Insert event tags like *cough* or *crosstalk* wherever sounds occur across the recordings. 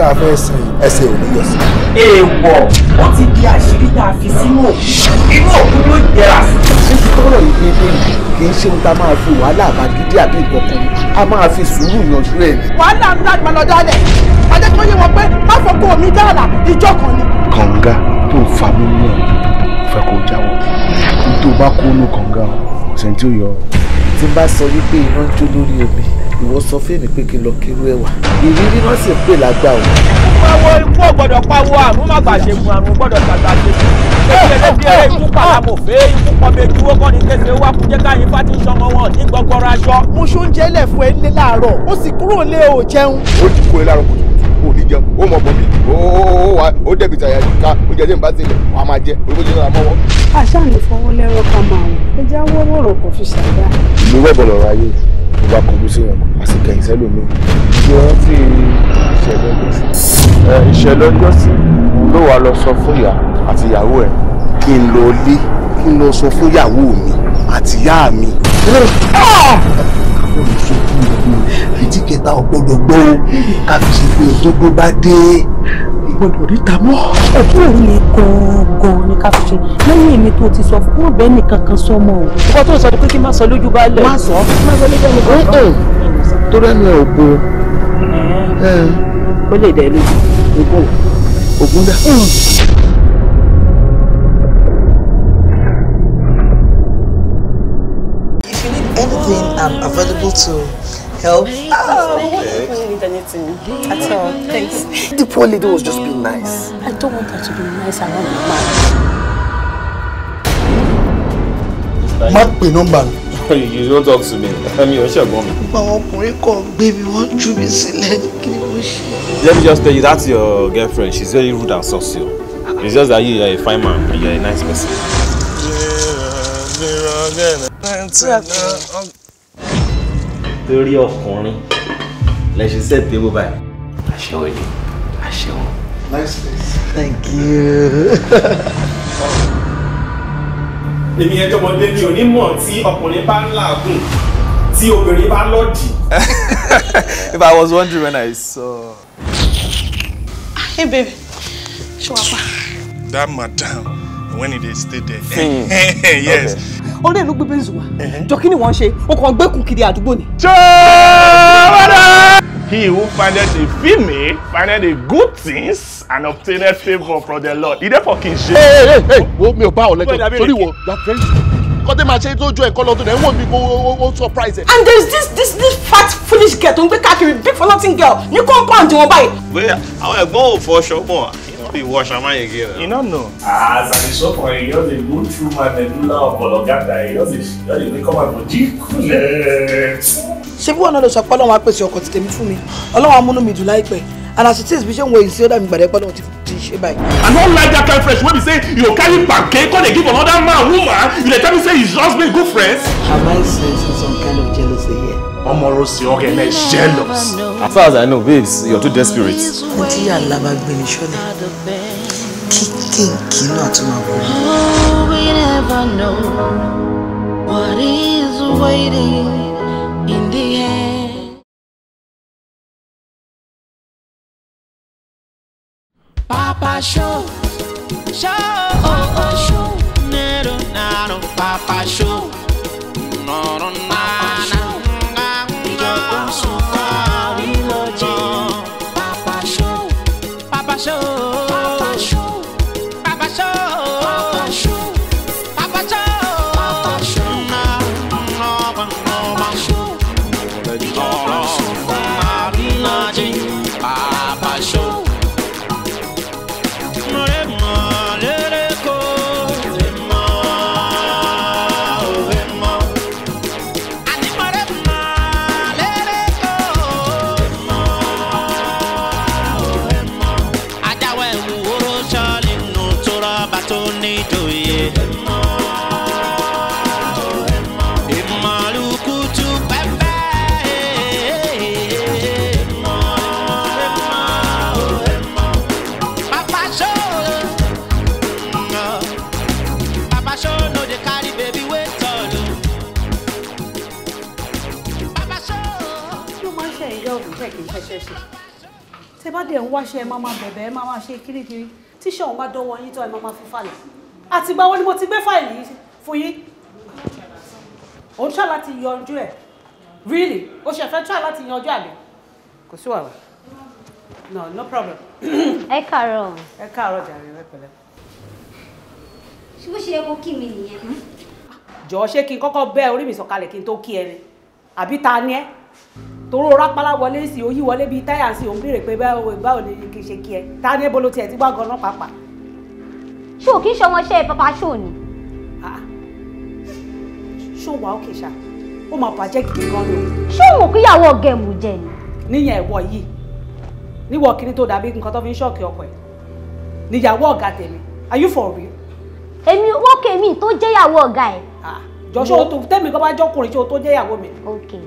tá a fẹ́ sin ẹsẹ̀ ò ní yọ sí. èèwọ̀ ó ti di àṣírí tá a fi sínú òkú inú òkú ló jẹrà sí. títí tọrọ yìí ní bí kì í ṣe ohun tá a máa fi wàhálà àbágídí àbí ìkọkàn a máa fi sùúrù yanjú ẹ̀. wàhálà ńlá ni màlọ́dá rẹ̀ pàdé tó yẹ wọn pé má fọkọ mi dáàlà ìjọ kan ni. kànga tó ń fa mí mú ọ fẹ́ kó jáwọ́ nítorí bá kó nù kànga ọ̀ sẹ́ńtì ò yọ. tí n bá sọ wípé iná jó lórí omi ìwọ sọ fẹ́mi pé kí n lọ kírú ẹwà ìrírí náà sì pè lágbà o. pawọ́ ikú ọ̀gbọ́dọ̀ pawọ́ àrùn má gbà ṣègùn àrùn gbọ́dọ̀ tàgbà ṣègùn. ẹgbẹ́lẹ́bí ẹ̀rẹ́ ikú palamọ̀ fẹ́ ikú pọ̀bẹ dúró kọ́ni kése wá kú jẹ́ káyín fati sọmọ wọn ní gbọgbọrọ aṣọ. mo ṣó ń jẹ́ ilẹ̀ fún ẹ nílé láàárọ̀ ó sì kúrò lé o jẹun. ó ti kó e láàárọ̀ kùtùkùtù kò ní jẹun ó mọ bọ̀ mi ó dẹ̀bi tàyà ká oúnjẹ tí n bá tilẹ̀ wàá máa jẹ orí oúnjẹ náà mọ́wọ́. àṣà ní fọwọ́ lẹ́rọ̀ ká máa wọ̀ ẹja wọ́rọ̀ ọ̀rọ̀ kò fi ṣàdá. ìlú wẹ́bọ̀ lọ́rọ̀ ayé tó bá kọjú sí yàn a sì kẹ̀yìn sẹ́lòmíì. ṣé wọ́n ti ìṣẹ̀lẹ̀ ọjọ́sí. ìṣẹ̀lẹ̀ ọjọ́sí ló wàá lọ sọ fún ìyá àti ìyàwó ẹ̀ kí n lọ lé kí n lọ sọ fún ìyàwó mi àti ìyá mi. Ah! gbọ́dọ̀ sunkún ìlú etí kẹta ò gbọ́ ká fi ṣe pé òtógbó bá dé gbọ́dọ̀ ríta mọ́. ọ̀tún òun ni gan-an ni ká fi ṣe lẹ́yìn èmi tó ti sọ fún un nìkan kan sọ mọ́ o. ọkọ tó ń sọ ni pé kí n má sọ lójú bá lẹ̀. má sọ má sọ lójú ẹni kankan. tó rẹ́nu ẹ̀ ògbó. ó lè dẹ̀ lójú ògbó ògbó dà. Mm. If you need anything, I'm available able to help. Oh, I don't need anything at all. Thanks. The poor lady was just being nice. I don't want her to be nice around the man. Mark, pè number. You don't talk to me. I'm your ṣẹ̀gbọ́n mi. Àwọn ọkùnrin kan gbé mi wọ́n jú mi sílẹ̀ kí ni mo Let me just tell you that's your girlfriend. She's very rude and saucy. It's just that you're a fine man and you're a nice person torí ọkùnrin lẹ ṣe set table báyìí. àṣẹ òde àṣẹ òun. nice place. thank you. èmi ẹjọ́ ọmọdé mi ò ní mọ̀ tí ọkùnrin bá ń làágùn tí obìnrin bá lọ́ọ̀dì. *laughs* if i was wondering when i saw. hey babe ṣé wàá pa. that madam when he dey stay there. *laughs* yes. Okay ọlọ́ọ̀ ló gbé bẹ́ńsù jọ kí ni wọ́n ṣe o kàn gbé kù kiri àdúgbò ni. He who findeth a female findeth a good things and obtaineth favour from the Lord. He fọ kì í ṣe. Ee ee ee wo mi ò bá ọ lẹ́jọ́ torí wo you are very kọ́ tẹ́ máa ṣe tó ju ẹ̀kọ́ lọ tó dẹ̀ wọ́n mi kó surprise ẹ̀. And there is this this this fat foolish girl tó ń gbé káàkiri big fọlọ́tìn girl ní compound wọn báyìí. Bóyá àwọn ẹ̀gbọ́n ò fọṣọ mọ́ be washed, am again? You don't know. Ah, as I show for you, you're the good true man, the ruler of Bologanda. You're the make up for Jikule. ṣe bí wọn náà lọ sọ pé Ọlọ́run á pèsè ọkọ fún mi Ọlọ́run á láìpẹ́ and as it is bí ṣe ń wo èyí sí ọ̀dà mi gbàdẹ́ pé Ọlọ́run ti ti ṣe báyìí. and one like that kind of fresh wey be say you carry pancake come dey give another man woman you dey tell me say you just be good friends. Am I sensing some kind of jealousy here? Omorosi Oge and is jealous. As far as I know, babes, you're too desperate. Until you love me, baby, surely. Kicking, kino atumabu. We never know what is waiting in the end. Papa show, show, oh, oh, show, nero Nero, Papa show. wáṣẹ ẹ máa máa bẹ̀bẹ̀ ẹ máa máa ṣe kirikiri tíṣà òun bá dọ́wọ́ yín tán ẹ máa máa fi falẹ̀ àtìgbà wo ni mo ti gbé fáìlì yìí fún yín òun ṣá láti yanjú ẹ̀ really o ṣe fẹ́ try láti yanjú àbí kò sí wàhálà no no problem. ẹ káàárọ̀. ẹ káàárọ̀ jàre ẹ pẹ̀lẹ́. ṣé bó ṣe yẹ kí mi nìyẹn. Hmm? jọ̀ọ́ ṣé kí n kọ́kọ́ bẹ́ orí mi sọ̀kalẹ̀ kí n tó kí ẹ ni àbí ta ni ẹ́ tòró rápálá wọlé sí òyì wọlé bíi táyà sí òun béèrè pé báwo báwo lè kí n ṣe kí ẹ ta ní ebolo tiẹ̀ ti wá gan pàápàá. ṣó kí ṣọmọṣẹ́ papa ṣó ni. Ah, ah. ṣó wà ókè ṣá ó máa bàjẹ́ gidi gan ni o. ṣé òun kíyàwó ọ̀gẹ̀mù jẹ ni. níyẹn ẹ̀wọ̀ yìí níwọ̀ kíní tó dàbí nǹkan tó fi ń ṣọ́ọ̀kì ọkọ̀ ẹ̀ níyàwó ọ̀gá tèmi are you for real. èmi wọ́n kèmí tó jẹ́yàwó ọ̀gá ẹ̀. Ah jọ ṣé o tó tẹ́mi kọ́ bá jọkùnrin ṣé o tó jẹ́ ìyàwó mi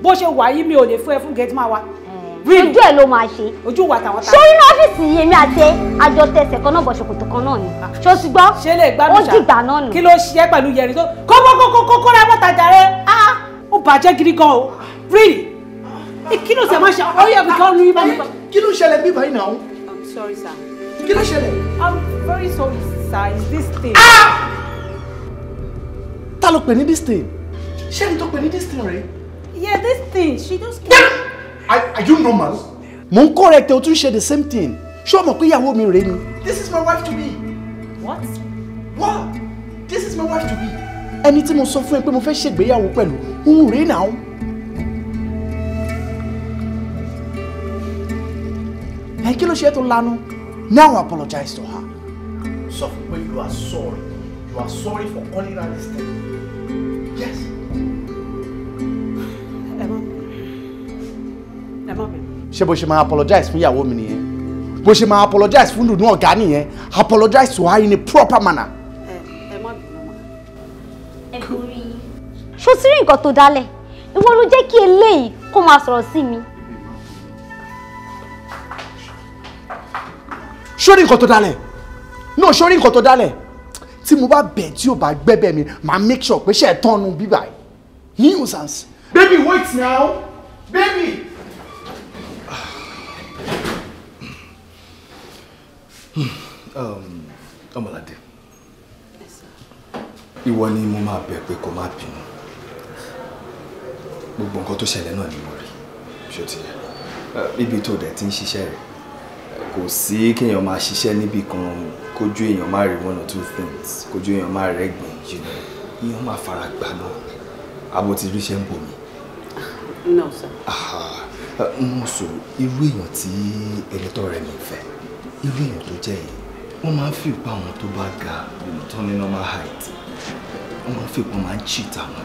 bó ṣe wà yí mi ò lè fún ẹ fún gẹ̀ẹ́tì máa wá. Eh, ojú ẹ ló máa ṣe ojú wa tàwọn ta. ṣé nínú ọ́fíìsì yìí èmi àti àjọ tẹsẹ̀ kan náà bọ̀ ṣòkòtò kan náà ni ah. ṣé o ti gbọ́ ṣé lè gbádùn ṣá ó dìgbà náà nù. kí ló ṣe é pẹ̀lú yẹrin tó kókókókó rẹ mọ́tàjà rẹ ah ó bàjẹ́ gidi gan o really eh, kí ló ṣe máa ṣe ọyọ mi kan rí báyìí. kí ló ṣẹlẹ̀ bí báyìí náà. I'm sorry sir. kí ló ṣẹlẹ̀. I'm very sorry sir is this thing. ah ta ló pè ní this thing ṣé ẹni tó pè ní this thing rẹ. yeah this thing she just came. are, are you normal. mo ń correct ẹ o tún ṣe the same thing ṣé o mọ̀ pé ìyàwó mi rèé ni. this is my wife to be. what. what this is my wife to be. ẹni tí mo sọ fún ẹ pé mo fẹ́ ṣègbéyàwó pẹ̀lú òun rèé náà. ẹ kí ló ṣe é tó lanu now apologize to her. sọ fún pé you are sorry you are sorry for calling her this thing. ṣé bó ṣe máa apologize fún ìyàwó mi nìyẹn bó ṣe máa apologize fún dùnú ọ̀gá nìyẹn apologize to her in a proper manner. ẹ má bínú mọ́. ẹ borí. ṣó ti rí nǹkan tó dálẹ̀ ìwọ ló jẹ́ kí eléyìí kó máa sọ̀rọ̀ sí mi. sórí nǹkan tó dálẹ̀ náà sórí nǹkan tó dálẹ̀ tí mo bá bẹ̀ tí o bá gbẹ́bẹ̀ mi máa make sure pé ṣe é tọ́nu bíbá yìí nuisance. baby wait now baby. Um, ọmọládé ìwọ ni mo máa bẹ̀ pé kó má bínú gbogbo nǹkan tó ṣẹlẹ̀ náà ni mo rí ṣó ti yẹ níbi uh, tó dẹ̀ ti ń ṣiṣẹ́ rẹ̀ kò sí kéèyàn máa ṣiṣẹ́ níbì kan kójú èèyàn má rí one or two things kójú èèyàn má rẹ́gbìn jìnnà èèyàn má fara gbà náà abo ti ríṣẹ́ ń bò mí. no sir. Uh, mo sọ irú èèyàn tí ẹni tó rẹ̀ mi fẹ́ irú èèyàn tó jẹ́ yìí wọ́n máa ń fi ipa àwọn tó bá ga tó ní normal height wọ́n máa ń fi ipa máa ń cheat àwọn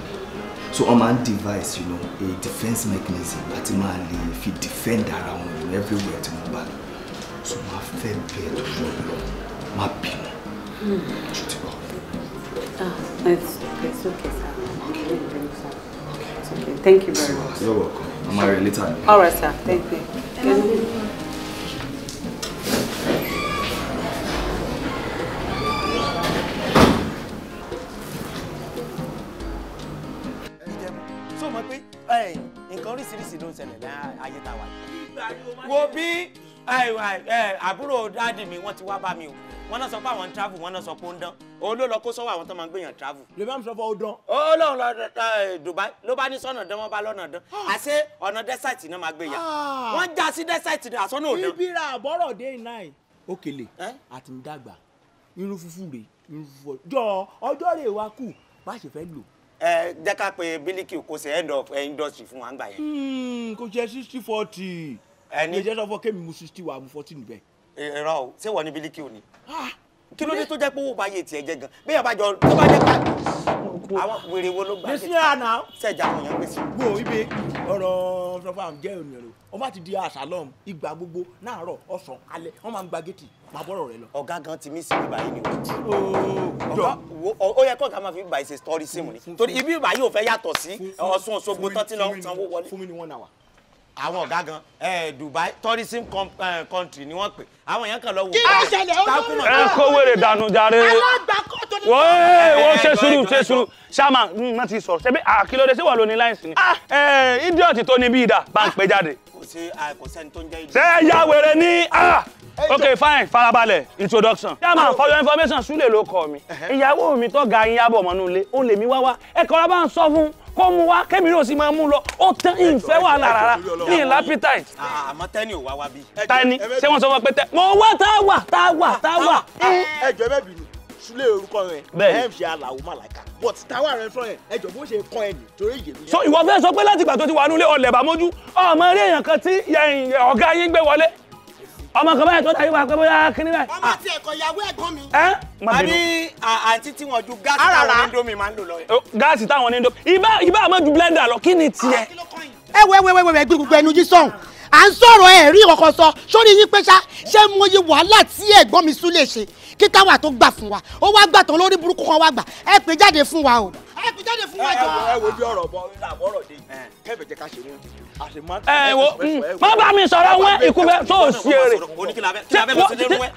so wọ́n máa ń devise you know, a defence mechanism láti máa lè fi defend ara wọn you know, everywhere tí wọ́n bá so máa fẹ́ bẹ́ẹ̀ tó fún ọ lọ má bínú hmm. ṣe ti bọ̀. It's, it's okay, sir. Okay. okay. Thank you very much. You're welcome. I'm married later. All right, sir. Thank you. Good. ẹbí àbúrò dáàdì mi wọ́n ti wá bá mi o wọ́n náà sọ pé àwọn ń travel wọ́n náà sọ pé ó ń dán òun ló lọ kó sọ́wọ́ àwọn tó máa ń gbèyàn travel. lè bá mi sọ fọ ó dán. ó lóun lọ Dubai ló bá ní sọ́nà dán wọ́n bá lọ́nà dán ah. àṣé ọ̀nà dẹ́sẹ̀tì náà máa gbèyàn ah. wọ́n já sí dẹ́sẹ̀tì àsọ́nà òdán. bíbí ra àbọ̀rọ̀ dé iná ẹ̀ òkèlè àti ń dàgbà irun funfun rè irun funfun jọ ọjọ́ rè wá kù bá ṣe fẹ́ lò ẹ jẹ́ ká pe bílíkì kò sí end of eh, industry fún wa ń gbà yẹn. Hmm, kò ṣe sixty forty ẹni ìjẹ́ sọ fún kémi mu sixty wa mu fourteen bẹ́ẹ̀. ìrọ o ṣé wọ ní bílíkì òní. kí ló dé tó jẹ́ pé owó báyé tiẹ̀ jẹ gan bí yàrá jọ tó bá jẹ ká àwọn wèrè wo ló gbà dé sẹ́jà àwọn èèyàn gbèsè. wo ibi ọ̀rọ̀ fúnfà jẹ́ ènìyàn lò wọ́n bá ti di àṣàlọ́m ìgbà gbogbo láàárọ̀ ọ̀sán alẹ́ wọ́n máa ń gba géètì máa bọ́rọ̀ rẹ lọ. ọ̀gá gan ti mí sí ibà yìí ni o. o yẹ kó ọ̀gá máa fi ibà yìí ṣe story sim ni torí ibi ibà yìí ò fẹ́ yàtọ̀ sí Ọ̀ṣun Òṣogbo tán tí lọ́ọ́ sanwó wọlé. fún mi ni one hour àwọn ọ̀gá gan Dubai tourism country ni wọ́n pè àwọn èèyàn kan lọ wò. kí ló ṣẹlẹ̀ ó lọ. ẹ kó wèrè dànù jàre. alágbàkọ́ tó ní. wọ́n ṣe sùúrù ṣe sùúrù ṣáàmà má ti sọ̀rọ̀ ṣẹ́bí àkìlódé ṣé wà lóní láìsí ni. Ah! idiot tó ní bí ìdá bá ń ah! pè jáde. kò sí kò tó ń jẹ́ ìdí. ṣé ẹ ya wèrè ni. Ah! Okay, fine farabalẹ̀ introduction. chairman for your information súlẹ̀ ló kọ mi ìyàwó mi tó ga yín yábọ̀ mọ́nú ilé ó lè mi wá wá ẹ̀kọ́ ọba ń sọ fún kó mu wá kẹ́mi náà sì máa mú lọ ó tán ìfẹ́ wà lára ní lápítàì. àmọ́ tẹ́ni ò wá wá bí. tani ṣé wọ́n sọ wọn pé tẹ́ mo wá tá a wà tá a wà tá a wà. ẹjọ ẹ bẹ bì ní súlẹ̀ orúkọ rẹ ẹ ń ṣe aláwo màláìka but táwa rẹ fún ẹ ẹjọ bó ṣe kọ ẹ nì torí ìyè mi. so ìwọ fẹ́ sọ pé láti ìgbà tó ti wà nílé ọlẹ̀ bàmójú ọmọ eré èèyàn kan tí ọ̀gá yín gbé wọlé ọmọ kan báyìí tó dájú wa pé bóyá kíní báyìí. ọmọ ti ẹ̀kọ́ ìyàwó ẹ̀gbọ́n mi. ẹ má bínú. a ní àǹtí tí wọ́n ju gáàsì táwọn onídómi máa ń lò lọ. gáàsì táwọn onídómi ibà ibà àmọ́ ju blender lọ kí ni tiẹ̀. ẹ wẹ́wẹ́wẹ́wẹ́ gbé gbogbo ẹnu jí sọ̀hún à ń sọ̀rọ̀ ẹ̀ rí ọkọ̀ sọ sórí yín pé ṣá ṣé mo yí wàhálà tí ẹ̀gbọ́n mi sún lè ṣe kí táwa tó gbà fún wa ó wá gbà tán lórí burúkú kan wá gbà ẹ pè jáde fún wa o ẹ pè jáde fún wa jọ̀wọ́. ẹ wo bí ọ̀rọ̀ bọ làbọ ọ̀rọ̀ dé kẹfẹ jẹ ká ṣe mú àṣemọ. ẹ wo má bá mi sọ̀rọ̀ wọn ikú tó o sí èrè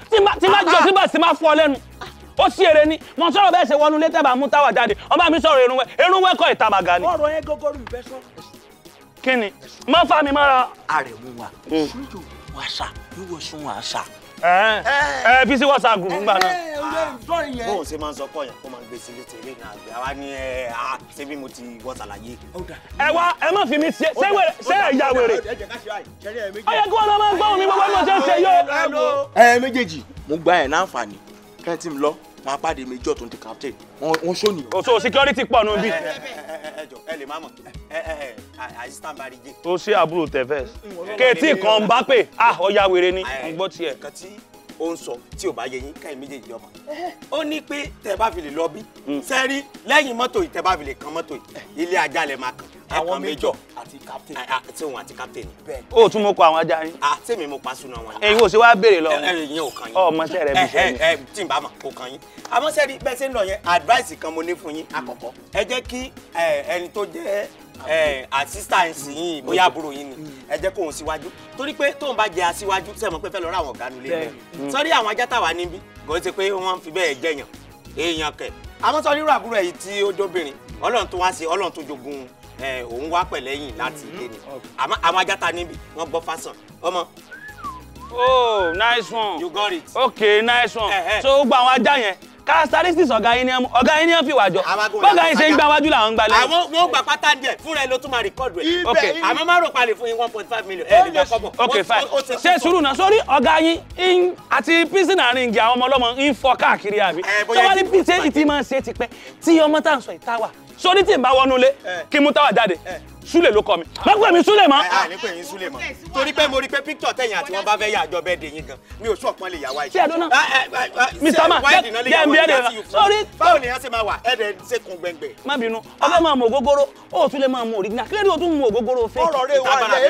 tí má jọ síbẹ̀ sí má fọ́ lẹ́nu ó sí èrè ni mo sọ̀rọ̀ bẹ́ẹ̀ ṣe wọnú létẹ́bà mú táwa jáde ọba mi sọ̀rọ̀ erunwẹ́ erunwẹ́ kọ́ ìtabàgà ni. ọ̀rọ̀ yẹn gọ́gọ́rù ìfẹ́ kí ni má fà mí mọ́ra. àrẹ̀mú wa hmm. ṣíjò wàṣà wíwọ sun àṣà. ẹ ẹ bí sí wàṣà gùn gbà náà. Ah. bóun ṣe máa ń sọ pọ̀ yẹn kó máa ń gbé sílé tèlé náà àgbẹ̀ àwa ni ẹ á ṣe bí mo ti wọ́ ṣàlàyé. ẹ wá ẹ má fi mi ṣe ṣe ẹ̀yà wèrè. ó yẹ kí wọn náà máa ń gbọ́ omi gbogbo ẹni mo ṣe ń ṣe yó. ẹ méjèèjì mo gba ẹ̀ láǹfààní kẹ́ntì mi lọ máa pàdé major tó ń di captain wọn ṣó nìyẹn. oṣù security pọ̀ nù bí. ẹ lè má mọ̀ assistant barige. tó ṣe àbúrò tẹ̀fẹ́ kẹ́tì kan bá pè ah ọ̀ya wèrè ni n gbọ́ tiẹ̀ ó ń sọ tí ò bá yẹ yín káyìn méjèèjì ọmọ ó ní pé tẹ bá fi lè lọ bí sẹ́rí hmm. lẹ́yìn mọ́tò yìí tẹ bá fi lè kan mọ́tò yìí ilé ajá lẹ máa kàn àwọn méjọ àti captain àti òun àti captain o tún mo kọ àwọn ajá yín. àti mi mo pa sunu àwọn yìí. èyí ò ṣe wá béèrè lọ. ẹ ẹ yẹn ò kàn yín. ọmọ sẹ́rẹ̀ bí sẹ́yìn. ẹ ẹ tí n bá mọ̀ kò kàn yín. àmọ́ sẹ́ni bẹ́ẹ̀ ṣe ń lọ yẹn advice kan mo ní fún yín àkọ́kọ́. ẹ jẹ́ kí ẹni tó jẹ́ àsísà ń sìn yín bóyá àbúrò yín ni ẹ jẹ́ kóun síwájú torí pé tóun bá jẹ aṣíwájú sẹ́mọ̀ pé fẹ́ lọ ráwọn ọ̀gá nulẹ̀ rẹ̀ sọ́rí àwọn ajá tàwa níbí kò ṣe pé wọ́n fi bẹ́ẹ̀ jẹyàn èèyàn kẹ̀ àmọ́ sọ rírọ àbúrò ẹ̀yìn tí ó dóbìnrin ọlọ́run tó wá sí ọlọ́run tó jogun òun wá pẹ̀lẹ́yìn láti ilé ni mm-hmm. àwọn ajá ta níbí wọ́n gbọ́ fásán ọmọ Oh, nice one. Okay, nice one. Eh, eh. So, àwọn ajá yẹn characteristics ọ̀gá yín ni ọ̀gá yín ni wọ́n fi wà jọ bọ́ọ̀gá yín ṣe ń gba wájú làwọn gbalẹ̀. àwọn wọn gbà pátá díẹ̀ fúnra ẹ ló tún máa rìkọ́dù ẹ̀. ok àmọ́ máa rò palẹ̀ fún yín one point five million ẹ̀ nígbà kọ́bọ̀. ok fine ṣe sùúrù náà sórí ọ̀gá yín àti písìn àárín ìgbà àwọn ọmọ ọlọ́mọ ń fọ káàkiri àbí sọ́wọ́n ní písìn ìtì máa ń ṣe tipẹ́ tí ọmọ táà ń sọ ìtawà sórí tí ń bá wọnú ilé kí mú táwà jáde súlè ló kọ mi má pè mí súlè mọ́. àyà ní pè yín súlè mọ́ torí pé mo rí pé píktọ̀ tẹ̀yìn àti wọn bá fẹ́ yà àjọ bẹ́ẹ̀ dè yín gan mi ò sọ̀kan lè yàwá yìí. ṣé ẹ̀dọ́nà mr ma jẹ́ ń bí ẹ̀dẹ̀ rẹ̀ sórí. báwo ni ẹ ṣe máa wà ẹ̀dẹ̀ ṣe kun gbẹ̀ngbẹ̀. má bínú ọlọ́ máa mọ ògógóró ó tún lè máa mọ òrìgínà kílódé o tún mọ ògógóró fẹ́. ọ̀rọ̀ rẹ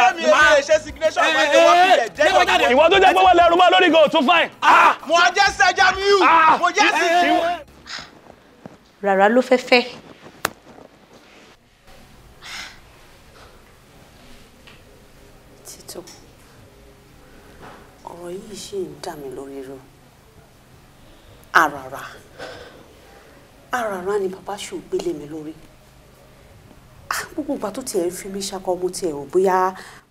wà ilẹ̀ ìbà lẹ́wọ̀n jáde. ìwọ tó jẹ́ pé wọ́n lẹ́rù mọ́ lórí go tún fine. Ah, ah. Ah. mo jẹ́ sẹ́jà mi hù mo jẹ́ sì. rárá ló fẹ́ fẹ́. títò ọ̀rọ̀ yìí ṣì ń dà mí lórí ro àràrà àràrà ni bàbá ṣùgbélé mi lórí gbogbo ìgbà tó tiẹ̀ ń fi mí ṣakọ mo tiẹ̀ rò bóyá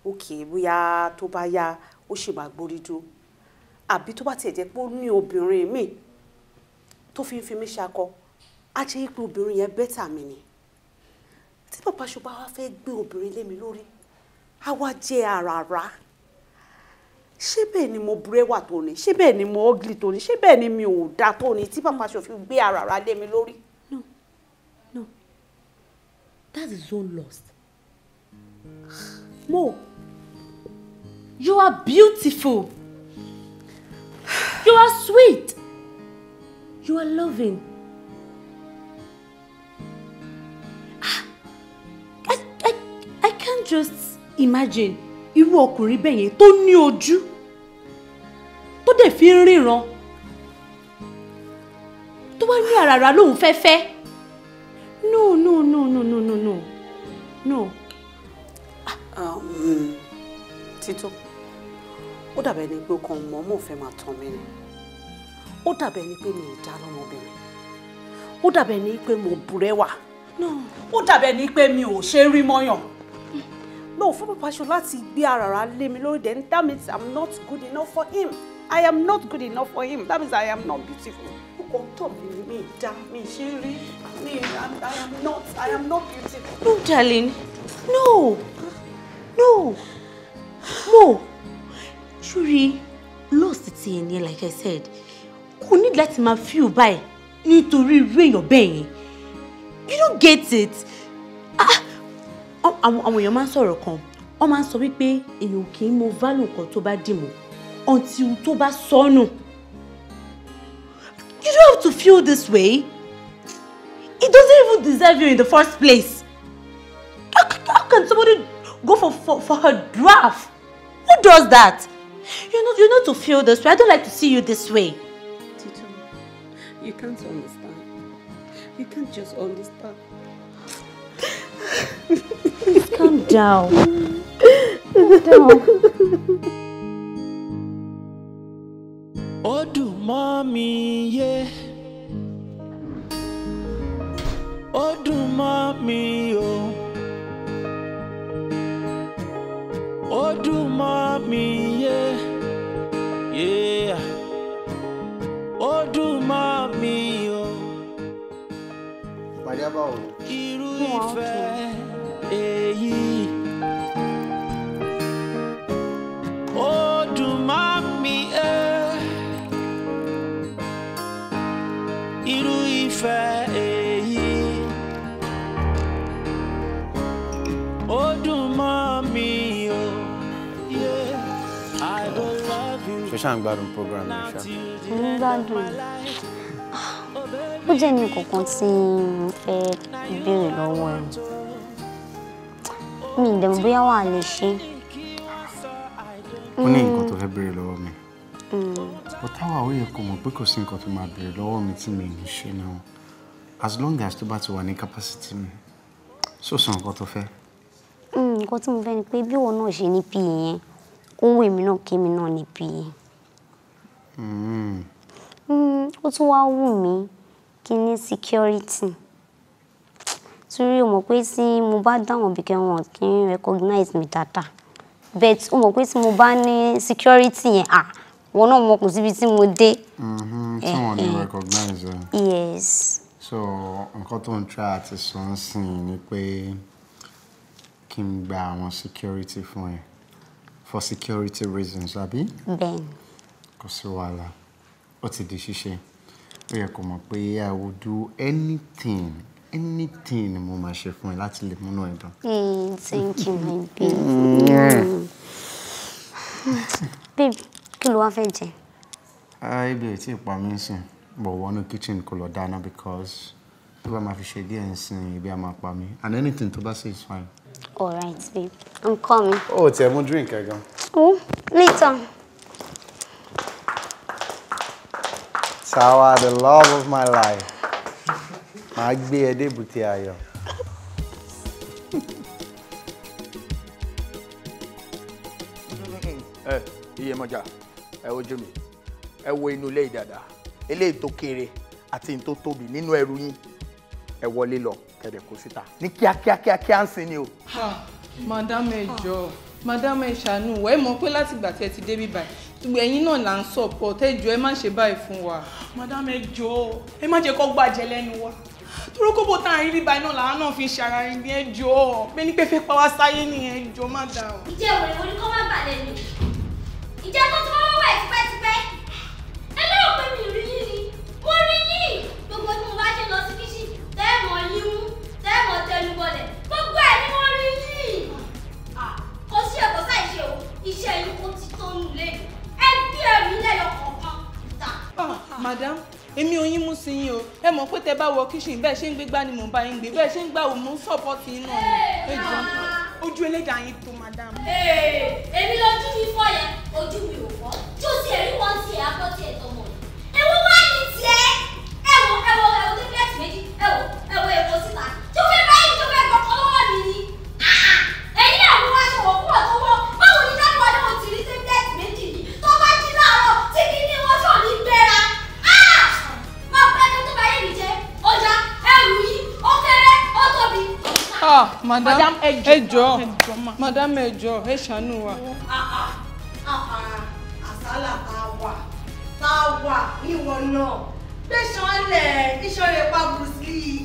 òkè bóyá tó bá yá ó sì máa gbórí dúró àbí tó bá tiẹ̀ jẹ́ pé ó ní obìnrin míì tó fi ń fi mí ṣakọ á jẹ́ pé obìnrin yẹn bẹ́tà mi ni tí bàbá ṣùgbọ́ wa fẹ́ gbé obìnrin lé mi lórí á wá jẹ́ àràrà ṣé bẹ́ẹ̀ ni mo búrẹ́wà tó ni ṣé bẹ́ẹ̀ ni mo ọ́gìlì tó ni ṣé bẹ́ẹ̀ ni mi ò da tó ni tí bàbá ṣòfin gbé àràrà lé mi lórí. no no that is so lost. *sighs* mo. You are beautiful. You are sweet. You are loving. Ah, I, I, I can't just imagine irú ọkùnrin bẹ́ẹ̀ yẹn tó ní ojú tó dẹ̀ fi ń ríran tó wá ní àràrà lòun fẹ́ fẹ́ no no no no no no no no. Um, Tito ó dàbẹ̀ ni pé o kàn mọ́ mò fẹ́ máa tàn mí ni ó dàbẹ̀ ni pé mi ì dá lọ́mọbìnrin ó dàbẹ̀ ni pé mo burẹ́wà ó dàbẹ̀ ni pé mi ò ṣe é rí mọ́yàn mi ò fún bàbá aṣọ láti gbé ara rà lé mi lórí then that means i'm not good enough for him i am not good enough for him that means i am not beautiful ó kàn tọ̀ mi dá mi ṣe rí mi i am not i am not beautiful. no darling no no mo. No ṣúri lost ti ẹ̀ ní like I said kò ní láti máa feel báyìí need to èèyàn your yẹn you don't get it ah, ah, àwọn èèyàn máa ń sọ̀rọ̀ kan wọ́n máa ń sọ wípé èèyàn kì í mọ value nǹkan tó demo. dì mọ́ until tó bá you don't have to feel this way it doesn't even deserve you in the first place how, can somebody go for, for, for her draft who does that? you know, you know to feel this way. I don't like to see you this way. Tito, you can't understand. You can't just understand. Calm down. Calm down. Odu mommy, yeah. Odu mommy, oh. ó dùn mọ́ mi yé yé ó dùn mọ́ mi o. irú ìfẹ́ èyí ó dùn mọ́ mi yé irú ìfẹ́ èyí. ṣàǹgbádùn program yẹn ṣá. mo ń gbádùn ó jẹ́ ní kankan tí n fẹ́ béèrè lọ́wọ́ ẹ̀ mi ìdẹ̀mú bóyá wà lè ṣe. ó ní hmm. nǹkan tó fẹ́ béèrè lọ́wọ́ mi ó hmm. táwa ó yẹ kó mọ̀ pé kò sí nǹkan tó máa béèrè lọ́wọ́ mi tí mi ń ṣe náà as long as tó bá ti wà ní capacity mi ṣó sọ nǹkan tó fẹ́. Hmm, nǹkan tí mo fẹ́ ni pé bí òun náà ṣe ní pa e yẹn kó wèmí náà kémi náà ní pa e yẹn. Mm, ó tún wá wù mí kí ní security torí o mọ̀ pé tí mo bá dáwọn bìkẹ́ wọn kì í recognize mi dáadáa but o mọ̀ pé tí mo bá ní security yẹn à wọn náà mọ̀ kò síbi tí mo dé. Mm-hmm, tí wọn lè recognize ẹ. yes. so nǹkan tó ń tra àti sọ ń sìn ni pé kí n gba àwọn security fún ẹ for security reasons àbí. bẹ́ẹ̀ni kò sí wàhálà ó ti di ṣíṣe ó yẹ kó mọ̀ pé I will do anything anything ni mo máa ṣe fún ẹ láti lè múnú ẹ dùn. Hmm, thank you my *laughs* baby. Hmm. babe kí ló wá fẹ́ jẹ. ibi ah, ò tí ì pa mí sìn bọ̀ wọnú kitchen kò lọ dáná because tó bá máa fi ṣe díẹ̀ ń sin ibi a máa pa mí and anything tó bá say is fine. all right babe i'm coming. o oh, tiẹ̀ mú drink ẹ̀ gan. Oh, later. Sawa, the love of my life. Màá gbé ẹ dé èbúté ayọ̀. Ẹ iye mọ́jà, ẹ ojú mi, ẹ wo inú ilé ìdàdà, eléyìí tó kéré àti tó tóbi nínú ẹrù yín, ẹ wọlé lọ kẹ̀dẹ̀ kó síta ní kíákíá kíákíá ń sin ni o. Ah, màdámù ẹ jọ̀ọ́, màdámù ẹ ṣàánú, mọ̀ pé láti ìgbà tí ti débí báyìí ẹ̀yin náà là ń support ẹ jọ̀ọ́ ẹ má ṣe báyìí fún wa. madam ẹ jọ̀ọ́ ẹ má jẹ́ kó gbàjẹ́ lẹ́nu wa torókòbó tá à ń rí báyìí náà làwọn náà fi ṣara ẹni ẹ jọ̀ọ́ bẹ́ẹ̀ ni pé fẹ́ pa wá sáyé nìyẹn ẹ jọ̀ọ́ o ìjẹ́ òwe wo ni kó má bàlẹ̀ nù ìjẹ́ tó ti wọ́n wọ́wọ́ ẹ̀ tipẹ́tipẹ́ ẹ lérò pé mi rí yín ni mo rí yín gbogbo tí mo bá ṣe lọ sí kíṣì tẹ́ẹ̀mọ̀ yín mú tẹ́ẹ̀mọ̀ tẹnubọlẹ̀ gbogbo ẹ̀ ni mo rí yín kò sí ẹ̀kọ́ sáì ṣe o iṣẹ́ yín ó ti tó nulẹ̀ madam èmi ò yín mú sí yín o ẹ mọ̀ pé tẹ bá wọ kíṣìn bẹ́ẹ̀ ṣe ń gbégbá ni mò ń bá yín gbé bẹ́ẹ̀ ṣe ń gbà wò mò ń sọ́pọ́tì yín ojú ẹlẹ́dàá yín tó madam. èmi lójú mi fọ́ yẹn ojú mi ò fọ́ tí ó ti ẹ̀rí wọn ti ẹ̀ abọ́ ti ẹ̀ tọmọ ewu wá ní tiẹ̀ ẹ wo ẹ wo ẹ wo tó fẹ́ẹ̀tì méjì ẹ wo ẹ wo síta madam ẹjọ madam ẹjọ ẹ ṣàánú wa. Ah, ah, ah, àsálà tá a wà tá a wà níwọ̀n náà tẹ̀sán lẹ̀ iṣan rẹ̀ pa bruce lee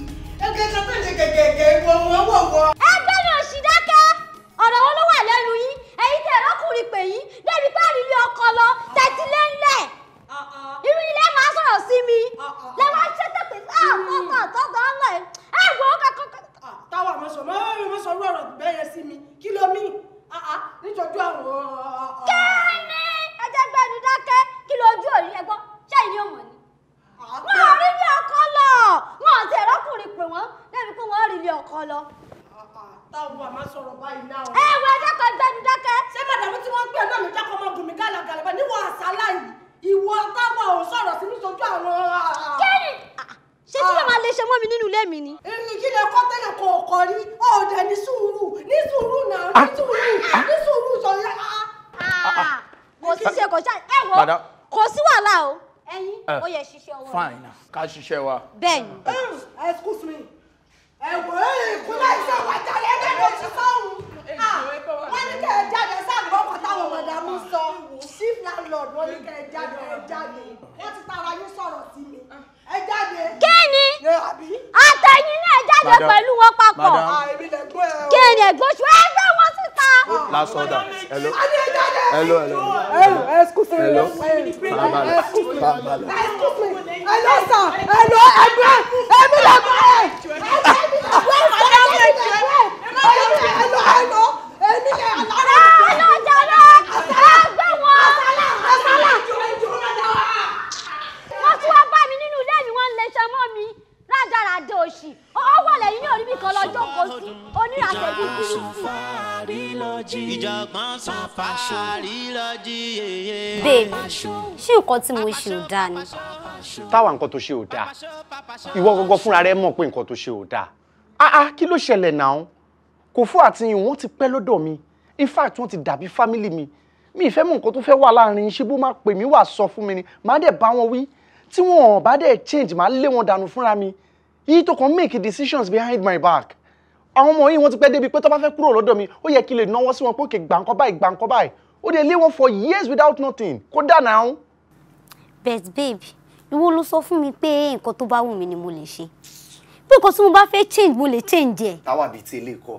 ẹgbẹ́ tó tẹ̀lé gẹ̀gẹ̀gẹ̀ wọ̀ wọ̀ wọ̀ wọ̀. ẹ gbẹ́ni òsì dákẹ́ ọ̀rọ̀ wo ló wà lẹ́nu yín ẹ̀yin tẹ̀ lọ́kùnrin pè yín débi tá a rí ilé ọkọ lọ tẹ̀tí lé ńlẹ̀ irú ilé máa sọ̀rọ̀ sí mi lẹ́wọ̀n ṣẹ́tẹ̀ pé ọ̀tọ̀ọ̀tọ̀ ọ̀nà ẹ̀ ẹ̀ wọ́n kankan táwa mọ sọ mọ́rin mọ́ sọ rú ọ̀rọ̀ bẹ́ẹ̀ yẹn sí mi kí ló mí nítorí àwọn. kẹ́ni ẹjẹ́ gbẹ́ni dákẹ́ kí lójú òrí ẹgbọ́ ṣẹ́yìn ni òmò ni. wọn ò rí ilé ọkọ lọ wọn ò tẹ̀ rọ́kùnrin pè wọ́n lẹ́nu pé wọ́n rí ilé ọkọ lọ. táwọn àmọ́ sọ̀rọ̀ báyìí náà. ẹ wọ ẹjẹ́ kan gbẹ́ni dákẹ́. ṣé màdàmú tí wọ́n gbé náà ló jákọ́ ọmọ gùnmí gàlàgàlà bá níwọ̀ àṣálà yìí ìwọ táwọn ò sọ̀rọ̀ sí nítorí àwọn. kẹ́ni ṣé tí màmá lè ṣe mọ́ mi nínú ilé mi ni. inú kí lè kọ́ tẹ́lẹ̀ kọ́ ọkọ rí ọ̀dẹ̀ ní sùúrù ní sùúrù náà ní ah. sùúrù ní sùúrù sọ̀rọ̀ ah, ah. kò sí ṣe kò ṣá ẹ wo kò sí wàhálà o ẹ̀yin eh. ó yẹ ṣiṣẹ́ ọwọ́ fine ká ṣiṣẹ́ wa. bẹ́ẹ̀ni. Eh, excuse me ẹ wò ó eh, kú láì ṣe wájà lẹ́gbẹ̀ẹ́ ló ti fọ́ọ̀hún wọ́n ní kẹ́ ẹ jáde sáàgbọ́n kan táwọn ọmọdé mú sọ chief landlord wọ́n ní kẹ́ ẹ jáde ẹ jáde wọ́n ti tara yín sọ̀rọ̀ sí mi ẹ jáde. kíni àtẹ̀yìn náà jáde pẹ̀lú wọn papọ̀ kíni ẹ̀gbọ́sù é gbé wọn síta. last order hello hello hello hello excuse me hello fabalẹ fabalẹ. hello sir hello ẹgbẹ́ ẹbí lẹ́gbẹ́ ẹ̀ hello hello èmi lẹ́ àlọ́ rẹ̀. ẹ lọ jẹrẹ ẹ gbé wọn. ṣe mọ́ mi rádaràdà òṣì ọwọ́ lẹ́yìn ní oríbi kan lọ́jọ́ kò sí oníràṣẹ́ bíi kúrúkú. ìjàgbọ́n san fàárí lọ́jì yeye. babe ṣé nǹkan tí mo ṣe ò dáa ni. táwa nǹkan tó ṣe ò dáa ìwọ gọgọ fúnra rẹ mọ̀ pé nǹkan tó ṣe ò dáa ah kí ló ṣẹlẹ̀ náà kò fún àtìyìn wọn ti pẹ́ lọ́dọ̀ mi in fact wọn ti dàbí family mi mi ìfẹ́ mọ̀ nǹkan tó fẹ́ wà láàrin ṣé bó máa pè mí wá sọ fún mi ni màá dẹ̀ bá wọn wí tí wọn bá dẹ̀ change máa lé wọn dànù fúnra mi yìí tó kàn make decisions behind my back àwọn ọmọ yìí wọ́n ti pẹ́ débi pé tó bá fẹ́ kúrò lọ́dọ̀ mi ó yẹ kí n lè náwó sí wọn pé òkè gbàǹkọ́ báyìí gbàǹkọ́ báyìí ó dẹ̀ lé wọn for years without nothing kó dà náà. bet babe ìwọ ló sọ fún mi pé nǹkan tó bá wù mí ni mo lè ṣe pé nǹkan tí mo bá fẹ́ change mo lè change ẹ̀. táwa bíi ti ilé kọ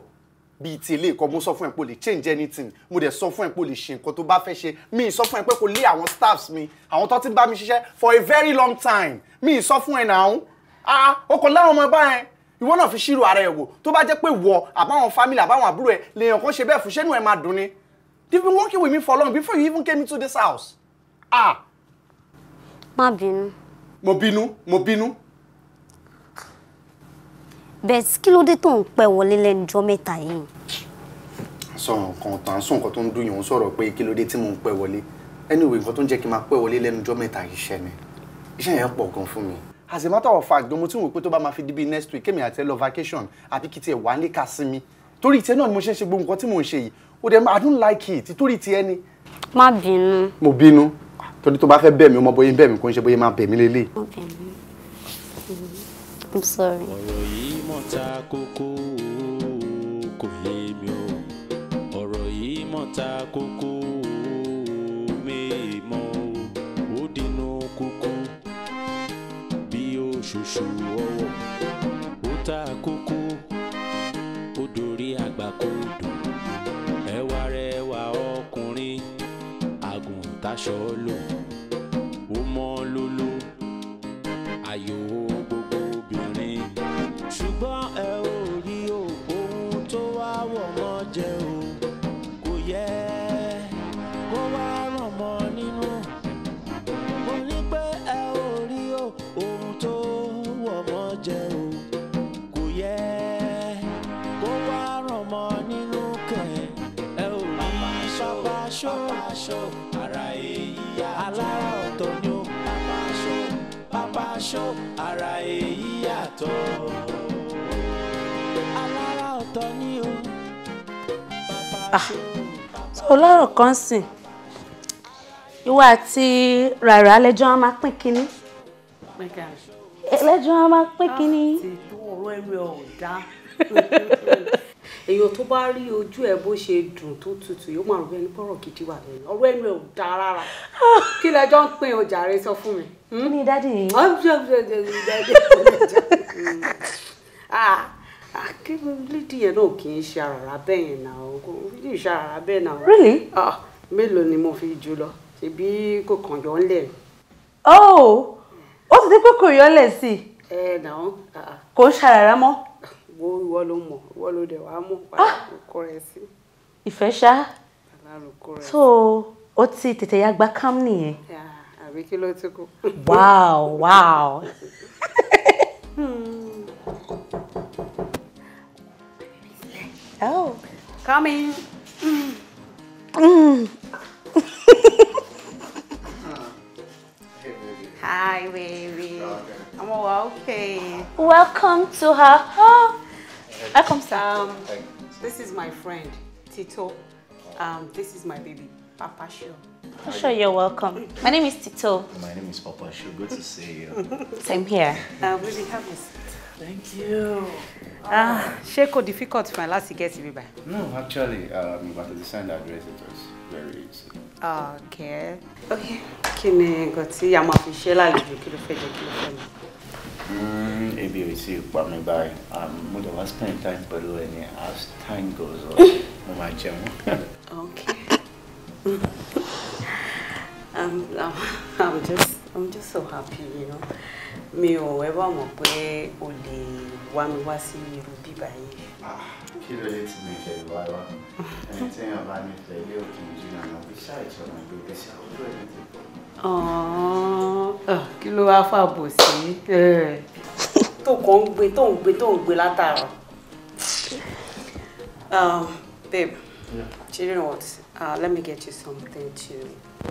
bíi ti ilé ìkọ́ mo sọ fún ẹ pé o lè change anything mo dẹ̀ sọ fún ẹ pé o lè ṣe nǹkan tó bá fẹ́ ṣe mi ì sọ fún ẹ pé kò lé àwọn staffs mi àwọn tó ti bá mi ṣiṣẹ́ for a very long time mi ì sọ fún ẹ náà ah okò láwọn ọmọ ẹbá yẹn ìwọ náà fi ṣírò ara ẹ wò tó bá jẹ́ pé wọ àbáwọn family àbáwọn àbúrò ẹ lèèyàn kan ṣe bẹ́ẹ̀ fún ṣẹ́nu ẹ máa dùn ni they've been working with me for long before you even came into this house ah. má bínú. mo bínú mo bínú bẹ́ẹ̀ kí ló dé tó ń pẹ́ wọlé lẹ́nu jọ́ mẹ́ta yìí. sọ̀rọ̀ kan tàn sùn nǹkan tó ń dùn yòó sọ̀rọ̀ pé kí ló dé tí mò ń pẹ́ wọlé anyway nǹkan tó ń jẹ́ kí n máa pẹ́ wọlé lẹ́nu jọ́ mẹ́ta mi iṣẹ́ yẹn pọ̀ gan fún mi. as a matter of fact gan mo ti wò pé tó bá máa fi di bíi next week kémi àti ẹ lọ vacation àbí kí tiẹ̀ wà ní ká sinmi torí tiẹ̀ náà ni mo ṣe ń ṣe gbogbo nǹkan tí mò ń ṣe yìí o dem i don't like it torí tiẹ̀ ni. má bínú. mo bínú torí tó bá fẹ́ bẹ̀ mí ọmọ bóyá bẹ̀ mí kò ń ṣe bóyá máa bẹ̀ mí lélẹ̀. i'm sorry. ọ̀rọ̀ yìí ta kókó kò yé mi o ọ̀rọ̀ yìí mọ̀ ta kókó mèèmọ̀ ó dínú kúkú bí òṣùṣù ọwọ́ ó ta kókó ó dorí àgbàkodò ẹwà rẹwà ọkùnrin àgùntàṣọ lò ó mọ́ lóló ayò ó gbọ́ ẹ ò rí o ohun tó wá wọ̀ mọ́ jẹ o kò yẹ kó wá ràn mọ́ nínú mo ní pé ẹ ò rí o ohun tó wọ̀ mọ́ jẹ o kò yẹ kó wá ràn mọ́ nínú kẹ ẹ ò rí bàbá aṣọ ara èyí alára ọ̀tọ̀ ni ó bàbá aṣọ bàbá aṣọ ara èyí yàtọ̀. ọlọ́rọ̀ ah, kan sìn ìwọ àti rárá lẹ́jọ́ wọn máa pín kínní lẹ́jọ́ wọn máa pín ah, kínní. ọ̀rọ̀ ẹ̀rọ ọ̀dá èèyàn tó bá rí ojú ẹ bó ṣe dùn tó tutù yóò máa rò ẹni bọ́rọ̀ gidi wà lẹ́yìn ọ̀rọ̀ ẹnu ẹ ò dáa rárá ah. kí lẹjọ́ ń pín ọjà rẹ sọ fún mi. kí ni dádì yìí kí lídì yẹn náà kì í ṣe àràrà bẹ́ẹ̀ yẹn náà kò lídì ṣe àràrà bẹ́ẹ̀ náà. really. ah mélòó ni mo fi jù lọ ṣebí kò kàn yọ ńlẹ̀. oh ó ti di pé kò yọ ńlẹ̀ sí i. ẹ náà. kò ń ṣàràrà mọ́. wo ìwọ ló mọ ìwọ ló dẹ̀ wàá mú ah! padà rẹ sí. ìfẹ́ ṣá so ó ti tètè ya gba cam nìyẹn. àbí kí ló ti kú. wow wow. *laughs* hmm. Oh, coming. Mm. Mm. *laughs* Hi, baby. I'm okay. Welcome to her home. Welcome, Sam. Um, this is my friend, Tito. Um, this is my baby, Papa Show. For sure, you're welcome. My name is Tito. My name is Papa Show. Good to see you. Same here. Uh, baby, have a seat. Thank you. Ah, ṣé kò difficult my last láti to be by. No, actually, um, but the design address it was very easy. Okay. Okay. Kí ni nǹkan tí a máa fi ṣe lálejò kí ló fẹ́ jẹ kí ló fẹ́ mi? Hmm, ebi ò um, spend time pẹ̀lú ẹ as time goes on. Mo máa jẹun. *laughs* Okay. *laughs* I'm, I'm, I'm just I'm just so happy, you know mi ò ẹwà mọ̀ pé o lè wá mi wá sí irú bíbá yìí. Ah, kí ló dé tí mi ìfẹ́ ẹni tí èèyàn bá nífẹ̀ẹ́ ilé òkè jìnnà náà bí ṣáà ìṣọ̀nà ìgbésẹ̀ sí àwùjọ ẹni tó pọ̀. Ah, kí ló wáá fàbò sí eh. tó kàn ń gbé tó ń gbé tó ń gbé látàárọ̀. Ah, babe yeah. do you know what uh, let me get you something to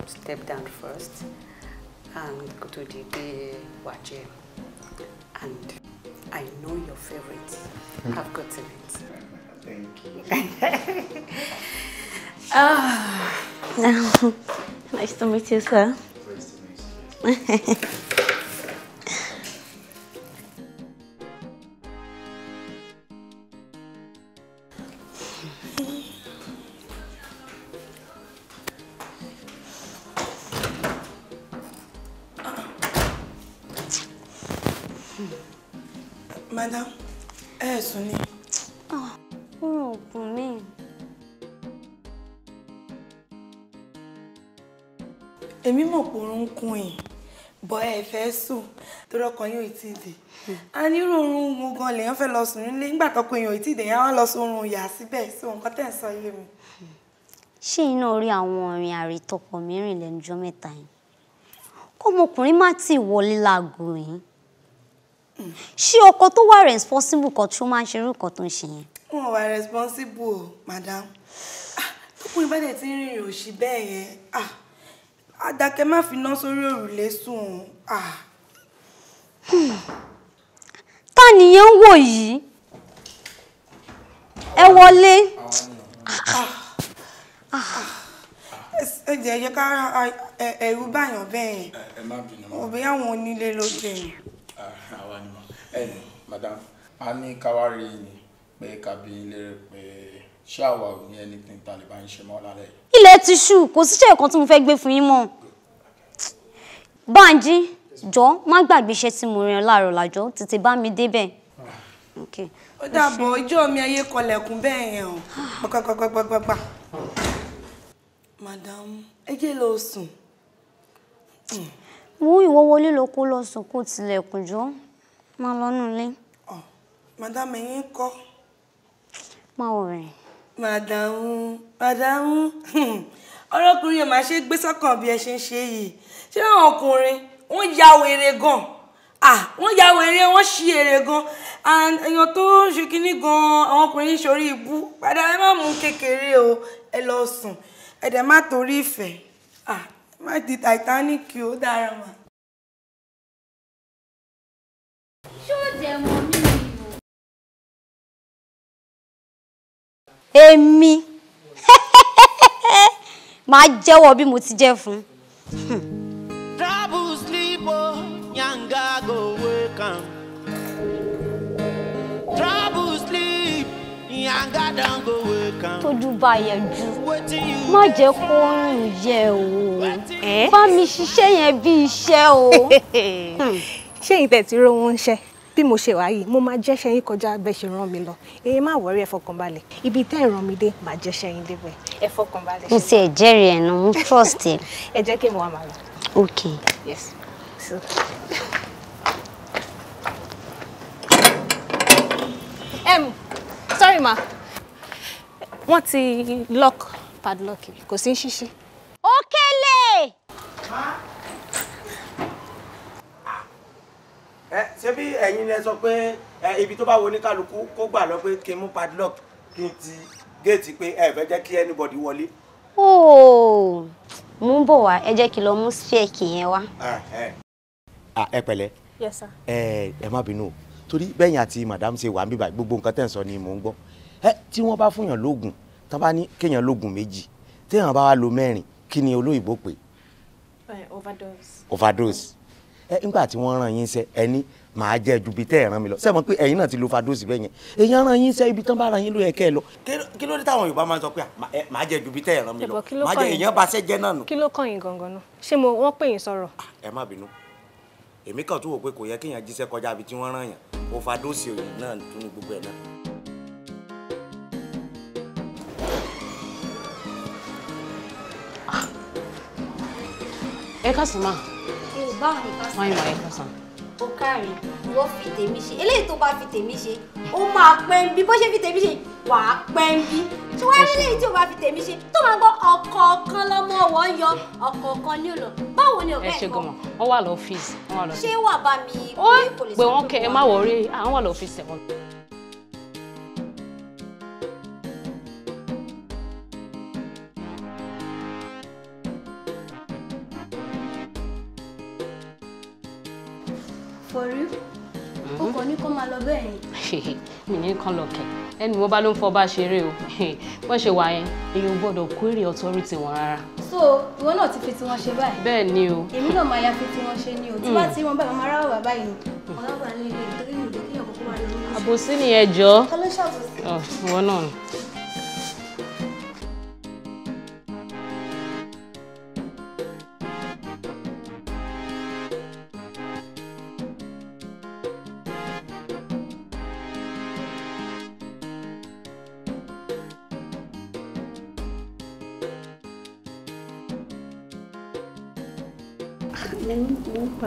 step down first. and Kotodide Waje. And I know your favorite. Mm. I've gotten it. Thank you. oh. *laughs* Ah. Now, *laughs* nice to meet you, sir. Nice to meet you. *laughs* madam ẹ ẹ sùn ni. ó ah, rò ògùn mi. èmi mọ̀ pé oorun ń kun yìí bọ́ ẹ fẹ́ sùn torí ti dè a nírò mo gan lèèyàn fẹ́ lọ sùn nílé nígbà tọkọ èèyàn ò tí ì dè yẹn á lọ sùn oorun yà síbẹ̀ sí nǹkan tẹ̀ ń sọ yé mi. ṣé iná orí àwọn orin àrètọkọ mìíràn lẹ́nu jọ́ mẹ́ta yìí kọ́mọkùnrin má ti wọlé láago yìí ṣé ọkọ tó wà responsible kan tí ó máa ń ṣerú nǹkan tó ń ṣe yẹn. wọn ò wá responsible o madam ah, tókùn ìbàdàn tí ń rìnrìn òṣì bẹ́ẹ̀ yẹn ah, àdàkẹ́ má fi ná sórí òrùlé sùn o. Ah. nìyẹn ń wò yìí ẹ wọlé. ẹ jẹ́ ká ẹ̀rú báyọ̀ bẹ́ẹ̀ yẹn òbí àwọn onílé ló jẹ́ yẹn. Ah, àwa ni mà ẹn madam a ní káwárí ni pé kàbí lérè pé ṣé àwa ò ní anything tá a lè bá ń ṣe mọ́ lálẹ́ yìí. ilẹ̀ ti ṣú kò síṣẹ́ kan tí mo fẹ́ gbé fún yín mọ́ Bánjí jọ má gbàgbé iṣẹ́ tí mo rìn láàárọ̀ làjọ tètè bá mi débẹ̀. ó dàbọ̀ ijó mi ayé kọlẹ̀kùn bẹ́ẹ̀ yẹn o gbàgbàgbàgbàgbà. madam ẹ jẹ́ lọ sùn. Hmm. Wú ìwọ wọlé lọ kó lọ sùn kó tilẹ̀kùn jọ. Máa lọ nù lé. Madam ẹ̀yin kọ́. Máa wọ̀ rẹ̀. Màdàmú, màdàmú, *laughs* ọlọ́kùnrin yẹn máa ṣe gbé sọ́kàn bí ẹ ṣe ń ṣe yìí. Ṣé àwọn ọkùnrin wọ́n ya wèrè gan? Ah, wọ́n ya wèrè, wọ́n ṣí èrè gan. Èèyàn tó ń ṣe kínní gan, àwọn ọkùnrin ṣorí ibú. Padà ẹ má mú kékeré o, ẹ lọ sùn. Ẹ̀dẹ̀ má torí ìfẹ́. Ah, má di Titanic ó dára mà. ṣó jẹ mọ mí ni o. *laughs* mo ti jẹ́ fún trouble sleep o yanga go wake am. trouble sleep yanga don go wake tójú bá yẹ jù má jẹ́ kó rùn yẹ o bá mi ṣiṣẹ́ yẹn bí iṣẹ́ o. *laughs* ṣé ìtẹ̀ tí rówó ń ṣe bí mo ṣe wáyé mo máa jẹ́ṣẹ́ yín kọjá bẹ́ẹ̀ ṣe rán mi lọ èyí má wọrí ẹ fọkàn balẹ̀ ibi tẹ́ ẹ̀ rán mi dé máa jẹ́ṣẹ́ yín débẹ̀ ẹ fọkàn balẹ̀. mo ti ẹ̀ jẹ́rìí ẹ̀ nù mo trust ẹ. *laughs* ẹ jẹ́ kí mo wá máa lọ. ok. yes. So. em sorry ma wọ́n ti lock padlock kò sí ṣíṣí. Okele. ẹ ṣé bí ẹ̀yin lẹ sọ pé ibi tó bá wo ní kálukú kó gbà lọ pé kí n mú padlock kí n ti géètì pé ẹ fẹ́ jẹ́ kí anybody wọlé. ooo mú bọ̀ wá ẹ jẹ́ kí n lọ mú spec yẹn wá. ẹ pẹ̀lẹ́ ẹ ẹ má bínú torí bẹ́yìn àti madam ṣe wà ń bíbá gbogbo nǹkan tẹ̀ ń sọ ni mò ń gbọ́ ẹ tí wọ́n bá fúnyàn lóògùn tán bá ní kéèyàn lóògùn méjì téèyàn bá wá lo mẹ́rin kí ni olóyìnbó pè. overdose. overdose ẹ nígbà tí wọ́n rán yín sẹ́ ẹ ní màá jẹ́ ju ibi tẹ́ ẹ̀ rán mi lọ sẹ́wọ̀n pé ẹ̀yin náà ti lo overdose bẹ́ẹ̀ yẹn èèyàn rán yín sẹ́ ibi tán bá rán yín ló yẹ kẹ́ ẹ lọ. kí ló dé táwọn Yorùbá máa ń sọ pé màá jẹ́ ju ibi tẹ́ ẹ̀ rán mi lọ màá jẹ́ èèyàn bá sẹ́ jẹ́ náà nù. kí ló kàn yín gangan náà ṣé mo wọ́n pè yín sọ̀rọ̀. ẹ má bínú èmi kàn tún wò pé kò yẹ kéèyàn jíṣẹ́ kọjá ibi tí wọ́n rán yàn overdose náà tún ní gbogbo ẹ̀ náà. ẹ káàsán máa. yorùbá ò ní káàsán. wọ́n yìí máa ẹ káàsán. ó káàrin wọ́n fi tèmi ṣe eléyìí tó bá fi tèmi ṣe ó máa pẹ́ ń bí bó ṣe fi tèmi ṣe wàá pẹ́ ń bí tí wọ́n rí léyìí tí ò bá fi tèmi ṣe tó máa gbọ́ ọ̀kọ̀ọ̀kan lọ́mọ ọ̀wọ́ ń yọ ọ̀kọ̀ọ̀kan ní òlò báwo ni ọ̀gá ẹ̀kọ́. ẹ ṣe gọmọ wọn wà lọ́fíìsì wọn wà lọ́fíìsì. ṣé wà bá mi. ó pè wọn kẹ ẹ má wọrí àwọn wà lọ́fíìsì wọn. lọ bẹ́ẹ̀ yẹn. *laughs* mi ní kán lọkẹ ẹni wọn bá ló ń fọ bá ṣeré o wọn *laughs* ṣe wà yẹn èèyàn gbọ́dọ̀ kúrè authority wọn rárá. so ìwọ náà ti fi tiwọn ṣe báyìí. bẹ́ẹ̀ ni o. èmi náà máa ya fi tiwọn ṣe ni o tí wàá hmm. tí wọn bá máa ráwà bàbá yìí ọ̀gá wà nílé ìtọ́jú ìdókè àbòsí ni ẹjọ́. ọlọ́ṣà àbòsí. ọ̀ ìwọ náà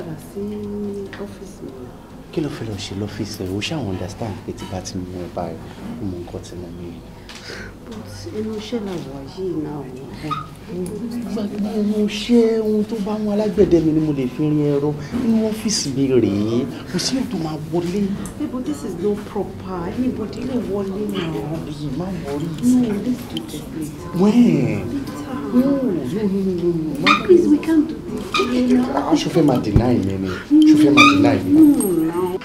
padà sí ọ́fíìsì mi. kí ló fẹ́ lọ ṣe lọ́fíìsì ẹ̀ o ṣáà understand pé tí bá ti mú ẹ bá ẹ ó nǹkan tí mo mú ẹ. but inú iṣẹ́ là wà yìí náà wọ́n fún. gbàgbé mo ṣe ohun tó bá wọn alágbẹ̀dẹ mi ni mo lè fi rin ẹ̀rọ inú ọ́fíìsì mi rèé kò sí ètò máa wọlé. babe this is no proper anybody lè wọlé náà. ọ̀rẹ́ yìí má wọrí. no this is the place. Please, we can't do this. Ah, Ṣo fẹ́ máa my denial, ni? Ṣo fẹ́ máa my denial. Hmm, no, no.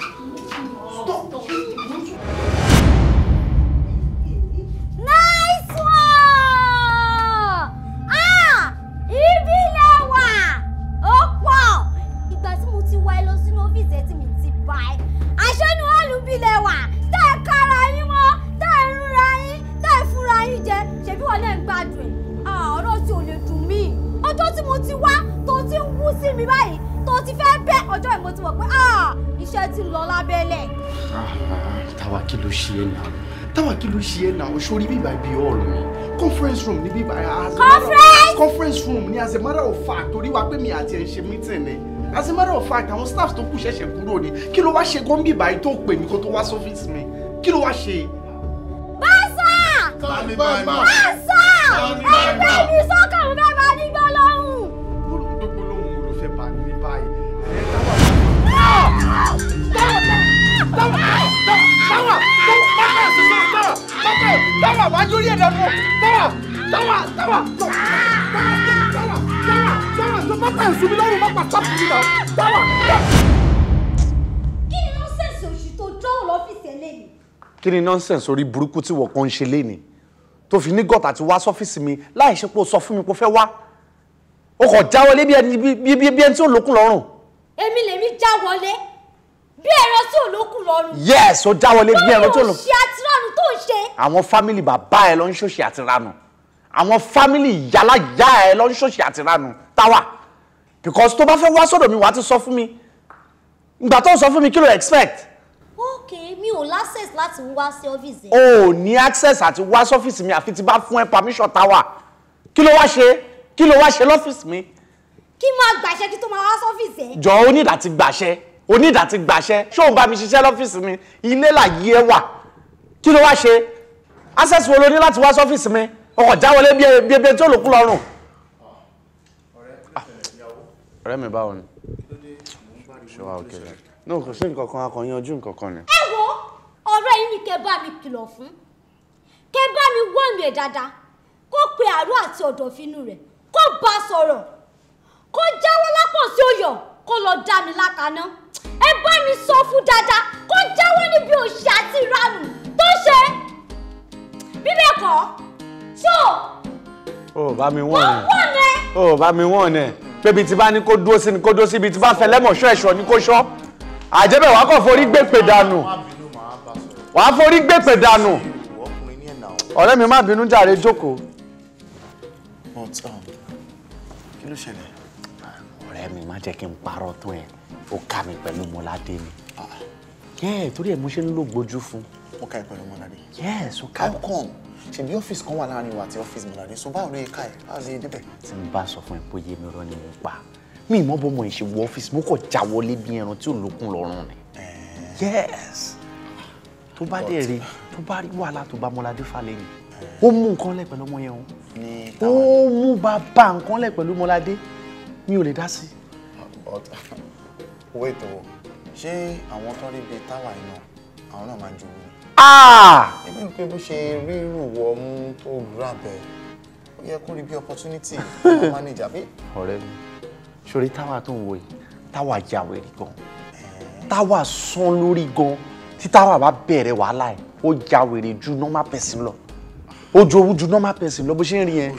ti wá tó ti ń wú sí mi báyìí tó ti fẹ́ bẹ́ ọjọ́ ìmọ̀ ti mọ̀ pé ah, iṣẹ́ ti lọ lábẹ́lẹ̀. Ah, táwa kí ló ṣe é náà táwa kí ló ṣe é náà o ṣorí bíbá ibi ọ̀rọ̀ mi conference room ní bíbá conference conference room ni as a matter of fact torí wa pé mi àti ẹ̀ ń ṣe meeting ni as a matter of fact àwọn staff tó kù ṣẹ̀ṣẹ̀ kúrò ni kí ló wá ṣe gọ́ńbì báyìí tó pè mí kó tó wá sọ́fíìsì mi kí ló wá ṣe. báṣà báṣà ẹgbẹ́ mi sọ́kàn bẹ́ẹ̀ bá ní táwa táwa sísọ táwa táwa táwa wájú orí ẹ̀dá nù táwa táwa táwa táwa táwa táwa tó bá tẹ̀ sí mi lọ́rùn má pa tábù mi náà táwa. kí ni nọ́ńsẹ̀nsì oṣù tó dánwò lọ́fíìsì ẹ̀ lẹ́yìn. kí ni nọ́ńsẹ̀nsì orí burúkú tí wọ́n kàn ń ṣe lẹ́yìn tó fi ní gọ́tà ti wá sọ́fíìsì mi láì ṣe pé o sọ fún mi pé o fẹ́ wá o kò jáwọlé bí ẹni tí ó lókun lọ́rùn. èmi lèmi jáwọlé bí ẹran tí ò lọ́rùn. yes o dáwọlé bí ẹran tí ò lókùn. báwo ṣe àtiránù tó ń ṣe. àwọn fámìlì bàbá ẹ ló ń ṣòṣì àtiránù àwọn fámìlì ìyálàyà ẹ ló ń ṣòṣì àtiránù táwa because tó bá fẹ́ wá sọ́dọ̀ mi wàá ti sọ fún mi ìgbà tó ń sọ fún mi kí ló expect. ok mi ò access láti wá sí ọ́fíìsì. o ò ní access àti wá sọ́fíìsì mi àfi tí bá fún ẹ permission táwa kí ló wá ṣe kí ló wá ṣe lọ́fíìsì mi. kí máa gbàṣẹ kí tó máa wá sọ́fíìsì ẹ. jọ ó ní gbàṣẹ onídà ti gbàṣẹ ṣóun bá mi ṣiṣẹ́ lọ́fíìsì mi ilé làyí ẹ wà kí ló wá ṣe access wo ló ní láti wá sọ́fíìsì mi ọkọ̀ jáwọlé bí ebi tí olùkú lọ́rùn. ọ̀rẹ́ mi báwo ni ṣé wàá òkè rẹ̀ náà kò sí nǹkan kan akọ̀yanjú nǹkan kan ni. ẹ wo ọ̀rọ̀ yìí ni kẹ́ bá mi kìlọ̀ fún kẹ́ bá mi wọ́ọ̀nù ẹ̀ dáadáa kó pe àárọ̀ àti ọ̀dọ̀fínú rẹ̀ kó bá sọ̀rọ̀ kó jáwọ́ lápọ̀ sí òyọ̀ kó lọ dá mi lákaná ẹ bá mi sọ fún dáadáa kó jáwọ́ níbi òṣì àti ìranù tó ṣe bíbẹ̀ kọ́ tó. o ò bá mi wọ̀n ẹ o ò bá mi wọ̀n ẹ pébi tí bá ní kó dúró sí ni kó dúró sí ibi tí bá fẹ́ lẹ́mọ̀ọ́ṣọ́ ẹ̀ṣọ́ ni kó ṣọ́ àjẹbẹ̀ wàá kàn forí gbèpè dànù wàá forí gbèpè dànù ọ̀rẹ́ mi má bínú jàre jókòó. kí ló ṣẹlẹ̀? Kẹ́mi má jẹ́ kí n parọ́ tó ẹ̀ ó ká mi pẹ̀lú Mọ́ládé ni. yẹ́ẹ̀ torí ẹ̀ mo ṣe ń lò gbójú fún. ó ká ẹ pẹ̀lú Mọ́ládé. yẹ́ẹ̀sì ó ká ẹ. how come ṣebí ọ́fíìsì kan wà láàrin wa àti ọ́fíìsì Mọ́ládé so báwo ló yẹ ká ẹ láti yé débẹ̀. tí n bá sọ fún ẹ pé yémi rọ ni mo pa mi ìmọ̀ bọ́ mo ì ṣe wọ ọ́fíìsì mo kọ̀ já wọlé bí ẹran tí ò lókun lọ́rùn ni. Eh. Yes, tó bá dẹ̀ rí tó bá rí wàhálà tó bá Mọ́ládé falẹ̀ yìí eh. ó mú nǹkan lẹ̀ pẹ̀lú ọmọ yẹn o ó mú bàbá nǹkan lẹ̀ pẹ̀lú Mọ́ládé mi ò lè dá sí. but wait o ṣé àwọn tó rí bíi táwa iná àwọn náà máa ju omi. ebi ń ah! pe bó ṣe rírù wọ mú tó grab ẹ ó yẹ kó rí bí opportunity ó máa ní ìjàmbá. ọ̀rẹ́ mi sori táwa tó ń wo yìí táwa jàwèrè gan táwa sán lórí gan tí táwa bá bẹ̀rẹ̀ wàhálà ẹ̀ ó jàwèrè ju normal person lọ ó ju owó ju normal person lọ bó ṣe ń rí yẹn.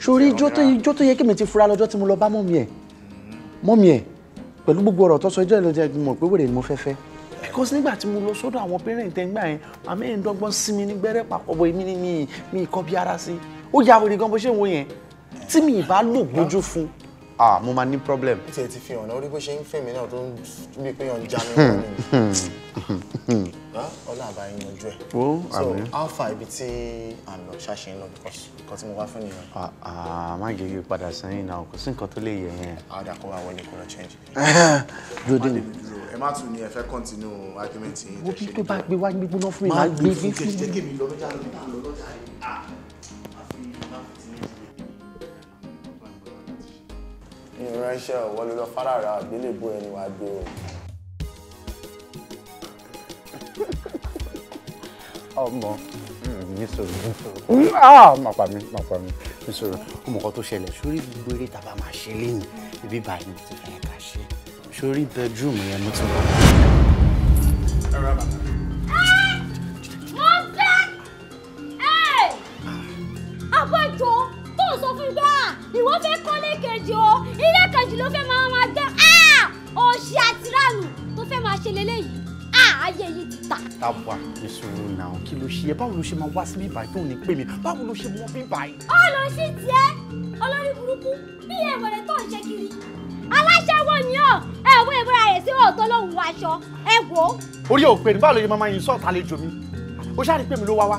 sori ijó tó yẹ kí mi ti fura lọ́jọ́ tí mo lọ bá mọ́mí ẹ̀ mm-hmm. mọ́mí ẹ̀ pẹ̀lú gbogbo ọ̀rọ̀ tó sọ ẹjọ́ ìlọjọ ẹgbẹ́ mọ̀ pé wèrè ni mo fẹ́ fẹ́ because nígbà tí mo lọ sọ́dọ̀ àwọn parent ẹ̀ ńgbà yẹn àmì ẹ̀ ń dọ́gbọ́n sí mi ní gbẹ́rẹ́ papọ̀ bọ̀ èmi ni mi mi kọ́ bí ara sí ó ya wèrè gan bó ṣe ń wo yẹn tí mi ì bá lò gbójú fún ah mo máa ní problem. ó tiẹ̀ ti fi hàn náà orí bó ṣe ń fẹ́ mi náà tó ń bí pé ọ̀n já mi wọ́n hmm, ni hmm, hmm. ọlá àbá yín yanjú so how far ibi tí à ń lọ ṣáṣe ń because nǹkan tí mo wá Ah, nìyẹn. àà má gègé padà sẹ́yìn náà kò sí nǹkan tó lè yẹ yẹn. àdà kó wa wọlé kó lọ change. *laughs* dúró dé mi. ẹ má tún ní ẹ continue argument yìí. wo bí tó bá gbé wá gbígbóná fún mi má gbé gbé fún mi. má gbé fún mi jẹ́ kí èmi lọ lọ́jà lọ́jà lọ́jà yìí. Ah. ìránṣẹ́ ọ̀wọ́ ló lọ fárara àgbélébùú ẹni wàá gbé o. ọmọ mi sọ̀rọ̀ mi sọ̀rọ̀ má mi má mi mi sọ̀rọ̀ ọmọ kan tó ṣẹlẹ̀ sórí gbogbo eré tàbá máa ṣe lẹ́yìn ibi báyìí ti fẹ́ ká ṣe sórí bedroom yẹn mo ti wà. ẹ rà bàbá. Ah, mo fẹ́ mo sọ fún gbà ah, ìwọ fẹ́ kọ́lé kejì o ilé kejì ló fẹ́ máa máa gbé ah, òṣì àti ránù tó fẹ́ máa ṣe leléyìí ah, ayé yìí ti ta. tábà ní sùúrù náà kí ló ṣe é báwo ló ṣe máa wá sí bíbá tó ní pè mí báwo ló ṣe mọ bíbá yìí. ó lọ sí tiẹ̀ olórí burúkú bí èwèrè tó ń ṣe kiri aláṣẹwọ ni ọ ẹwọ ìbúra rẹ sí òótọ́ lòun wọ aṣọ ẹ wò. orí òpè ní báwo ló ṣe máa máa yin sọ́ọ̀tà àlejò mi ó ṣáà rí pé mi ló wá wá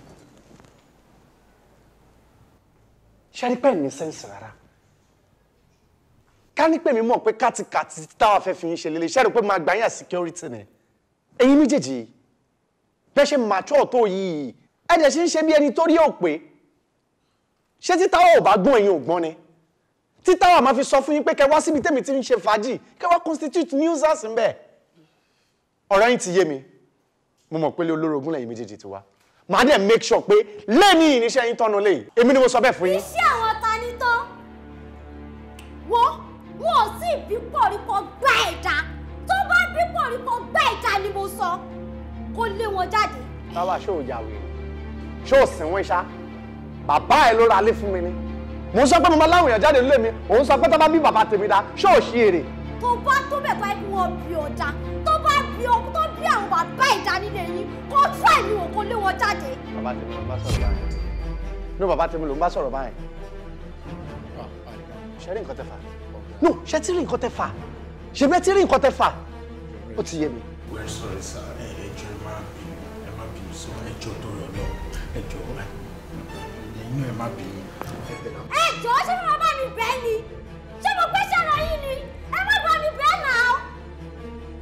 ṣẹ́rí pẹ́ ní sẹ́ǹsì rárá ká ní pèmí mọ̀ pé kátikàti táwa fẹ́ fi yín ṣe lélẹ̀ ṣẹ́rí pé máa gbà yín security ni ẹ̀yin méjèèjì bẹ́ẹ̀ ṣe mature tó yìí ẹ̀ dẹ̀ ṣe ń ṣe bí ẹni tó rí òpè ṣé títáwà ò bá gún ẹ̀yin ògbọ́n ni títáwà máa fi sọ fún yín pé kẹ́ wá síbi tèmi ti ń ṣe fàájì kẹ́ wá constitute nuisance ń bẹ̀ ọ̀rọ̀ yín ti yé mi mo mọ̀ pé lé olórogún lẹ́yìn méjèèjì ti wá màá dẹ̀ make sure pé lẹ́ni ìníṣẹ́ yín tọ́nu lẹ́yìn èmi ni mo sọ bẹ́ẹ̀ fún yín. iṣẹ́ àwọn ta ni tán wo wọn ò sí ìbí pọ̀rípọ̀ gbá ẹ̀dá tó bá bí pọ̀rípọ̀ gbá ẹ̀dá ni mo sọ kó lé wọn jáde. bàbá ṣé ò yàwé ṣé ò sìnwín ṣá bàbá ẹ ló ra alé fún mi ni mo sọ pé mo máa láwùjọ jáde nílé mi òun sọ pé tó bá bí bàbá tèmi dá ṣé ò ṣí èrè tó bá tó bẹ̀ tó ẹkún wọn bí ọ̀dà tó bá bí ọ tó bí àwọn bàbá ìdá nílé yìí kó tú ẹ̀ ní òkò lé wọn jáde. bàbá tèmi ló ń bá sọ̀rọ̀ báyìí ní bàbá tèmi ló ń bá sọ̀rọ̀ báyìí ṣe rí nǹkan tẹ fà no ṣe tí rí nǹkan tẹ fà ṣe bẹ́ẹ̀ tí rí nǹkan tẹ fà ó ti yé mi. we're sorry sir ẹ ẹ jọ ẹ má bínú ẹ má bínú sọ ẹ jọ tó yọ lọ ẹ jọ ẹ inú ẹ má jọ ṣé mo máa bá mi bẹ́ẹ̀ ni ṣé mo gbéṣẹ́ lọ yín ni bá mi bẹ́ẹ̀ náà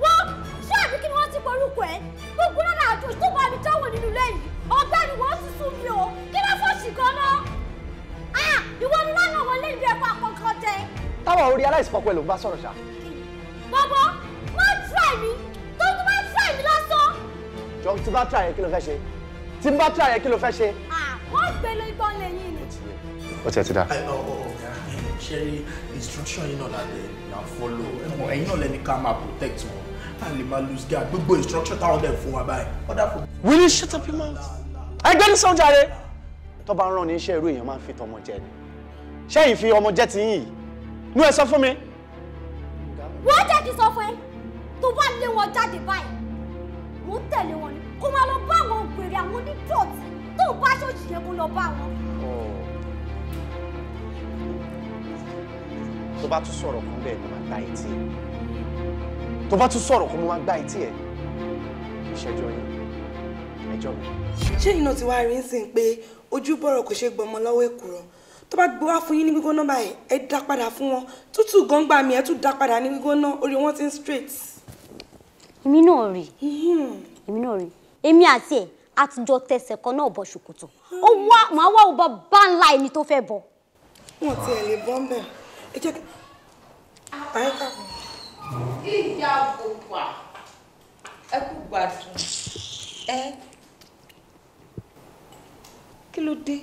wọ́n ṣé àbí kí ni wọ́n ti porúkọ ẹ̀ gbogbo náà àjò tó bá mi dáwọ̀ nínú ilé yìí ọgbẹ́ ni wọ́n ti sún mi o kí ló fọ́ọ̀ṣì gan náà à ìwọ ni lánàá wọlé ìlú ẹ̀kọ́ àkọ́kọ́ jẹ. táwọn orí aláìsàn pẹ̀lú bá sọ̀rọ̀ ṣá. bọ́bọ́ má tíráì mi tó tún má tíráì mi lásán. jọ tí bá tíráì yẹn kí ló fẹ́ ṣe tí bá tíráì yẹn kí ló fẹ́ ṣe. à wọ́n gbé lé gbọ́n lẹ́yìn ni. ó ti ẹ ti dá. ẹ ọ ọ ṣe instruction yìí náà lálẹ́ náà follow ẹ̀yin náà lẹ́ni ká máa protect wọn a lè máa lose guard gbogbo instruction táwọn dẹ̀ fún wa báyìí ọ̀dà fún. will you shut up your mouth. ẹgbẹ́ ní sọ́njàre tó bá ń rán ní iṣẹ́ irú èèyàn máa ń fi tọmọ jẹ ni ṣẹ́yìn fi ọmọ jẹ ti yín yìí nú ẹ sọ fún mi. wọ́n jẹ́ kí sọ fún ẹ tó bá lé wọn jáde báyìí mò ń tẹ̀lé wọn ni kó máa lọ bá àwọn ògbèrè àwọn onídọ̀tí tó bá ṣòṣì kó lọ bá wọn. tó bá tún sọ̀rọ̀ kan bẹ́ẹ̀ ni màá gbá etí ẹ̀ tó bá tún sọ̀rọ̀ kan mo máa gbá etí ẹ̀ ìṣẹ́jọ́ yín ẹjọ́ mi. ṣé iná ti wá rí ń sìn pé ojú bọ̀rọ̀ kò ṣe gbọmọ lọ́wọ́ èkùrọ́ tó bá gbé wá fún yín ní gbígbóná báyìí ẹ dá padà fún wọn tútù gọ́ngbà mi ẹ tún dá padà ní gbígbóná orí wọn ti ń straight. èmi náà rí èmi náà rí èmi àti ẹ àtijọ́ tẹsẹ̀ kan náà bọ̀ ṣòkòtò ó wá màá wá ọba bá ńlá ẹni tó fẹ́ bọ̀. wọn ti ẹ̀ lè bọ́ ń bẹ̀ ẹ jẹ́ kí ayé ká. ìyá bùbà ẹ kú gbádùn ẹ kí ló dé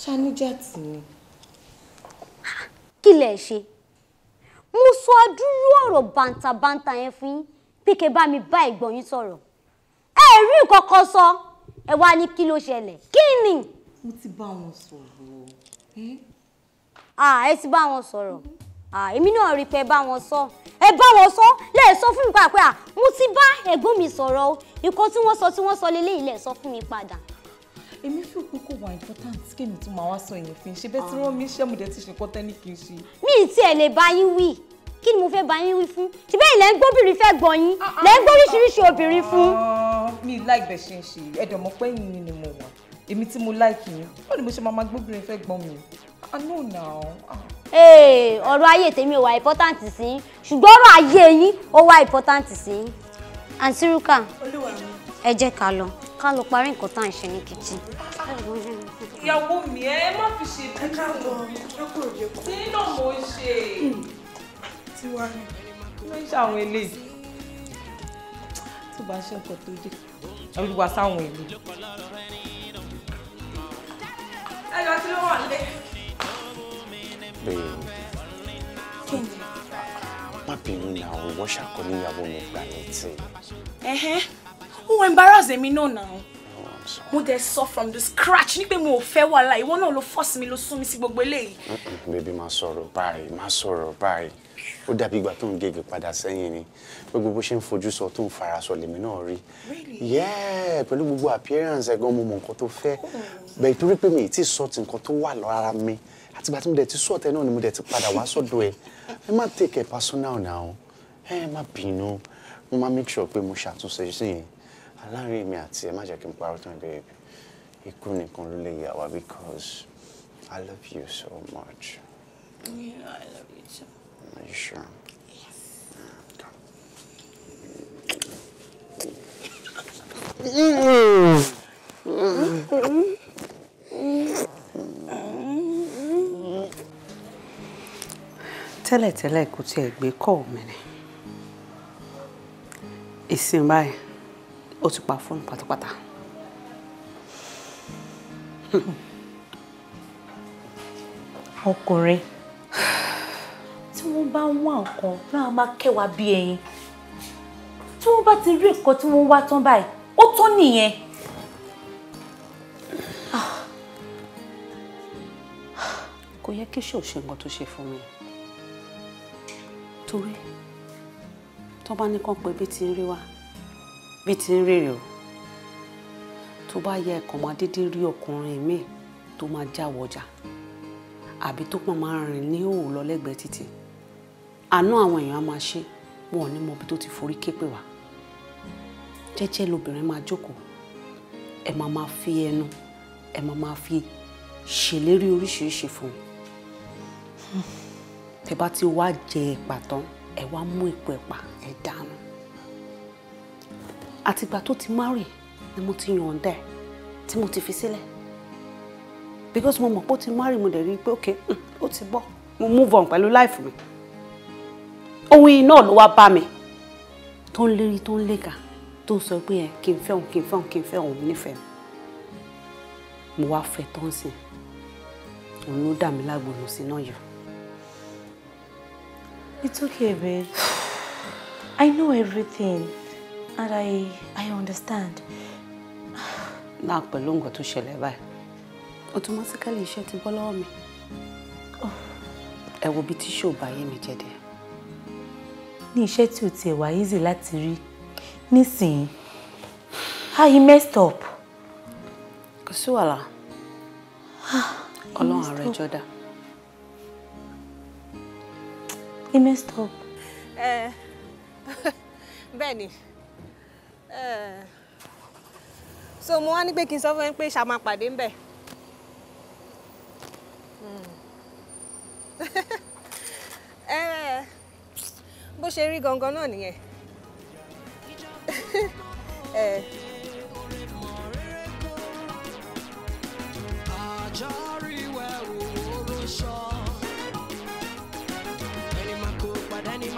ṣáníjàtì ni. kí lẹ ṣe mo sọ adúrú ọ̀rọ̀ bàǹtàbàǹtà yẹn fún yín pé kẹ́ bá mi bá ẹ̀gbọ́n yín sọ̀rọ̀ ẹ rí nǹkan kan sọ ẹ wá ní kí ló ṣẹlẹ̀ kí ni. mo ti bá wọn sọ̀rọ̀ ẹ ti bá wọn sọ̀rọ̀ èmi náà rí i pé ẹ bá wọn sọ ẹ bá wọn sọ lè sọ fún mi pàápàá mo ti bá ẹ̀gbọ́n mi sọ̀rọ̀ o nǹkan tí wọ́n sọ tí wọ́n sọ lélẹ́yìn lè sọ fún mi padà èmi fi òpin kò wà important kí èmi tún máa wá sọ èèyàn fún ṣe bẹ́ẹ̀ tí wọ́n mi ṣẹ́ mo dẹ̀ ti ṣe pọ́tẹ́ ní kì í ṣe. mi ì tiẹ̀ lè bá yín wí kí ni mo fẹ́ bá yín wí fún tí bẹ́ẹ̀ lẹ́ ń gbóbìnrin fẹ́ gbọ́n yín ah, ah. lẹ́ ń gbóríṣiríṣi obìnrin fún. Ah, mi láì bẹ̀ ṣe ń ṣe ẹ̀dọ̀ yín ni mo wà èmi tí mo láìkì yín ó ní mo ṣe máa máa gbóbìnrin fẹ́ gbọ́n mi. I know now. Ee ọ̀rọ̀ ayé tèmi ò wá important sí yín ṣùgbọ́n ọ̀rọ̀ ayé yín ó wá important sí yín. Àǹtí Rúkà ẹ jẹ́ ká lọ ká lọ parí nǹkan tá à ń ṣe ní kìtì. Ìyàwó mi ẹ má fi ṣe bí ká lọ sí náà mo ṣe. Tiwa ni. Mo ń ṣàwọn eléyìí tó bá ṣe nǹkan tó dé àbí wà sáwọn èlò. ẹ lọ sí ló wà nílé bẹ́ẹ̀ ni má bínú ni àwọn ọmọ ṣàkọ níyàwó mi gbà ní tí. ó wọ embarrass èmi náà náà oh, mo dẹ̀ sọ from the scratch ní pé mo ò fẹ́ wàhálà ìwọ náà ló force mi ló sún mi sí gbogbo eléyìí. bébí máa sọ̀rọ̀ báyìí máa sọ̀rọ̀ báyìí ó dàbí ìgbà tó ń gègé padà sẹ́yìn ni gbogbo bó ṣe ń fojú sọ tó ń fara sọ lèmi náà rí yẹ́ẹ̀ pẹ̀lú gbogbo appearance ẹ̀gan mo mọ nǹkan tó fẹ́ oh. bẹ́ẹ̀ torí pé mi ì tí sọ ti nǹkan tó wà lára mi àtìgbà tí mo dẹ̀ ti sọ ọ̀tẹ̀ náà ni mo dẹ̀ ti padà wá sọ́dọ̀ ẹ̀ ẹ má take it personal now ẹ má bínú mo má make sure pé mo ṣàtúnṣe sí yẹn aláàárín mi àti ẹ má jẹ́ kí n parọ́ tán bẹ́ẹ̀ ikú nìkan ló lè yà wá because I love you so much. You I love you too. Are you sure? Yes. Mm. mm. mm. mm. tẹ́lẹ̀tẹ́lẹ̀ kò tiẹ̀ gbé kọ́ mi ni ìsìn báyìí ó ti pa fóònù pátápátá. ọkùnrin tí wọ́n bá ń wá nǹkan náà máa kẹwàá bí ẹyin tí wọ́n bá ti rí nǹkan tí wọ́n wá tán báyìí ó tó nìyẹn. Ah. kò yẹ kí ṣòṣe nǹkan tó ṣe fún mi torí tó bá ní kàn pé bí ti ń rí wa bí ti ń rèrè o tó bá yẹ ẹ̀kọ́ máa dédé rí ọkùnrin míì tó máa jáwọ́ ọjà àbí tó pọ̀ máa rìn ní òòlù lọ́lẹ́gbẹ̀ẹ́ títì àánú àwọn èèyàn á máa ṣe wọn ò ní mọ ibi tó ti forí képè wá jẹ́jẹ́ lobìnrin máa jókòó ẹ máa máa fi ẹnu ẹ máa máa fi ṣèlérí oríṣiríṣi fún un tẹ bá ti wá jẹ ẹ̀pà tán ẹ wá mú ìpò ẹ̀pà ẹ dànù àtìgbà tó ti márì ni mo ti yànda ẹ tí mo ti fi sílẹ̀ because mo mọ̀ pé ó ti márì mo dẹ̀ rí i pé ok mm, ó ti bọ́ mo move on pẹ̀lú life mi ohun iná ló wá bá mi tó ń lérí tó ń léka tó sọ pé ẹ kí n fẹ́ òun kí n fẹ́ òun kí n fẹ́ òun nífẹ̀ẹ́ mi mo wá fẹ́ tó ń sìn òun ló dà mí lágbo lòsì náà yìí. It's okay, babe. I know everything and I, I understand. Náà pẹ̀lú nǹkan tó ṣẹlẹ̀ báyìí, automatically iṣẹ́ ti bọ́ lọ́wọ́ mi. Oh. Ẹ wo bí tíṣù ò bá yé mi jẹ́ dé. Ní iṣẹ́ tí ò tiẹ̀ wá easy how he messed up. Kò sí wàhálà, ah, Ọlọ́run He messed up. Uh, Benny. Uh, so mo wá ní pé kí n sọ fún yín pé ṣá máa pàdé ń bẹ̀. Hmm. Ajari *laughs* eh, *laughs*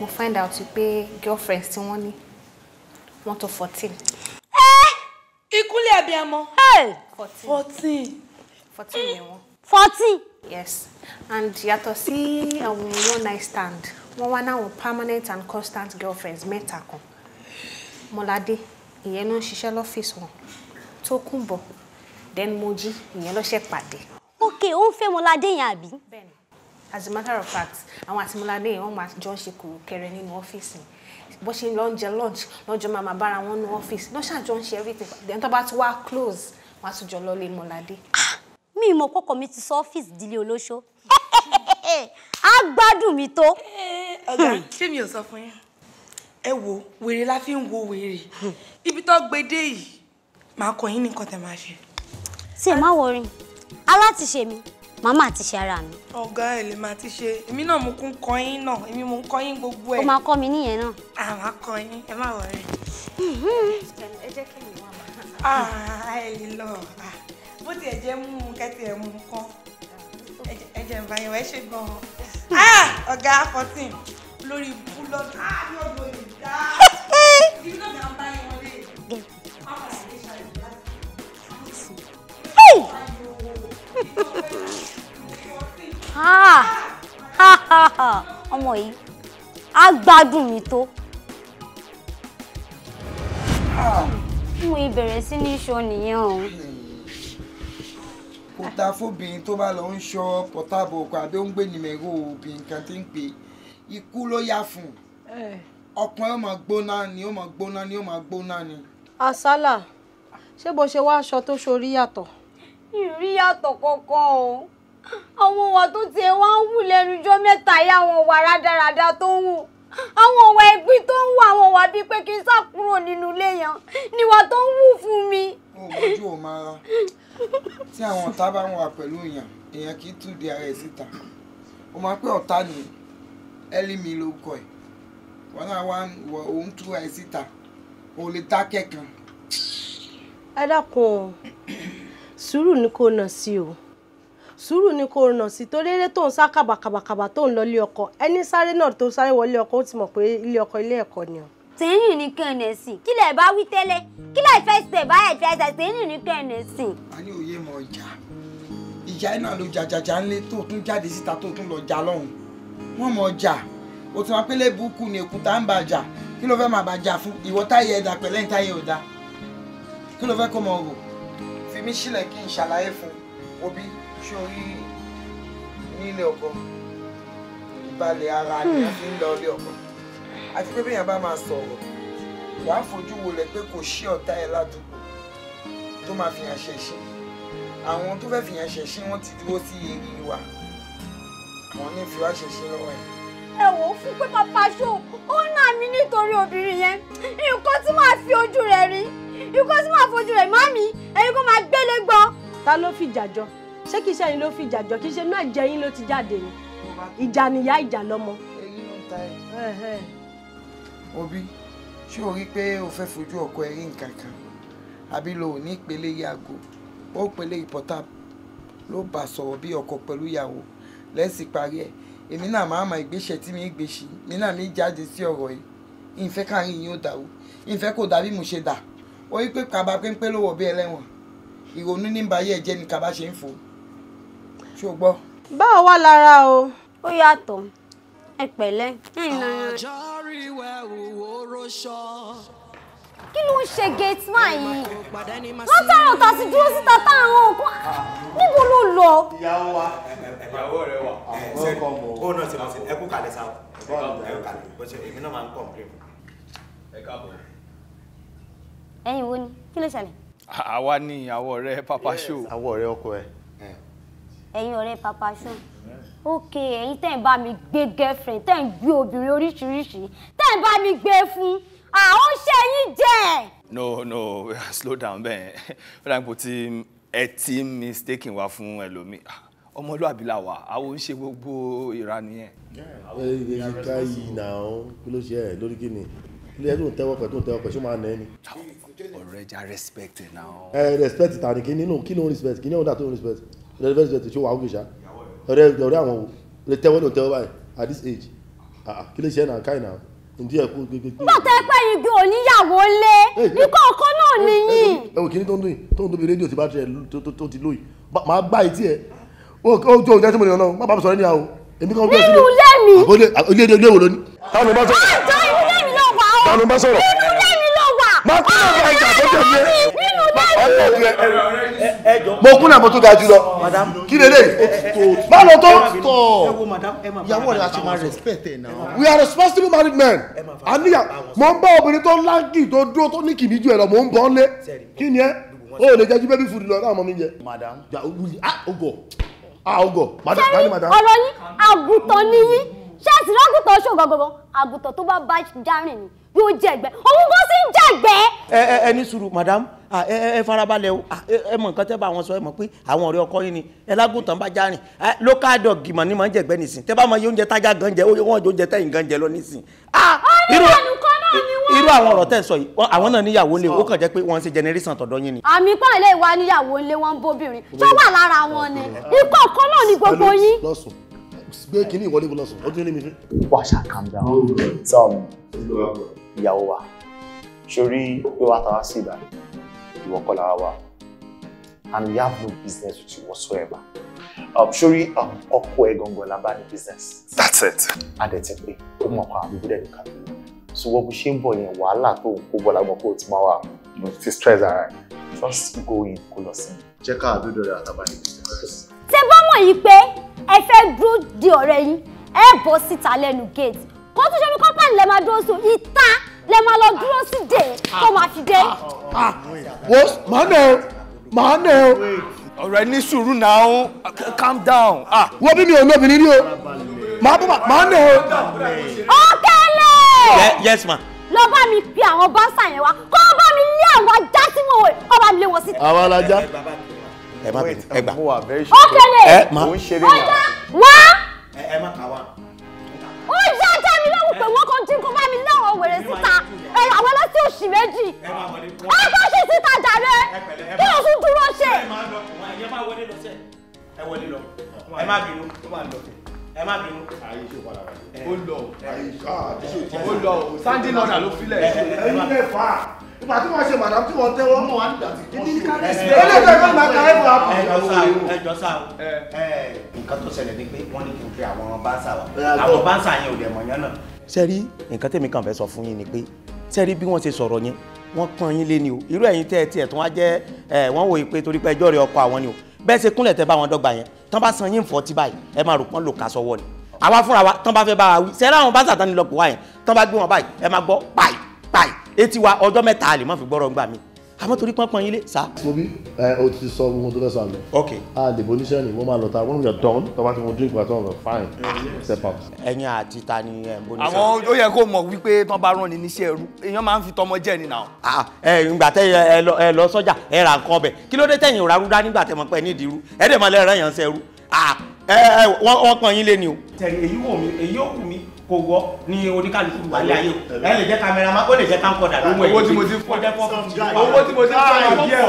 mo find out pé girlfriends tí wọ́n ní wọ́n tó fourteen. ẹ ìkúnlẹ̀ ẹ̀bí ẹ̀mọ́. fourteen. fourteen ni wọ́n. fourteen. yes and yàtọ̀ sí àwọn one night stand wọ́n wá náwọn permanent and constant girlfriends mẹ́ta kan mọ́ládé ìyẹn no ń ṣiṣẹ́ lọ́fíìsì wọn tó kún then moji, ìyẹn ló ṣe pàdé. ok ó ń fẹ́ mọ́ládé yẹn àbí. bẹ́ẹ̀ni as a matter of fact àwọn àtìmọ́ládé yẹn wọ́n máa jọ ṣe kòrò kẹrẹ nínú ọ́fíìsì bó ṣe lọ ń jẹ lunch lọ́jọ́ máa bára wọn nu ọ́fíìsì lọ́ṣà jọ ń ṣe everything then tó bá ti wá close wọ́n á tún jọ lọ lé mọ́ládé. mi ìmọ̀ kọ́kọ́ mi ti sọ ọ́fíìsì dílé olóṣó á *laughs* gbádùn mi tó. *laughs* ọ̀gá ṣé mi ò sọ fún yín ẹ wo wèrè la fi ń wo wèrè ibi tó gbé dé yìí màá kọ yín nìkan tẹ máa ṣe. tí ẹ má wọrin aláti ṣe màmá ti ṣe ara mi. ọ̀gá ẹ̀ lè máa ti ṣe èmi náà mo kún kọ́ yín náà èmi mo ń kọ́ yín gbogbo ẹ̀. ó máa kọ́ mi níyẹn náà. àwọn akọ yín ẹ má wọrí. ẹ jẹ́ kí mi wá máa. ẹ lè lọ bó tiẹ̀ jẹ́ mú un kẹ́tì ẹ̀ mú un kọ́ ẹ jẹ́ ìbá yẹn wá ẹ ṣe gan-an. ọ̀gá fourteen lórí búlọ́ọ̀dù. ìdílé náà máa ń bá yẹn wọlé. ọmọ yìí á gbádùn mi tó. mo ìbẹ̀rẹ̀ sí ní ṣọ nìyẹn o. kò ta fóbìnrin tó bá lọ ń ṣọ pọtábọ ọkọ àbí ó ń gbé nìmẹ̀rọ obìnrin kan tí ń pè ikú ló yá fún un eh. ọkùnrin ó máa gbóná ni ó máa gbóná ni ó máa gbóná ni. àsálà ṣé bó ṣe wá aṣọ tó ṣorí yàtọ̀ ìríyàtọ̀ kankan o àwọn ìwà tó tiẹ̀ wá ń wù lẹ́nu ọjọ́ mẹ́ta yá àwọn ìwà rádaràda tó ń wù àwọn ìwà ẹ̀gbin tó ń wù àwọn ìwà bíi pé kí n sá kúrò nínú ilé yẹn níwà tó ń wù fún mi. mo gbójú ò máa ra tí àwọn ọ̀tá bá ń wà pẹ̀lú èèyàn èèyàn kì í tú di ara ẹ̀ síta ó máa pẹ́ ọ̀tá ni ẹlímì ló kọ ẹ̀ wọn náà wá wọ òun tú ẹ síta òun lè dákẹ́ kan. ẹ dákun o sùúrù ni kò nà sí o sùúrù ni kò nà sí torí eré tó ń sá kàbàkàbàkàbà tó ń lọ ilé ọkọ ẹni sáré náà tó sáré wọlé ọkọ ó ti mọ̀ pé ilé ọkọ ilé ẹ̀kọ́ ni o. tẹ́yìn ní kẹ́nẹ̀sì kí lẹ̀ bá wí tẹ́lẹ̀ kí lẹ̀ fẹ́ ṣe báyẹ̀ fẹ́ ṣe tẹ́yìn ní kẹ́nẹ̀sì. a ní òye mọ ìjà ìjà iná ló jàjàjà ńlẹ tó tún jáde síta tó tún lọ jà lọ́hùn wọ́n mọ̀ jà o ti máa pélé burúkú ni èkúta ń bàjà kí ló fẹ́ máa bàjà fún ìwọ táyé ẹ̀dà pẹ̀lẹ́ ń táyé ọ̀dà kí ló fẹ́ kó mọ̀ rò fi mí sílẹ̀ kí n ṣàlàyé fún òbí sórí nílé ọkọ ìbalẹ̀ ara ni hmm. a fi ń lọ ilé ọkọ àti pé bẹ́yàn bá máa sọ̀rọ̀ wà á fojú wọlé pé kò sí ọ̀tá ẹ̀ ládùúgbò tó máa fìyàn ṣẹ̀ṣẹ̀ àwọn tó fẹ́ fìyàn ṣẹ̀ṣẹ̀ wọ́n ti dúró sí eré wa àwọn ní ìfiwá ṣẹ̀ṣẹ̀ lọ́wọ́ ẹ̀ ẹ wò ó fún pé papa ṣó ó ń nà mí nítorí obìnrin yẹn nǹkan tí màá fi ojú rẹ̀ rí ikú tí màá fojú rẹ̀ má mi ẹni kó máa gbélé gbọ́. ta ló fi ìjà jọ ṣé kìí ṣe ẹ̀yin ló fi ìjà jọ kìí ṣe náà jẹ yín ló ti jáde ni ìjà nìyá ìjà lọ́mọ. èyí ló ń ta ẹ. ṣé o rí pé o fẹ́ fojú ọkọ ẹ rí nǹkan kan àbí lo ò ní ìpele yàgò ó pele ìpọ́tà ló bá sọ̀rọ̀ bí ọkọ pẹ̀lú ìyàwó lẹ́sìn parí ẹ̀ èmi náà máa ma ìgbésẹ̀ tí mi gbèsè mi náà mi jáde sí ọ̀rọ̀ yìí ìfẹ́ káàrin yìí ó dàrú ìfẹ́ kò dà mo ṣe dà wọ́n yí pé kaba péńpé ló wọ̀ bí ẹlẹ́wọ̀n ìrònú ní báyé ẹ̀jẹ̀ ni kaba ṣe ń fò ṣó gbọ́. báwo wá lára o ó yàtọ̀ ẹ pẹ̀lẹ́ ẹ̀yìn náà. ọjọ́ rí wẹ́ òwúrọ̀ ṣọ́ kí ló ń ṣe gateman yìí látàrọ tá a ti dúró síta tá àwọn nǹkan ah. níbo ló lọ. ìyàwó wa ìyàwó rẹ wà ó náà ti mọ̀ sí ẹkú kalẹ̀ sáà ẹkú kalẹ̀ bó ṣe èmi náà máa ń kọ̀ọ̀pẹ́. ẹ káàbọ̀ ẹ̀yin wo ni kí ló ṣẹlẹ̀. àwa ni àwọn ọ̀rẹ́ papa show. àwọn ọ̀rẹ́ ọkọ ẹ. ẹ̀yin ọ̀rẹ́ papa show ok ẹ̀yin tẹ́ ń bá mi gbé girlfriend tẹ́ ń gbé obìnrin oríṣiríṣi tẹ́ ń bá mi gbé fún àwọn ṣe yín jẹ. no no *laughs* slow down bẹ́ẹ̀ fúnra ipò tí ẹ ti mistake wa fún ẹlòmíì ọmọlúwàbí la wà àwọn ń ṣe gbogbo ìranì yẹn. ẹ ẹ ká yìí náà kí ló ṣe ẹ lórí kí ni ilé ẹ tó ń tẹ́wọ́ pẹ̀ tó ń tẹ́wọ́ pẹ̀ ṣó máa nà ẹ ni. Already jà respect now. ẹ respect ta ni kí nínú No, ló ń respect kí ní ọ̀dà tó ń respect ọ̀rẹ́ respect ṣé wàá wùkì ṣá ọ̀rẹ́ ọ̀rẹ́ àwọn lè tẹ́wọ́ ló tẹ́wọ́ báyìí at this age ah, lè ṣe náà káyìn náà ǹdí ẹ̀ kú gbégbé. nígbà tó ẹ pé ìgbé oníyàwó lé ní kọ̀ọ̀kan náà nìyí. ẹ wò kí tó ń dún yìí tó ń dún bí rédíò tí bá tiẹ̀ tó ti lóyìí máa gbá etí ẹ̀ ó o jẹ́ sí mo nìyàn má bàbá sọ̀rọ̀ ní àwọn èmi kan bẹ́ẹ̀ sílẹ̀ nínú ilé mi. ilé ilé wo ló ní. táwọn bá sọ̀rọ̀ táwọn bá sọ̀rọ̀ máa kún náà máa jà tó tẹ̀lé ọ̀pọ̀ rẹ mo kún náà mo ga jù kí lè lè lọ tó ìyàwó rẹ àti máa respect náà. we are responsible married men àníyàn mo ń bá obìnrin tó láǹkì tó dúró tó ní kìíní ju ẹ̀ lọ mo ń bọ́ ń lé kí ni ẹ o lè jẹ́ ju bébí fúdi lọ láwọn ọmọ mi jẹ. madam ọgọ ọgọ madam. sẹ́yìn ọ̀rọ̀ yín àgùntàn ni yín ṣé àtìlọ́gùntàn ṣògbọ́n gbọ́n àgùntàn tó bá bá járìn ni yóò jẹ̀gbẹ́ òun kò sí jẹ̀gbẹ́. ẹ ẹ ẹ ní sùúrù madam ẹ ẹ farabalẹ̀ o ẹ mọ̀ nǹkan tẹ́ bá wọn sọ ẹ mọ̀ pé àwọn ọ̀rẹ́ ọkọ yín ni ẹ lágùntàn bá já rìn local dog gìmọ̀ ni màá jẹ̀gbẹ́ nìsín tẹ́ bá mọ oúnjẹ tájà gan jẹ wọ́n jọ oúnjẹ tẹ̀yìn gan jẹ lọ nìsín. irú irú àwọn ọ̀rọ̀ tẹ́ sọ yìí àwọn náà níyàwó lé ó kàn jẹ́ pé wọ́n ń ṣe generation tọ̀dọ̀ yín ni. àmì pọ́n ilé ìwà níyàwó lé wọ́n bóbìnrin tó wà lára wọn ni ikú ọ̀kan náà ni gbogbo yín. gbé kínní ìwọlé wọn lọ́sùn ọdún ní mi fi. wàṣà calm down. tell ìyàwó wa sórí pé wàá tàwa sí ìbàdí ìwọ kọ́ wa and we have no business with you whatsoever um, sórí um, ọkọ ẹ gangan la bá ní business. that's it. adẹ̀tẹ̀ pé ó mọ̀ kọ́ àbúrò ẹ̀ nìkan bí so wọ́n bó ṣe ń bọ̀ yẹn wàhálà tó ń kó bọ̀ lágbọ̀n kó o máa wà ti stress ara ẹ̀ just go in kó lọ sí mi. jẹ́ ká àdúrà rẹ̀ àtàbà ní business. tẹ bá mọ̀ yìí pé ẹ fẹ́ dúró de ọ̀rẹ́ yín ẹ bọ́ síta lẹ́nu gate kó tún ṣe bí kọ́pàá lè máa dúró sùn ìta lè máa lọ dúró sí dè kó máa fi dé. wo màá nà o màá nà o. ọ̀rọ̀ ní sùúrù náà ó calm down. Ah. wo bí mi ò lóbìnrin rí o màá bọ́ màá nà o. ọ̀kẹ́lẹ̀. yes ma. lọ bá mi pe àwọn báńsà yẹn wá kó bá mi lé àwọn ajá tí mo wò ó bá lé wọn sí. àwọn alájà ẹ má bínú ẹ gbà. ọ̀kẹ́lẹ̀. ẹ ọjà wá. ẹ má kà wá. ọjà pé wọ́n kàn dín kó bá mi ní àwọn wèrè síta ẹ̀rọ àwọn ọlọ́sí òṣì méjì ẹ bá ṣe síta jàre kí ló tún dúró ṣe. ẹ wọlé lọ ẹ má bínú ó máa lọ ẹ má bínú. ayé ṣe padà wá. ó lọ ó lọ sandy lọ́dà ló filẹ̀. ẹyin mẹ́fà ìgbà tí wọ́n ṣe màdàm tí wọ́n tẹ́wọ́. mọ̀ wá ní ìdàtí kí ní ká lè ṣe. ẹlẹ́jọ́ ìgbà máa ka ẹ̀fọ́ àpò. ẹjọ sá o nǹkan tó ṣẹlẹ̀ ni pé wọ́n ní kí n pe àwọn báńsà wa àwọn báńsà yẹn ò dẹ̀ mọ̀ yẹn náà sẹ́rí nǹkan tèmi kàn fẹ́ sọ fún yín ni pé sẹ́rí bí wọ́n ṣe sọ̀rọ̀ yẹn wọ́n pọ́n yín lé ni o irú ẹ̀yin tẹ́ ẹ tiẹ̀ tó wá jẹ́ ẹ wọ́n wòye pé torí pé ẹjọ́ rẹ ọkọ àwọn ni o bẹ́ẹ̀ ṣe kúnlẹ̀ tẹ́ bá wọn dọ́gba yẹn tán bá san yín fọ́tí báyìí ẹ máa rò pọ́n lò ká sọ́wọ́ ni àwa fúnra wa tán bá fẹ́ bá wa wí sẹ́rí àwọn bá sàtánilọ́pọ̀ wá yẹn tán bá gbé wọn báyìí ẹ máa gbọ́ páì páì etí wa ọjọ́ mẹ́ta àlè má fi gbọ́rọ̀ ńgbà míì àmọ́ torí pọ́npọ́n yín lé sá. mo bí ẹ o ti sọ ohun tó fẹ́ sọ àná. ok a lè bo oníṣẹ́ ni wọ́n máa lọ ta wọ́n yà dán tọ́ba tí mo drink wa tán fine eh, step up. ẹyin àti ta ni ẹ bo oníṣẹ́. àwọn ó yẹ kó mọ̀ wípé tán bá rán ni níṣẹ́ ẹrú èèyàn máa ń fi tọmọ jẹ́ ni nà. Ah, ah, ẹ ìgbà tẹ ẹ lọ sọ́jà ẹ ra nǹkan ọbẹ̀ kí ló dé tẹ̀yìn òrà rúdá nígbà tẹ mọ̀ pé ní ìdírú ẹ dẹ̀ máa lẹ́ẹ̀rẹ́ yàn ń sẹ́rú ah, wọ́n pọ̀ yín lé ni o. tẹ̀lé èyí wù mí èyí kò wọ ní oníkàlùkù wà ní ayé ẹ lè jẹ kámẹ́rà má ó lè jẹ káńkọdà lówó ẹ owó tí mo ti fún ẹ owó tí mo ti fún ẹ máa bí ẹ o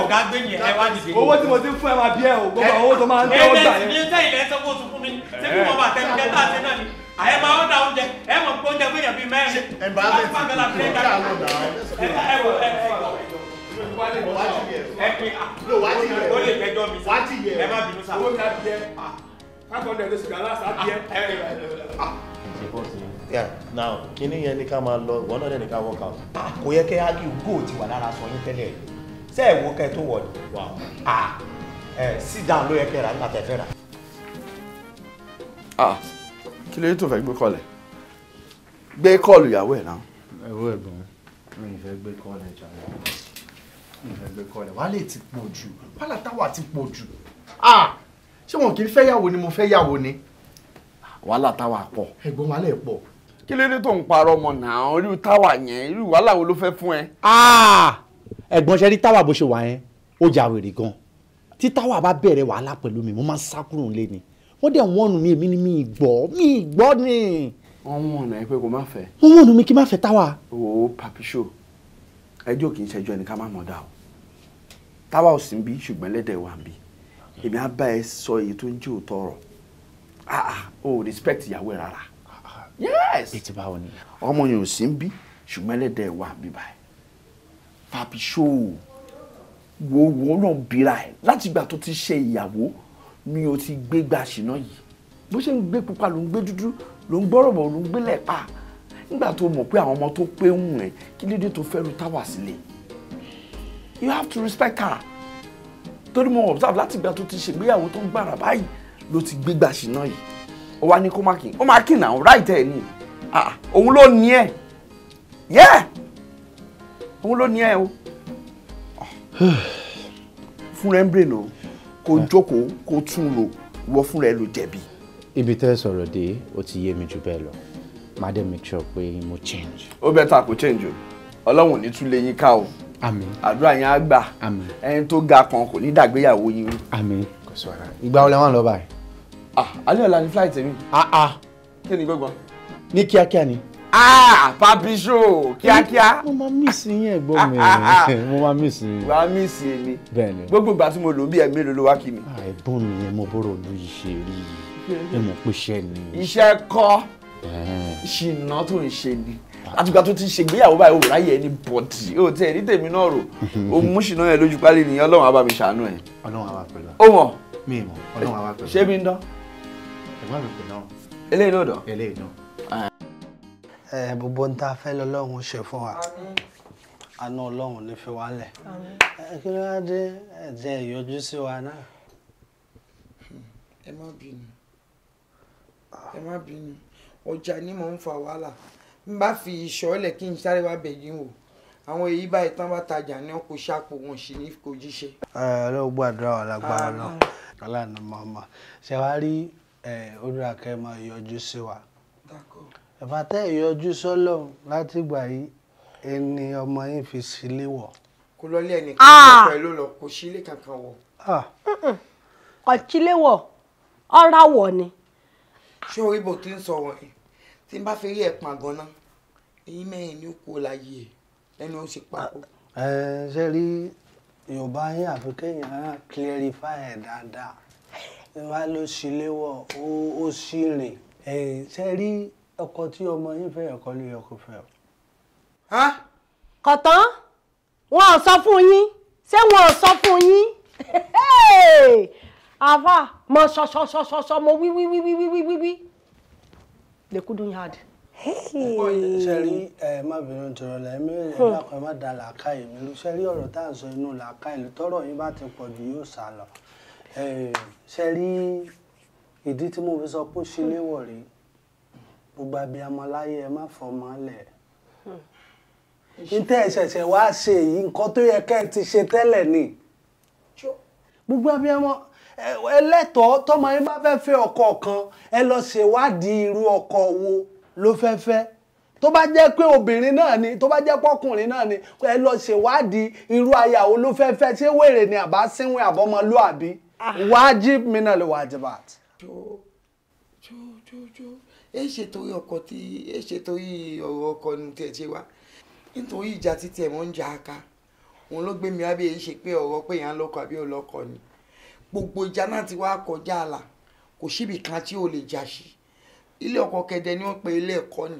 owó tí mo ti fún ẹ máa bí ẹ o gbogbo owó tó máa ń tẹ ọjà yẹn. ẹ ẹ tẹ ilẹ̀ ẹsẹ̀ kó tún fún mi ṣé kí wọ́n bá tẹ mi kẹta àti náà ni àyẹ máa ọ̀dà oúnjẹ ẹ mọ̀ pé oúnjẹ gbé bíi mẹ́rin láti fàgbẹ́lá fún ẹ dáadáa ẹ ẹ wọ ẹ ẹ wọ ẹ pin ah. Kakọ̀ ọ̀dẹ̀ ló sì gbà lásà bí ẹ. Ẹ ẹ ẹ ẹ. Yeah. now kíní yẹn ní ká máa lọ wọn náà ní ká work out. kò yẹ kẹ́ ágì góò ti wà lára sọ yín tẹ́lẹ̀ ṣé ẹ̀ wo kẹ́ tó wọ̀ ni. sit down ló yẹ kẹ́ ra nígbà tẹ́ fẹ́ ra. kí ló yẹ tó fẹ́ gbé kọ́lẹ̀ gbé kọ́ọ̀lù ìyàwó ẹ̀ náà. ẹ̀wọ́ ẹ̀gbọ́n mi ìfẹ́ gbé kọ́ọ̀lù ẹ̀jà mi ìfẹ́ gbé kọ́ọ̀lù wálé ti pọ̀ jù wálá táwa ti pọ̀ jù ṣé wọn kì í fẹ́ yàwó ni mo fẹ́ yàwó ni. wàhálà táwa pọ̀. ẹ̀gbọ́n wàhálà ẹ̀ pọ̀ kí ló dé tó ń parọ́ ọmọ náà irú táwa yẹn irú wàhálà wo ló fẹ́ fún ẹ. Ah! ẹ̀gbọ́n ṣe rí táwa bó ṣe wà yẹn ó jà wèrè gan tí táwa bá bẹ̀rẹ̀ wàhálà pẹ̀lú mi mo máa ń sá kúrò nílé ni wọ́n dẹ̀ wọ́n nù mí èmi ni mi ì gbọ́ mi ì gbọ́ ni. wọ́n wọ̀n náà pé kò má fẹ́. wọ́n wọ̀n nù kí má fẹ́ táwa. o papi show ẹjọ́ kì í ṣẹjọ́ ẹni ká má mọ̀ dá o táwa ò sí ń bí ṣùgbọ́n lẹ́dẹ̀ wà ń bí èmi á bá ẹ sọ èyí tó ń jẹ́ òótọ́ ọ̀rọ̀ ah ah o respect ìyàwó ẹ rárá yes ètò báwo ni. ọmọ yẹn ò sí ń bí ṣùgbọ́n ẹlẹ́dẹ̀ wà bíbá ẹ̀ fàbí ṣó o wo wo náà bira ẹ̀ látìgbà tó ti ṣe ìyàwó ni o ti gbégbá ṣìnà yìí bó ṣe ń gbé pupa ló ń gbé dúdú ló ń gbọ́rọ̀ bọ̀ ló ń gbé lẹ́pa nígbà tó mọ̀ pé àwọn ọmọ tó pé ń rìn kí lédè tó fẹ́ ru táwà sílẹ̀ you have to respect her torí mo observe látìgbà tó ti ṣègbéyàwó tó ń gbàrà báyìí ló ti gbégbá ṣìnà yìí ó wá ní kó má kì í ó má kì náà ráìtẹ́ ẹ̀ ni ah, ah, òun ló ní ẹ̀ yẹ́ òun ló ní ẹ̀ o *sighs* fún rẹ̀ ń bèrè nù kó ah. jókòó kó tún lò wọ́ fún rẹ̀ ló jẹ̀bi. ibi tẹ́ sọ̀rọ̀ dé ó ti yé mi jù bẹ́ẹ̀ lọ máa make sure pé mo change. ó bẹ́ẹ̀ ta kò change o ọlọ́run ò ní tún lè yín ká o àmín àdúrà yẹn á gbà àmín ẹni tó ga kan kò ní dàgbéyàwó yín. àmín kò sọ ara ìgbà wo lẹ wà lọ báyìí. Ah, alẹ́ ọ̀la ni flight mi. Ah, ah. kí ni gbọ́gbọ́n. ní kíákíá ni. Ah, papi show kíákíá. mo máa miss yín ẹ̀gbọ́n mi mo máa miss yín. wàá miss èmi. bẹ́ẹ̀ni. gbogbo ìgbà tí mo lò bí ẹ̀mí ló ló wá kí mi. ẹ̀gbọ́n mi yẹn mo bọ̀rọ̀ ló yìí ṣe rí i ẹ mọ̀ pé iṣẹ́ ni. iṣẹ́ kọ́ ṣìnà tó ń ṣe ni àtùgbà tó ti ṣègbéyàwó báyìí ò ráyè ẹni bọ̀dì ó tẹ ẹni tèmi náà rò ó mú ṣìnà yẹn lójú pálí nìyẹn ọlọ́run á mi ṣàánú ẹ̀. ọlọ́run á pẹ̀lú. ó wọ̀n. mi mọ̀ ọlọ́run á pẹ̀lú. ṣé mi ń dán má mi pè náà. eléyìí ló dán. eléyìí náà. ẹ gbogbo ń ta fẹ́ lọ́lọ́run ṣe fún wa àna ọlọ́run ní fi wá lẹ̀ kí ló wá dé ẹ̀jẹ̀ ìyọjú sí wa náà. ẹ má bínú ẹ má bínú ọjà ni mò ń fa wàhálà n bá fi ìṣọ́lẹ̀ kí n sáré wá bẹ̀ yín wò àwọn èyí báyìí tán bá tajà ní kò ṣàpò wọn sì ní kò jíṣe. ẹ ọlọ́run gbàdúrà wà lágbára náà ọlọ́run mọ̀ọ́mọ̀ ṣe wá rí olúwa kẹ́ máa yọjú sí wa ìfàtẹ́ ìyọjú sọ́lọ́run látìgbà yìí ẹni ọmọ yín fi sílé wọ̀. kò lọlé ẹnìkan ah! pẹ̀lú lọ kò sílé kankan wọ̀. ọ̀chílé ah! wọ̀ ọ̀rá wọ̀ ni. ṣé orí bò ti ń sọ̀rọ̀ ẹ̀ tí n bá fi rí ẹ̀pọ̀n gan-an èyí mẹ́rin ni ó kú láyé ẹ̀ lẹ́nu ó sì papò. Ah, ẹ ṣe rí yorùbá yín àfi kéèyàn clarify ẹ̀ dáadáa wá ló o o ṣíre e rí ọkọ tí ọmọ yín fẹ́ ọkọ ló yẹ kó fẹ́ o. kọ̀tán wọn ò sọ fún yín ṣé wọn ò sọ fún yín àfà mọ ṣọṣọṣọṣọ mo wí wí wí wí wi wi wí lẹkùdùn yard sẹ́rí ẹ má bínú tọrọ la ẹ mẹ́rin ẹ dákun ẹ má da làákàyè mi lu sẹ́rí ọ̀rọ̀ tá à ń la inú làákàyè lu tọ́rọ̀ yín bá ti pọ̀ jù yóò sá lọ ṣe rí ìdí tí mo fi sọ pé ó ṣe léwọ̀ rí gbogbo abiyamọ láyé ẹ má fọmọ lẹ̀ níta ẹ̀ṣẹ̀ṣẹ̀ wá ṣe èyí nǹkan tó yẹ kẹ́ ẹ ti ṣe tẹ́lẹ̀ ni gbogbo abiyamọ ẹlẹ́tọ̀ọ́ tọmọ yín bá fẹ́ fẹ́ ọkọ kan ẹ lọ ṣèwádìí irú ọkọ wo ló fẹ́ fẹ́ tó bá jẹ́ pé obìnrin náà ni tó bá jẹ́ pọ́kùnrin náà ni ẹ lọ ṣèwádìí irú aya wo ló fẹ́ fẹ́ ṣé wèrè ni àbá sínwìn àbọ́mọlúàbí wajib minal wajibat. jo jo jo jo ẹ ṣe torí ọkọ tí ẹ ṣe torí ọ̀rọ̀ ọkọ ní tiẹ̀ ṣe wá nítorí ìjà títí ẹ̀ mọ́ ń jà aka òun ló gbé mi wá bí èyí ṣe pé ọ̀rọ̀ pé èèyàn lọ́kọ àbí olọ́kọ ni gbogbo ìjà náà ti wá kọjá àlà kò síbi kan tí o lè jà sí ilé ọkọ kẹdẹ ni wọ́n pe ilé ẹ̀kọ́ ni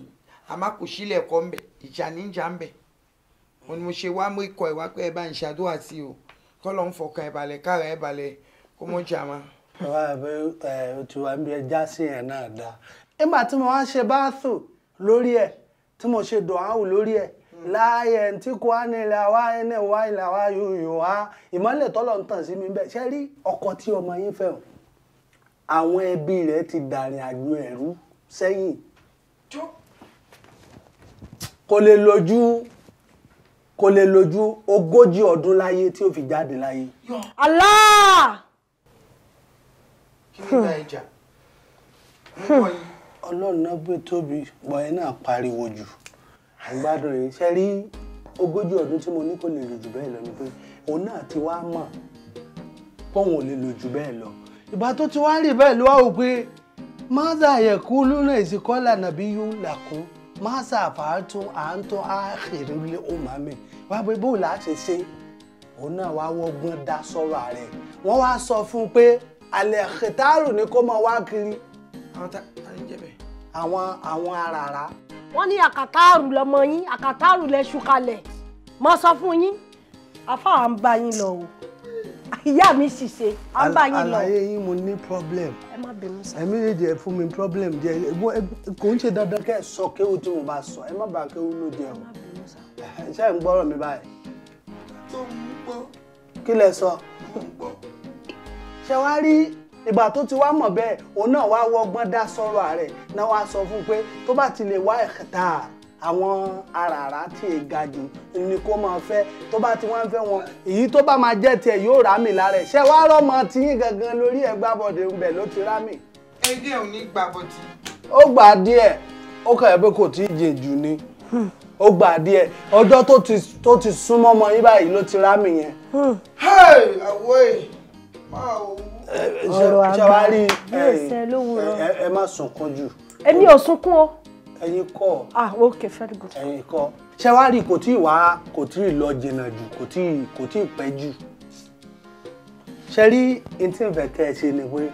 àmọ́ kò sí ilé ẹ̀kọ́ ńbẹ ìjà níjà ńbẹ òun mo ṣe wá mú ikọ̀ ìwá pé ẹ bá ń ṣàdúrà sí o kọ́ ń fọkàn ẹ balẹ̀ kára ẹ balẹ̀ kó mú jàmá. wà á bẹ ẹ o ti wá bí ẹja sí yẹn náà dá. nígbà tí mo wá ṣe báàtò lórí ẹ tí mo ṣe dùn áwù lórí ẹ láàyè tí kò á ní ilẹ̀ wa ẹni wa ilẹ̀ wa yòòyò wa ìmọ̀lẹ̀ tọ́lọ̀ ń tàn sí mi bẹ́ẹ̀ ṣe rí ọkọ tí ọmọ yín fẹ́ o àwọn ẹbí rẹ̀ ti dàrin àjò ẹ̀rú sẹ́yìn kò lè lójú kò lè lójú ogójì ọdún láyé tí ó fi jáde láyé. Allah kí ni ìgbà ìjà ọlọ́run náà gbé tóbi bọ̀yẹ́ náà pariwo jù àgbàdàn yìí ṣe rí ogójì ọdún tí mo ní kò lè lò jù bẹ́ẹ̀ lọ ni pé òun náà ti wá mọ̀ pọ́n ò lè lò jù bẹ́ẹ̀ lọ ìbá tó ti wá rí bẹ́ẹ̀ ló wá wò pé mọ́sà yẹ̀kú lúnà ìsìnkọ́là nàbí yún làkún mọ́sà fàátún àántún àáxèrè lé òmàmì wá pé bó láti ṣe òun náà wá wọ́gbọ́n dá sọ́rọ̀ rẹ̀ wọ́n wá sọ fún pé alẹ́ xetaaru ni kó máa wá kiri. àwọn ta ni jẹ bẹ́ẹ̀. àwọn àwọn aràrá. wọ́n ní àkàtàrù lọmọ yín àkàtàrù lẹ ṣùkalẹ̀ mo sọ fún yín afá à ń bá yín lọ o ìyá mi sì ṣe à ń bá yín lọ. àlàyé yín mo ní problem. ẹ má bínú sọ. ẹ̀mí lè jẹ́ fún mi problem jẹ́ kò ń ṣe dandan kẹ́ ẹ̀ sọ kéwù tí mo bá sọ ẹ má bàa kéwù ló jẹ o. ṣé ẹ̀ ń gbọ́rọ̀ mi báyìí. kí lẹ sọ ṣe wá rí ìgbà tó ti wá mọ̀ bẹ́ẹ̀ òun náà wá wọgbọ́n dá sọ̀rọ̀ rẹ̀ náà wá sọ fún un pé tó bá ti lè wá ẹ̀kẹta àwọn aràrá tí ì ga jù ni kó máa fẹ́ tó bá ti wá ń fẹ́ wọn èyí tó bá máa jẹ́ tiẹ̀ yóò rà mí lára ẹ̀ ṣe wá rọ́mọ tiyín gangan lórí ẹgbà bọ̀dẹ̀ ń bẹ̀ ló ti rá mí. ẹgbẹ́ ò ní gbà bọ̀dì. ó gbà díẹ̀ ó kà pé kò tí ì jẹ jù ni ó gbà díẹ̀ ọjọ́ tó ti súnmọ́ ọmọ yín báyìí ló ti rá mí yẹn. hey àwọ̀ èyí ọ̀rọ̀ àgbà yóò ṣe lóhùn rọ. ẹ má sunkún jù. èmi ò sunkún o. ẹ̀yin kọ́. ah ok very good. ẹ̀yin kọ́ ṣé kò tí ì wá kò tí ì lọ jìnnà jù kò tí ì kò tí ì pẹ́ jù ṣe rí ntí ń fẹ́ kẹ́ ẹ ṣe ni pé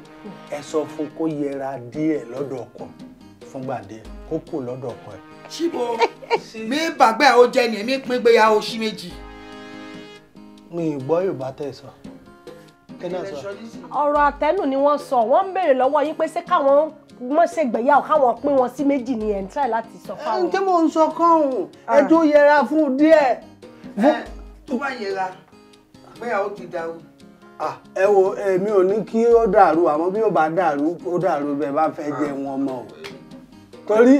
ẹ sọ fún kó yẹra díẹ̀ lọ́dọ̀ ọkọ fúngbà díẹ̀ kó kù lọ́dọ̀ ọkọ ẹ. ṣíbo mi bàgbẹ́ ó ni èmi pín gbéyàwó sí méjì. mi ì gbọ́ yorùbá tẹ̀ sọ. So ọ̀rọ̀ àtẹnu ni wọ́n sọ wọ́n béèrè lọ́wọ́ yín pé ṣé káwọn mọ̀ ṣe gbéyàwó káwọn pín wọn sí méjì ni ẹ̀ ń tẹ̀ láti sọ fáwọn. ẹni tí mò ń sọ kọ́hún ah. ẹjọ́ yẹra fún díẹ̀. ẹ tó bá yẹra gbéyàwó ti dàrú ẹ wo èmi ò ní kí ó dàrú àmọ́ bí ó bá dàrú ó dàrú bẹ́ẹ̀ bá fẹ́ jẹ ah. wọn mọ́ o torí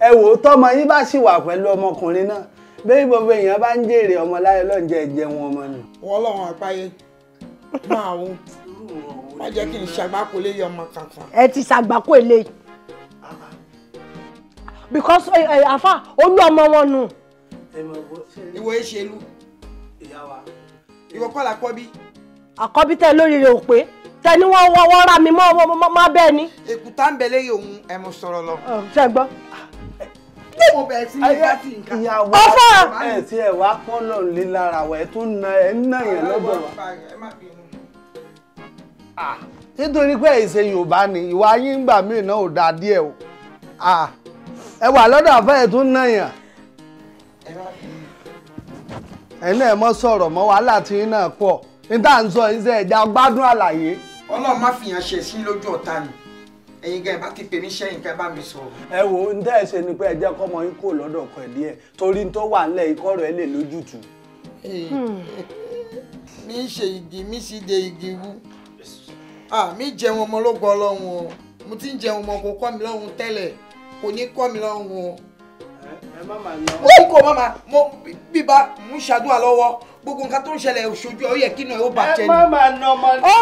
ẹ wò ó tọ́mọ yín bá sì wà pẹ̀lú ọmọkùnrin náà bẹ́ẹ̀ gbogbo èèyàn bá ń jèrè ọmọ láyọ̀ lọ́njẹ́ jẹ wọn mọ́ ni. wọ́n lọ́wọ́n apáyé máa wo má jẹ́ kí n ṣàgbákò lè yọ ọmọ kankan. ẹ ti ṣàgbákò eléyìí because àfa olú ọmọ wọn nù. ìwọ ìṣèlú ìwọ kọ́ làkọ́bí. àkọ́bí tẹ lórí rẹ̀ ò pé tẹni wọn wọ ra mi mọ má bẹ́ẹ̀ ni. èkúta ń bẹ lẹ́yìn òun ẹ mo sọ̀rọ̀ lọ. ṣe gbọ́. mo bẹ̀rẹ̀ sí ní bá nǹkan. ìyàwó ẹ ti ẹ wá pọ́n lọ́ọ̀lì lára wa ẹ tún na ẹ ń nà lọ́gbọ̀n nítorí pé ìṣe yorùbá ni ìwà yín ń gbà míì ò dáa o ẹ wà lọ́dọ̀ àfẹ́ ẹ̀ tún nàyàn ẹ̀yin náà mọ́ sọ̀rọ̀ mọ́ wàhálà tí yín náà pọ̀ níta ń sọ iṣẹ́ ẹ̀já gbádùn àlàyé. ọlọ́run má lójú ọ̀tá ni ẹ̀yin gan bá bá mi sọ̀rọ̀. ẹ wo n tẹ́ ẹ ṣe ni pé kò lọ́dọ̀ kọ́ ẹ̀ díẹ̀ torí tó wà ńlẹ̀ ikọ́ àmì jẹun ọmọ ló gbọ́ ọlọ́run o mo ti ń jẹun ọmọ kò kọ́ mi lọ́run tẹ́lẹ̀ kò ní kọ́ mi lọ́run o. ó ń kó mama mo bíbá mú ṣàdúrà lọ́wọ́ gbogbo nǹkan tó ń ṣẹlẹ̀ òṣojú ọ yẹ kí náà ó bàjẹ́ ni. ẹ má máa nà ọmọ nípa.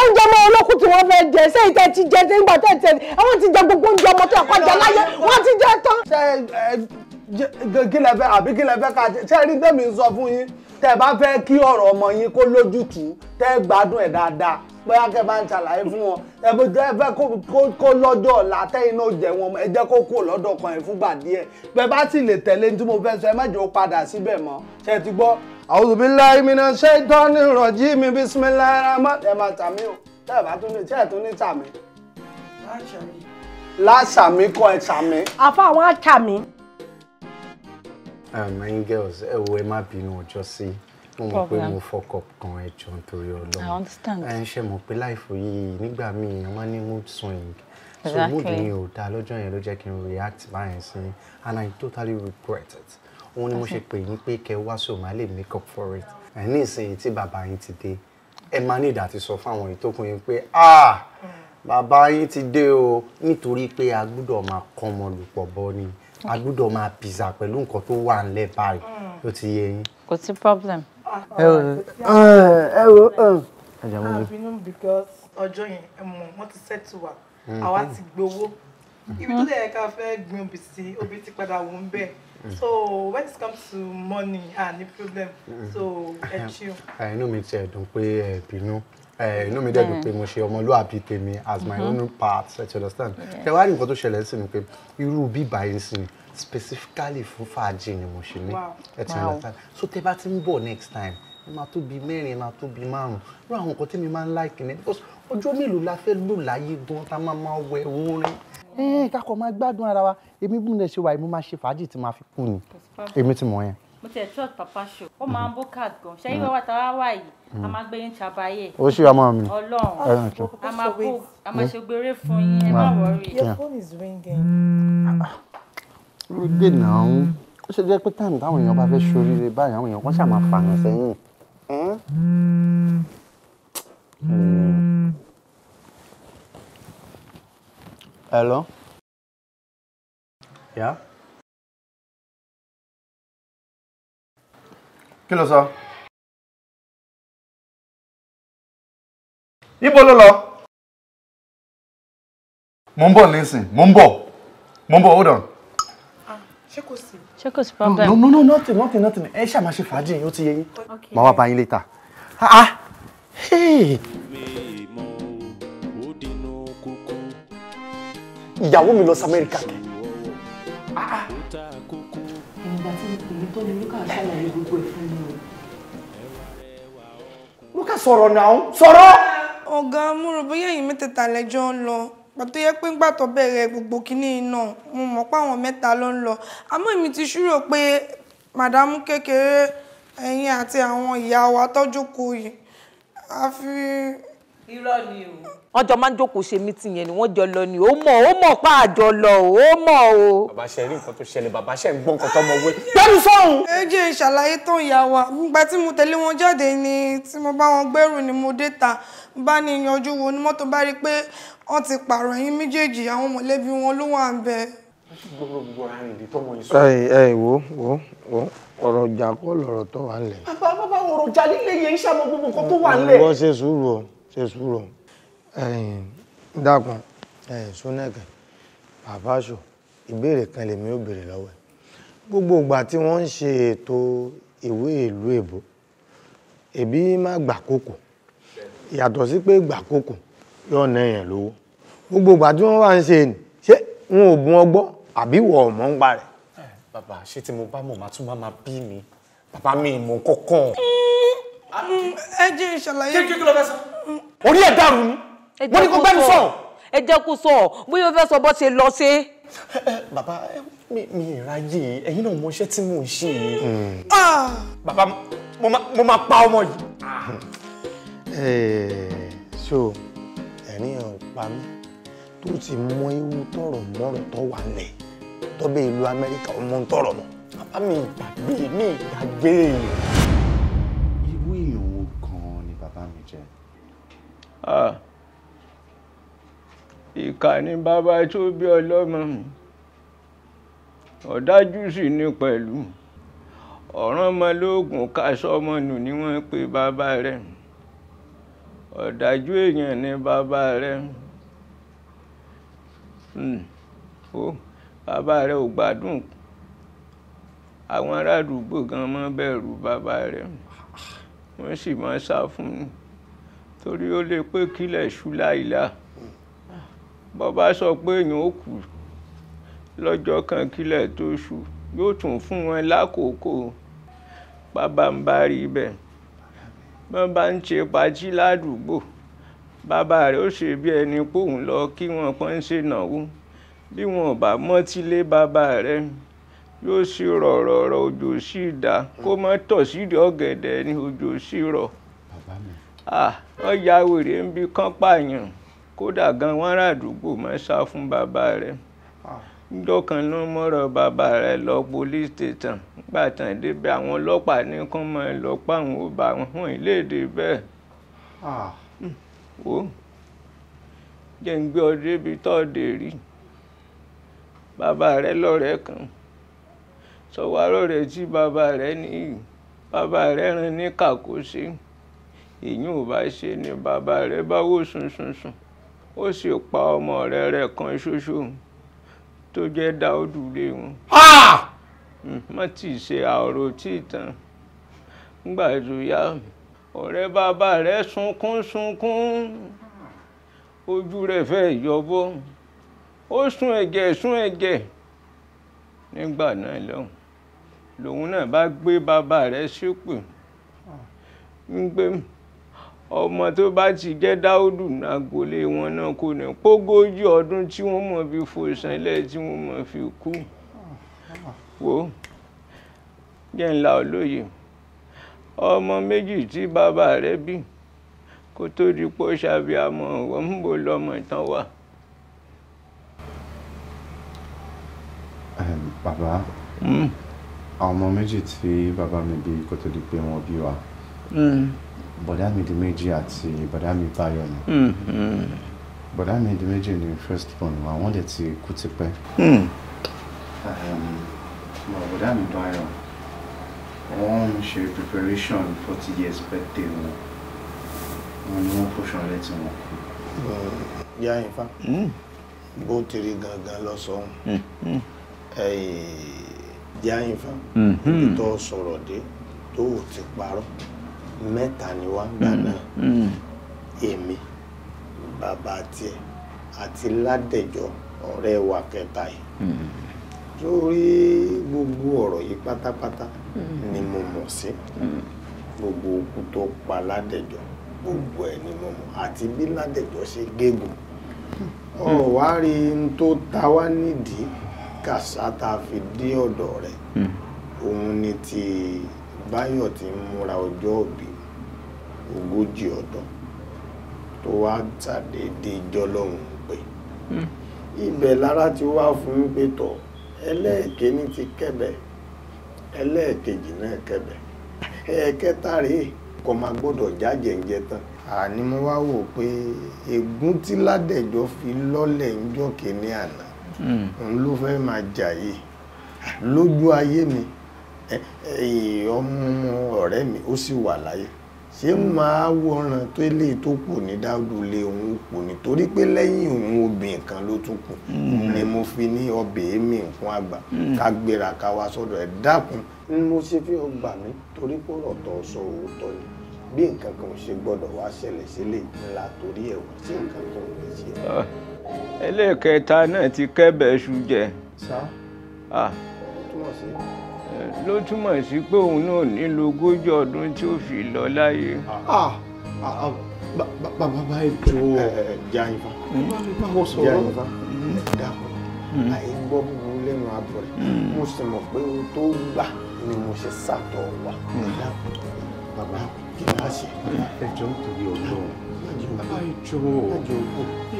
oúnjẹ ọmọ olókùn tí wọ́n fẹ́ jẹ ṣé ìtẹ́ ti jẹ ṣé ìgbà tẹ̀ tẹ̀ àwọn ti jẹ gbogbo oúnjẹ ọmọ tó ẹ̀kọ́ jẹ láyé wọ́n ti jẹ tán. ṣé kí lẹ fẹ́ àbí kí lẹ fẹ́ ká ṣe rí tèmi sọ fún yín tẹ́ bá fẹ́ kí ọ̀rọ̀ ọmọ yín kó lójútùú tẹ́ gbádùn ẹ̀ dáadáa bóyá kẹ́ bá ń ṣàlàyé fún wọn ẹbí jẹ́ fẹ́ kó lọ́jọ́ ọ̀la tẹ́yìn jẹ wọn ẹ jẹ́ kó kúrò lọ́dọ̀ kan yẹn fúngbà díẹ̀ pé bá sì lè tẹ̀lé tí mo fẹ́ sọ ẹ má padà síbẹ̀ mọ́ ṣe ti gbọ́. A'udhu billahi minash shaitani rajim bismillahir rahmanir ẹ máa tàmí o ẹ bá tún ní tẹ́ ẹ tún ní tàmí. lásàmì kọ ẹ tàmí. àfa àwọn àtàmì. ẹ̀yin girls ẹ wo ẹ má bínú ọjọ́ sí mo mọ̀ pé mo fọkọ̀ kan ẹjọ́ nítorí ọlọ́run ẹ ṣe mọ̀ pé láìfò yìí nígbà míì èèyàn máa ní mood swing so mood mi ò dáa lọ́jọ́ yẹn ló jẹ́ kí n react báyẹn sí and I totally regret it òun ni mo ṣe pè yín pé kẹ wá sóò máa lè make up for it ẹ ní ìsinyìí tí bàbá yín ti dé ẹ máa ní ìdá ti sọ fáwọn ìtókùn yín pé ah bàbá yín ti dé o nítorí pé a gbúdọ̀ máa kọ́ ọmọ lùpọ̀ bọ́ ni a gbúdọ̀ máa pizza pẹ̀lú nǹkan tó wà ńlẹ̀ báyìí ló mm. ti yé yín. kò sí problem ẹ wo ẹ wo ajá mo bí. because ọjọ́ yẹn ẹ mọ̀ wọ́n ti ṣẹ́tù wa mm-hmm. àwa ti gbowó ibi tó lẹ́yìn ká fẹ́ gbin obì sí obì ti padà wò ń bẹ̀ mm-hmm. so when it comes to money ah ní problem mm-hmm. so ẹ chill. inú mi tiẹ̀ dùn pé ẹ bínú inú mi dẹ̀ dùn pé mo ṣe ọmọlúwàbí tèmi as my own part ẹ ti understand. kẹwàá ní nǹkan tó ṣẹlẹ̀ sí ni pé irú bíbá yìí sí ni specifically fún fàájì ni mo ṣe ní ẹ ti so tẹ bá ti ń bọ̀ next time ẹ máa tó bíi mẹ́rin ẹ máa tó bíi márùn irú àwọn nǹkan tí mi máa ń láìkì ni because ọjọ́ mélòó la fẹ́ lò láyé gan tá máa máa wẹ orin ẹ kakọ máa gbádùn ara wa èmi bí mo lè ṣe wà èmi máa ṣe fàájì tí máa fi kú ni èmi ti mọ̀ yẹn mo tẹ church papa show ó máa ń bó card gan ṣe ìwé wa ta wá wà yìí a máa gbé yín ṣàbàyè ó ṣe àmọ́ mi Ọlọ́run a máa kó a máa fún yín ẹ má mm. wọrí. your phone is ringing. Mm ló dé náà ó ṣe jẹ́ pé táìmù táwọn èèyàn bá fẹ́ ṣoríire báyìí àwọn èèyàn kan ṣàmà fààyàn sẹ́yìn. Hmm. Hello? Yeah? kí ló sọ. ibo ló lọ. mo ń bọ̀ nísìn mo ń bọ̀ mo ń bọ̀ hold on ṣé kò sí. problem. no no no nothing nothing nothing ẹ ṣáà máa ṣe fàájì yín ó ti yé yín. màá wá bá yín later. ah hey. ìyàwó mi lọ sí amẹ́ríkà kẹ́. ìgbà tí mo pè é tó ni lúkà ṣàlàyé gbogbo ẹ̀ mi o. sọ̀rọ̀ náà sọ̀rọ̀. ọ̀gá amúrò bóyá ẹ̀yin mẹ́tẹ̀ẹ̀ta lẹ́jọ́ ń lọ pàtó yẹ pé ńgbà tó bẹ̀rẹ̀ gbogbo kínní náà mo mọ̀ pé mẹ́ta ló ń lọ àmọ́ èmi ti ṣúrò pé màdámù kékeré ẹ̀yin àti àwọn ìyá wa tó jókòó yìí a fi. irọ́ ni o. wọ́n jọ máa ń jókòó ṣe mítìn yẹn ni wọ́n jọ lọ ni ó mọ̀ ó mọ̀ pa àjọ lọ ó mọ̀ o. bàbá ṣe rí nǹkan tó ṣẹlẹ̀ bàbá ṣe ń gbọ́ nǹkan tọmọ wé. gbẹ́nu sọ́hùn. ẹ ìṣàlàyé tán ìyá wa nígbà tí mo tẹ̀lé wọn jáde ni tí mo bá wọn gbẹ́rù ni mo dé ta bá ní yanjú wo ni mọ́tò bá rí i pé wọ́n ti pààrọ̀ yín méjèèjì àwọn mọ̀lẹ́bí wọn ló wà ń bẹ. ẹ ẹ wo wo wo ọ̀rọ̀ ìjà kọ́ lọ̀rọ̀ tó wà nílẹ̀. bàbá bàbá ọ̀rọ̀ ìjà líle yẹn ṣàmọ gbogbo nǹkan tó wà nílẹ̀. wọ́n ṣe sùúrù o ṣe sùúrù o dákun súnẹ́kẹ̀ bàbá ṣò ìbéèrè kan lèmi ò béèrè lọ́wọ́ ẹ̀ gbogbo ìgbà tí wọ́n ń ṣe ètò ìwé ìlú èbó èbí má gbàkókò yàtọ̀ sí pé gbàkókò yóò nẹ̀yàn lówó gbogbo ìgbà tí wọ́n wá ń ṣe ni ṣé wọn ò gun ọgbọ́n àbí wọ̀ ọ̀mọ́ ń parẹ́. Eh, bàbá ṣé tí mo bá mọ̀ máa tún máa bí mi bàbá mi ìmọ̀ kọ̀ọ̀kan. ẹ jẹ́ ìṣàlàyé. kí kí ló fẹ́ sọ. orí ẹ̀ dàrú ni wọ́n ní kó gbẹ́nu sọ̀rọ̀. ẹ jẹ́ kó sọ bóyá o fẹ́ sọ bó ṣe lọ sí. Eh, eh, bàbá mi ìráyè ẹ̀yin náà mọ iṣẹ́ tí mò ń ṣe yìí. Hmm. Ah! bàbá mo máa pa ọmọ yìí. ṣó ẹ̀rín ọ̀ pa mí tó sì mọ ewu tọrọ mọrọ tó wà lẹ tọbẹ ìlú Amẹ́ríkà ọmọ ń tọrọ mọ. bàbá mi ìgbàgbé mi ìgbàgbé. irú èèyàn wo ni bàbá mi jẹ́. ìkà ni bàbá tó bí ọlọ́mọ mi ọ̀dájú sì ni pẹ̀lú ọ̀ràn ọmọlóògùn kaṣọ́mọnù ni wọ́n pe bàbá rẹ̀ ọ̀dájú èèyàn ni bàbá rẹ̀. Hmm. ó bàbá rẹ̀ ò gbádùn àwọn ará àdúgbò gan mọ́ bẹ̀rù bàbá rẹ̀ wọ́n sì máa sá fún un torí ó lè pé kílẹ̀ ṣú láìlá bàbá sọ pé èèyàn ó kú lọ́jọ́ kan kílẹ̀ tó ṣú yóò tún fún wọn lákòókò bàbá ń bá rí bẹ́ẹ̀ wọ́n ń ṣe pají ládùúgbò bàbá rẹ̀ ó ṣe bí ẹni póun lọ kí wọn kàn ń ṣe náwó bí wọn bá mọ́tílé bàbá rẹ̀ yóò sì rọ̀ rọ̀rọ̀ òjò sì kó mọ́ tọ̀ sídìí ọ̀gẹ̀dẹ̀ ni òjò sì rọ̀ ọ̀yà wèrè ń bi kán pààyàn kódà gan wọn ràdúgbò mọ́ sá fún bàbá rẹ̀ dọ́kan ló mọ́rọ̀ bàbá rẹ̀ lọ police station nígbà tán débẹ̀ àwọn ọlọ́pàá ní kán máa lọ pa àwọn ò wọn ìlédè bẹ́ẹ̀ wò ó jẹ́ ń gbé ọ débi tó rí bàbá rẹ lọ́rẹ̀ẹ́ kan sọ̀wọ́ arọ́rẹ̀ tí bàbá rẹ níyì bàbá rẹ rìn ní kàkóṣe ìyún ò bá ṣe ni bàbá rẹ bá wò sùnsùnsùn ó sì pa ọmọ rẹ rẹ kan ṣoṣo tó jẹ́ dáódù lé wọn. má tì ṣe àrò tí ì tán ńgbà ọ̀rẹ́ bàbá rẹ̀ sunkún sunkún ojú rẹ̀ fẹ́ yọbọ́ ó sun ẹ̀gẹ̀ sun ẹ̀gẹ̀ nígbà náà lọ́hùn lòun náà bá gbé bàbá rẹ̀ sípò ń gbé ọmọ tó bá ti jẹ́ dáúdù nàgọ́lé wọn náà kò ní pógójì ọdún tí wọ́n mọ̀ fi fò sánlẹ̀ tí wọ́n mọ̀ fi kú wò jẹ́ ńlá olóye ọmọ méjì tí bàbá rẹ̀ bí kó tó di pọ́ ṣàbíamọ́ wọn ń bò lọ́mọ tán wà. bàbá hmm. àwọn ọmọ méjì tí bàbá mi bí kó tó di pé wọ́n bí wa hmm. bọ̀dá mi di méjì àti bọ̀dá mi báyọ̀ ni hmm, bọ̀dá mi di méjì ni first born wa wọ́n dẹ̀ ti kú tipẹ́ bọ̀dá mi báyọ̀ wọ́n ń ṣe preparation forty years birthday wọn wọn ni wọ́n fòṣàn létí wọn. yá ifá bó ti rí gangan lọ sọhun yá ifá tó sọ̀rọ̀ dé tó ò ti parọ́ mẹ́ta ni wá gbà mm, náà mm. èmi bàbá tiẹ̀ àti ládẹjọ ọ̀rẹ́ wa kẹta yìí. Mm -hmm sórí gbogbo ọ̀rọ̀ yìí pátápátá mm-hmm. ni mo mọ̀ sí mm-hmm. gbogbo okú tó pa ládẹ̀jọ́ gbogbo ẹ̀ ni mo mọ̀ àti bí ládẹ̀jọ́ ṣe gégùn ọ̀rọ̀ mm-hmm. wá rí n tó ta wá nídìí kàṣá tá a fi dé ọ̀dọ̀ rẹ̀ òun ni ti báyọ̀ ti ń múra ọjọ́ òbí ogójì ọdún tó wá tàdédé jọlọ́run pé ibẹ̀ lára ti wá fún pé tọ̀ ẹlẹ́ẹ̀kíní ti kẹ́bẹ̀ ẹlẹ́ẹ̀kejì náà kẹ́bẹ̀ ẹ̀ẹ̀kẹta rèé kò máa gbọ́dọ̀ jájẹ̀ ń jẹ tán. àní mo wá wò pé ègún tí ládẹ̀jọ́ fi lọ́lẹ̀ ń jọ́ kínní àná hmm. òun ló fẹ́ máa jà yìí lójú ayé mi ọmọ ọ̀rẹ́ mi ó sì wà láyé. ṣé máa wòran tó lè tó kù ní dáúdú lé òun kù nítorí pé lẹ́yìn òun obìnrin kan ló tún kù ni mo fi ní ọbẹ̀ èmi nǹkan àgbà hmm. ká gbéra ká wá sọ́dọ̀ ẹ̀ dákun ni mo ṣe fi ọgbà mi torí pé ọ̀rọ̀ tó sọ òótọ́ ni bí nǹkan kan ṣe gbọ́dọ̀ wá ṣẹlẹ̀ sílẹ̀ ńlá torí ẹ̀ wá sí nǹkan kan lè ṣe. Ah, ẹlẹ́kẹta náà ti kẹ́bẹ̀ẹ́ ṣu jẹ. sá. Ah. ó túmọ̀ sí ló túmọ̀ sí pé òun náà nílò ogójì ọdún tí ó fi lọ láyé. bàbá bá ètò jàǹfà báwo sọ̀rọ̀ jàǹfà dàpọ̀ àìgbọ́ búburú lẹ́nu àbọ̀ rẹ̀ hmm. mo sì mọ̀ pé o tó gbà ni mo ṣe sàtọ̀ wà hmm. dàpọ̀ bàbá kí n bá ṣe. Hmm. ẹjọ́ nítorí ọlọ́run bàbá ìjọ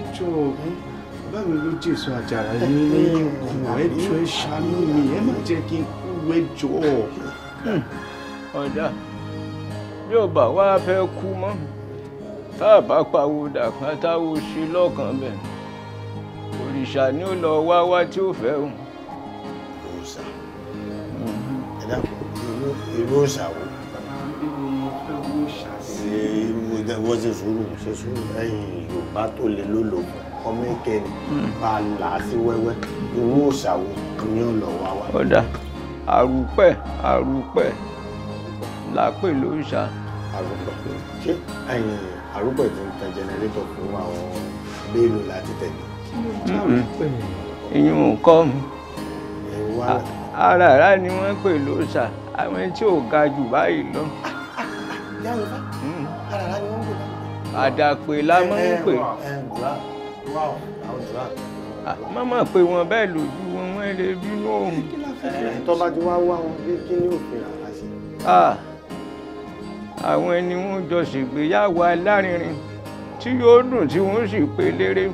ìjọ báwo ló jèso àjàrà yín ní ìkùn ẹjọ́ ẹ ẹ má jẹ́ kí n ẹ jọ̀ọ́. yóò bá wá fẹ́ kú mọ́ tá a bá pawódà kan táwo ṣe lọ́kàn bẹ̀ òrìṣà ni ó lọ wá wá tí ó fẹ́ o. òòṣà ẹ dàpọ̀ irú òòṣà wo. wọ́n ṣe sùúrù ṣe sùúrù lẹ́yìn yorùbá tó lè lólobó ọmọ ìkẹyìn hmm. bá a là á sí wẹ́wẹ́ irú òòṣà wo ni ó lọ wá wá. ó dáa àrùpẹ̀ àrùpẹ̀ lápè ló ń ṣá. àrùpẹ̀ ṣé ẹ̀yìn àrùpẹ̀ ti ń tan jẹnẹrétọ̀ fún àwọn béèlò láti tẹ̀lé. ìyún nǹkan mi ara ara ni wọ́n pè ló ṣá àwọn tí ò ga jù báyìí lọ. Mm. àdàpè la máa ń pè. má má wọ́n bẹ́ẹ̀ lójú wọn wọ́n lè bínú òun tó bá ti wá wá wọn pé kí ni òfin àrà sí. àwọn ẹni wọn jọ ṣègbéyàwó alárinrin tí yóò dùn tí wọn sì pé lérè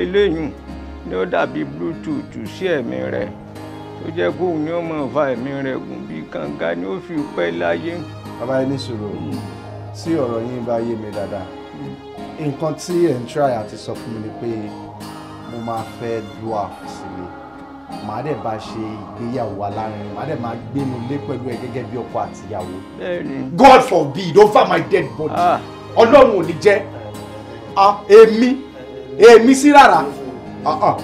eléyìí ni ó dàbí bluetooth sí ẹ̀mí rẹ̀ tó jẹ́ kó ní ọmọ ọ̀fà ẹ̀mí rẹ̀ gùn bí kànga ni ó fi pẹ́ láyé. bàbá yẹn ní sùúrù tí ọ̀rọ̀ yín bá yé mi dáadáa nǹkan tí ẹ̀ ń tíráyà ti sọ fún mi ni pé mo máa fẹ́ dúà sílé màá dẹ̀ bá ṣe ìgbéyàwó alárinrin màá dẹ̀ máa gbénu lé pẹ̀lú ẹ gẹ́gẹ́ bí ọkọ àtìyàwó. God forbid over my dead body ah. ọlọ́run ò ní jẹ́ ah, èmi èmi sí rárá ah,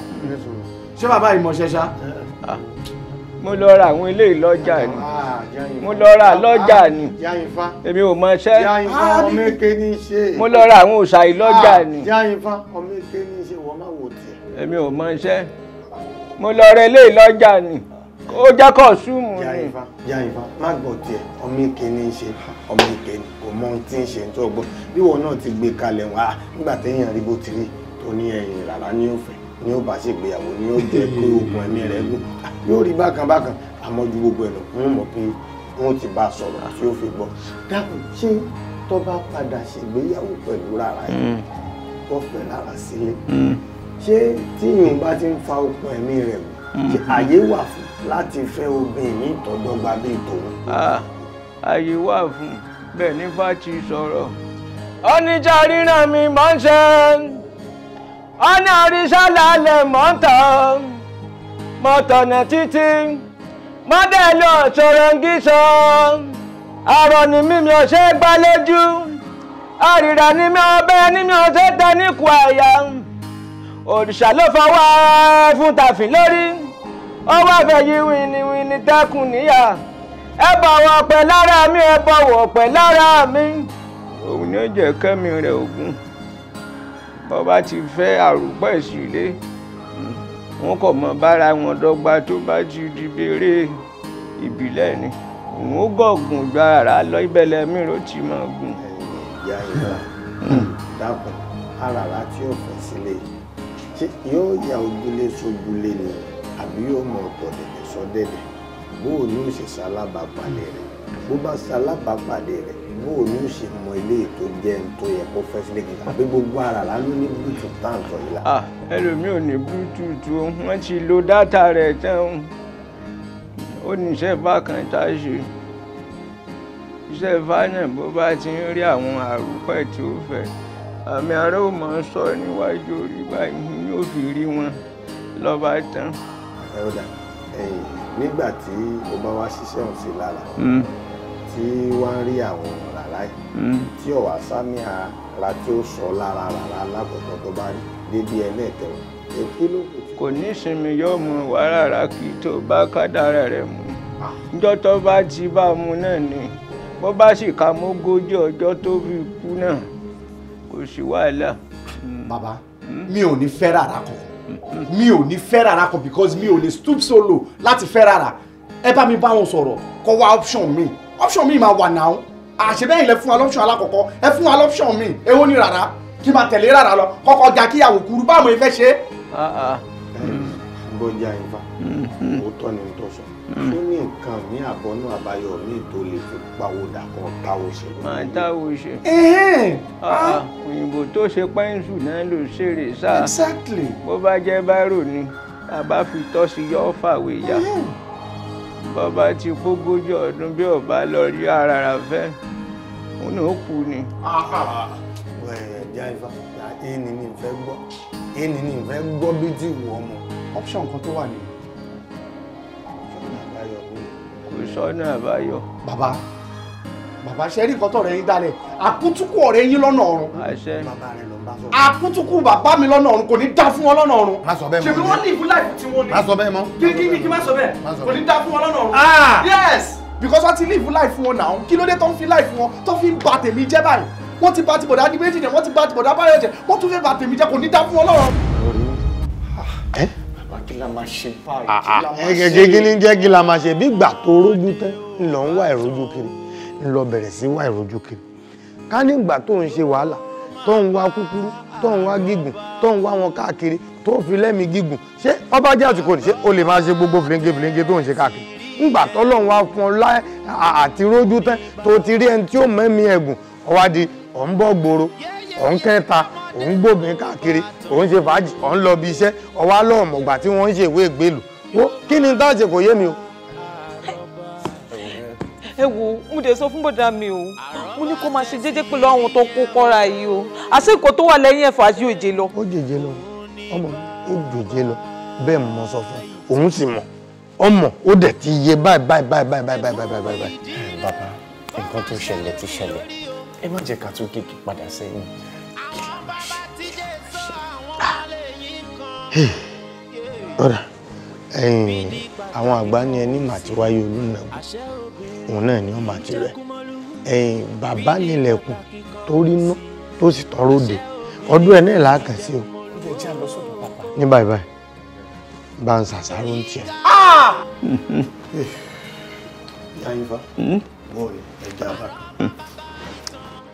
ṣé bàbá yìí mọ̀ ṣẹ́ṣá. mo lọ ra àwọn eléyìí lọ́jà ni mo lọ ra lọ́jà ni èmi ò mọ iṣẹ́ mo lọ ra àwọn òṣà yìí ni èmi ò mọ iṣẹ́ mo lọ rẹ lé lọ́jà ni ó jẹ́ kọ́ súnmù ni. yàrá ìfà má gbọ́ tiẹ̀ ọmọ ìkẹ́ ní í ṣe ọmọ ìkẹ́ ní kò mọ ohun tí ń ṣe tó gbọ́ bí wọn náà ti gbé kalẹ̀ wá nígbà téèyàn rí bó ti rí tó ní ẹ̀yìn rárá ní òfin ní ó bá ṣègbéyàwó ní ó jẹ́ pé oògùn ẹ̀mí rẹ̀ gùn yóò rí bákan bákan àmọ́ gbogbo ẹ̀ lọ mọ̀ pé wọn ti bá a sọ̀rọ̀ tí ó fi gbọ́ dákun ṣé tó bá padà ṣègbéyàwó pẹ̀lú rárá yìí wọ́n hmm. rárá sílé ṣé tí yìnyín bá ti ń fa okun ẹ̀mí rẹ̀ wò àyè hmm. wà fún láti fẹ́ obìnrin ní ìtọ́dọ́gba bíi tòun. àyè wà fún bẹ́ẹ̀ ní fáti sọ̀rọ̀. oníjà ríran mi mọ̀ ń ṣe ọ̀nà àríṣà lálẹ́ mọ̀ ń tàn mọ̀tọ̀nà títí mọ́dẹ̀lì ọ̀ṣọ̀rọ̀ǹgíṣọ́ ọ̀rọ̀ ni mímí ọ̀ṣẹ́ gbá àrìrà ni mi ọbẹ̀ ni mi ọ̀ṣẹ́ tẹ níkù àyà òrìṣà ló fọwọ́ fún tàfin lórí ó wá fẹ̀yí wìnìwìnì tẹ́kùn níyà ẹ bọ̀wọ̀ pẹ̀ lára mi ẹ bọ̀wọ̀ pẹ̀ lára mi òun ni ó jẹ́ kẹ́mi rẹ̀ ògún bó bá ti fẹ́ àrùpọ̀ ìsílé wọn kò mọ bára wọn dọ́gba tó bá ti di béèrè ìbílẹ̀ ni òun ó gọ̀gùn gba ara lọ ibẹ̀lẹ̀ mi ló ti máa gùn. ìyá ìyá hmm. dákun ara rà tí ò fẹ́ sílé yìí ṣé yóò ya ojúlé sójúlé ni àbí yóò mọ ọ̀tọ̀ dẹ̀dẹ̀ sọ́dẹ̀dẹ̀ bóò ní òṣè ṣalábàápàdé rẹ̀ bó bá ṣalábàápàdé rẹ̀ bóò ní òṣè mọ ilé tó jẹ́ ń tó yẹ kó fẹ́ sílẹ̀ kíkà àbí gbogbo ara là ló ní bluetooth tá à ń sọ yìí la. Ah, ẹlòmíì ò ní bluetooth o wọ́n ti lo dátà rẹ̀ tán ó ní iṣẹ́ bákan tá a ṣe iṣẹ́ fáyẹn bó bá ti ń rí àwọn àrùkọ ẹ̀ tó fẹ́ àmì ara ò mọ̀ ọ́ sọ níwájú orí báyìí ni ó fi rí wọn lọ́ba tán. ẹ ó dà nígbà tí o bá wá ṣiṣẹ́ òun sí lára hmm. tí wọ́n rí àwọn rárá yìí hmm. tí ọ̀wá sámi ara tí ó sọ lára rárá lákòókò tó bá rí débi ẹlẹ́ẹ̀kẹwàá èkí ló kù. kò ní ìsinmi yóò mú wa rárá kí tó bá kádàrá rẹ̀ mú njọ́ ah. tó bá ti bá mu náà ni bó bá sì ka mọ́gójì ọjọ́ tó fi kú náà kò sí wàhálà. bàbá hmm? mi ò ní fẹ́ rárá kankan mi ò ní fẹ́ rárá kan because mi ò lè stoop so low láti fẹ́ rárá ẹ bá mi bá wọn sọ̀rọ̀ kọ́ wá option mi option mi máa wà náà àṣebẹ́yìn lẹ fún wa lọ́pṣọ̀n alákọ̀ọ́kọ́ ẹ fún wa lọ́pṣọ̀n mi èwo ni rárá kí n máa tẹ̀lé rárá lọ kọ́kọ́ ga kíyàwó kúrú báwo ẹ fẹ́ ṣe. ń bọ́ jẹ́ àyìnfà òótọ́ ni ń t ó ní nǹkan ní àbọ̀nú àbáyọ mi tó lè fi pawó dàkọ́ táwo ṣe. máa táwo ṣe. Ah, ah! òyìnbó tó ṣe pẹ́ńsù náà ló ṣeré sáà. exactly. bó bá jẹ́ báírò ni a bá fi tọ́ sí yọ́ fàwé ya. bó bá ti kógójì ọdún bí ọba lọ rí ara rà fẹ́ òun ò kú ni. ẹ̀ẹ́dì àìfà ìfẹ́ gbọ́ bí ti wù ọmọ option kan tó wà nìyẹn ìsọ̀nà àbáyọ. bàbá bàbá ṣe rí ìkọ́tọ̀ rẹ̀ yín dálẹ̀ àkútúkù ọ̀rẹ́ yín lọ́nà ọ̀run. bàbá rẹ̀ ló ń bá sọ. àkútúkù bàbá mi lọ́nà ọ̀run kò ní dá fún wọn lọ́nà ọ̀run. má sọ bẹ́ẹ̀ mọ́ ṣèbí wọ́n ní ìfún tí wọ́n ní. má sọ bẹ́ẹ̀ mọ́. kí ni kí má sọ bẹ́ẹ̀ kò ní dá fún wọn lọ́nà ọ̀run. Ah! yes because wọ́n ti live life wọn náà kí ló dé tó ń fi life wọn tó fi ń ba tèmi jẹ́ báyìí wọ́n ti ba ti bọ̀dá di méjì jẹ́ wọ́n ti ba ti bọ̀dá báyọ̀ jẹ́ wọ́n tún kí la máa ṣe báyìí. Ah, ah. gẹ́gẹ́ ní jẹ́ kí la máa ṣe bí gbà tó rójú tán ńlọ ń wá ìrójú kiri ńlọ bẹ̀rẹ̀ sí wá ìrójú kiri ká ní ìgbà tó ń ṣe wàhálà tó ń wá kúkúrú tó ń wá gígùn tó ń wá wọn káàkiri tó fi lẹ́mìí gígùn ṣé ọba jẹ́ àsìkò ní ṣé o lè máa ṣe gbogbo fìlẹ́ńgé fìlẹ́ńgé tó ń ṣe káàkiri ńgbà tọ́lọ́run wá fún ọ láì àti rójú tán tó ti rí ẹni tí ó mẹ́mí ẹ̀gùn ọwádìí ọ̀ ń bọ̀ gbòòrò ọ̀ ń kẹta òun gbóbìnrin káàkiri òun ṣe fàájì òun lọ bí iṣẹ́ ọwọ́ alọ́ọ̀mọ̀gbà tí wọ́n ń ṣe ìwé ìgbélù wo kí ni tá a ṣe kò yé mi o. ẹ wo mo dẹ̀ sọ fún bọ̀dá mi o mo ní kó máa ṣe jẹ́jẹ́ pẹ̀lú àwọn tó kó kọ́ra yìí o àsìkò tó wà lẹ́yìn ẹ̀fà yóò jẹ lọ. ó jèjé lọ ọmọ ó jèjé lọ bẹ́ẹ̀ mo sọ fún òun sì mọ̀ ọmọ ó dẹ̀ ti yé báyìí báyìí báyìí báyìí báyìí báyìí báyìí. bàbá nǹkan tó ṣẹlẹ̀ ti ṣẹlẹ̀ ẹ má jẹ́ ká tún kéèkì padà sẹ́yìn ọ̀dà ẹ̀yìn àwọn àgbà ni ẹni màtí wáyé olùnàgbò òun náà ni ó màtí rẹ̀ ẹ̀yìn bàbá nílẹ̀kùn tó rí ná tó sì tọrọ òde ọdún ẹ̀ náà làákàn sí o ní báyìí báyìí bá ń ṣàṣàrò ń tiẹ̀. Ah! Hmm? Hmm.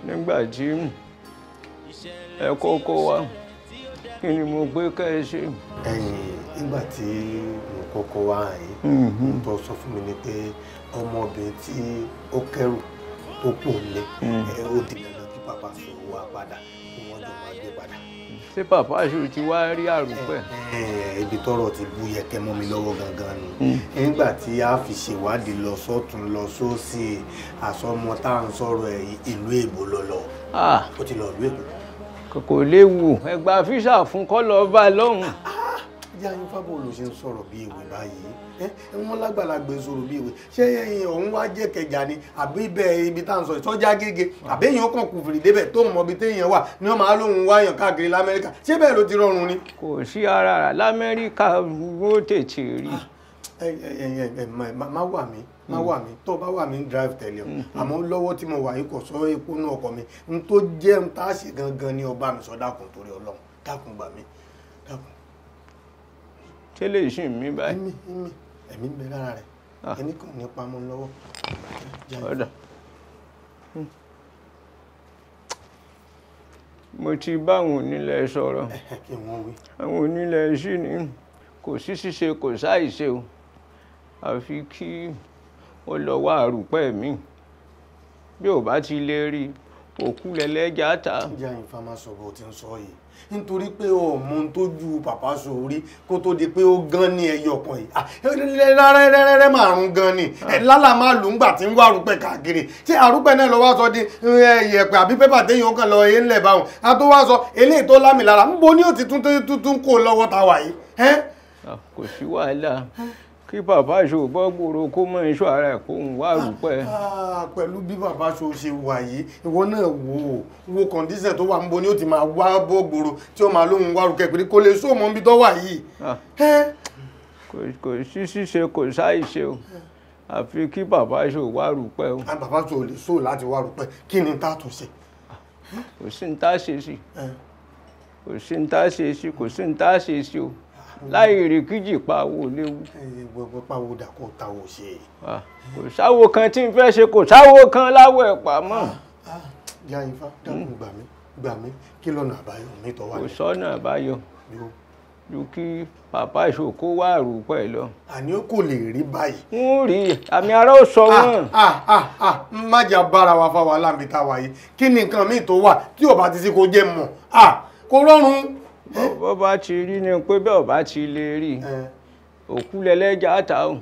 nígbà tí ẹ kọ́kọ́ wá kí ni mo gbé ká ẹ ṣe. ẹyìn nígbà tí mo kọ́kọ́ wá yìí mo mm-hmm. tọ́ sọ fún mi ni pé ọmọbìnrin tí ó kẹ́rù tó pò lé mm. ó di dandan kí pàpà sọ wá padà kí wọ́n jọ máa gbé padà. ṣé pàpà àṣù ti wá rí àrùpẹ. ibi tọ́rọ̀ ti bú yẹkẹ mọ́ mi lọ́wọ́ gangan ni mm. nígbà tí a fi ṣèwádìí lọ sọ́tún lọ sósì àsọmọ tá à ń sọ̀rọ̀ ìlú èbó lọ ah. ó ti lọ ìlú èbó kò léwu ẹgbà fíṣà fún kọ́lọ́ ọba lọ́hùn. ìyá ah, ah, yín fábọ̀ ló ṣe ń sọ̀rọ̀ bí èwe báyìí wọ́n lágbàlagbà sọ̀rọ̀ bí èwe ṣé ẹ̀yin ọ̀hún wá jẹ́ kẹjà ni àbí ibẹ̀ ibi tá à ń sọ ìtọ́já gègé àbí èèyàn kàn kù fìrì débẹ̀ tó mọ̀ ibi téèyàn wà ni wọ́n máa lóhun wáyàn káàkiri lamẹ́ríkà ṣé bẹ́ẹ̀ ló ti rọrùn ni. kò sí ara rà lamẹ́ríkà wó tètè rí. Ah, ẹ ẹ ẹ má wà mí má hmm. wà mí tó bá wà mí drive tẹ̀lé ọ hmm. Hmm. àmọ́ lọ́wọ́ tí mo wà yìí kò sọ epo inú ọkọ̀ mi n tó jẹ́ n tá a ṣe gangan ni ọba mi sọ dákun torí ọlọ́run dákun gbà mí dákun. ṣé lè ṣì ń mí báyìí. ẹ̀mí ẹ̀mí ẹ̀mí ń bẹ lára rẹ̀ ah. ẹni kàn ní pamọ́ lọ́wọ́. mo ti báwọn onílẹ̀ sọ̀rọ̀ *laughs* àwọn onílẹ̀ sí ni kò sí ṣíṣe kò sáìṣe o àfi kí ó lọ wá àrùpẹ́ mi bí ò bá ti lè rí òkú lẹ́lẹ́jà ta. ìyá ìfama sọ̀rọ̀ ti ń sọ yìí nítorí pé o mọ ohun tó ju pàpà sòórí kó tó di pé ó gan ní ẹyọkan yìí rẹ́rẹ́rẹ́rẹ́ márùn gan ni lálà máa lù ú ńgbà tí ń wá arúgbẹ́ káàkiri tí arúgbẹ́ náà lọ́wọ́ sọ di yẹ̀pẹ̀ àbí pépà téèyàn kan lọ yé ńlẹ̀ báwọn a tó wá sọ eléyìí tó lámì lára ń bo ní òtítún tó tún kó lọ́wọ́ ta yìí. kò sí wàhálà kí bàbá ṣògbọ́ gbòòrò kó mọ iṣọ́ ara ẹ̀ kó ń wá rúpẹ́. Ah, ah, pẹ̀lú bí bàbá ṣo ṣe wà yìí ìwọ náà wò ó wo kọ̀ǹdíṣẹ̀ tó wà ń bo ni ó ti máa wá bọ́ gbòòrò tí ó máa lóhun wá rúkẹ́ pé kó lè sóòmọ́ níbi tó wà yìí. Ah. kò sí ṣíṣe kò sáì ṣe o àfi kí bàbá ṣò wá rúpẹ́ o. bàbá ṣò lè sóò láti wá rúpẹ́ kí ni tá a tún ṣe. kò sí ní tá a ṣe sí kò sí ní tá a ṣe sí kò sí ní tá a ṣe sí o láì rè kíjì pawó léwu. gbogbo pawó dà kó tawó ṣe. kò sáwo kan tí n fẹ́ ṣe kò sáwo kan láwọ̀ ẹ̀ pamọ́. Ah, ah, ya ifá dákun gbà mí gbà mí kí lọ́nà àbáyọ mi tọ́ wà ní. kò sọ́nà àbáyọ ju kí bàbá ìṣòkó wà rú pẹ̀ lọ. àní ó kò lè rí báyìí. ń rí àmì ara ó sọ ah, wọn. má jà bára wa fa wàhálà mi ta wàyí kí ni nǹkan míì tó wà tí ò bá ti sí kó jẹ́ mọ̀ kò rọrùn bọ́ bá ti rí ni pé bẹ́ẹ̀ bá ti lè rí òkú lẹ́lẹ́jà táwọn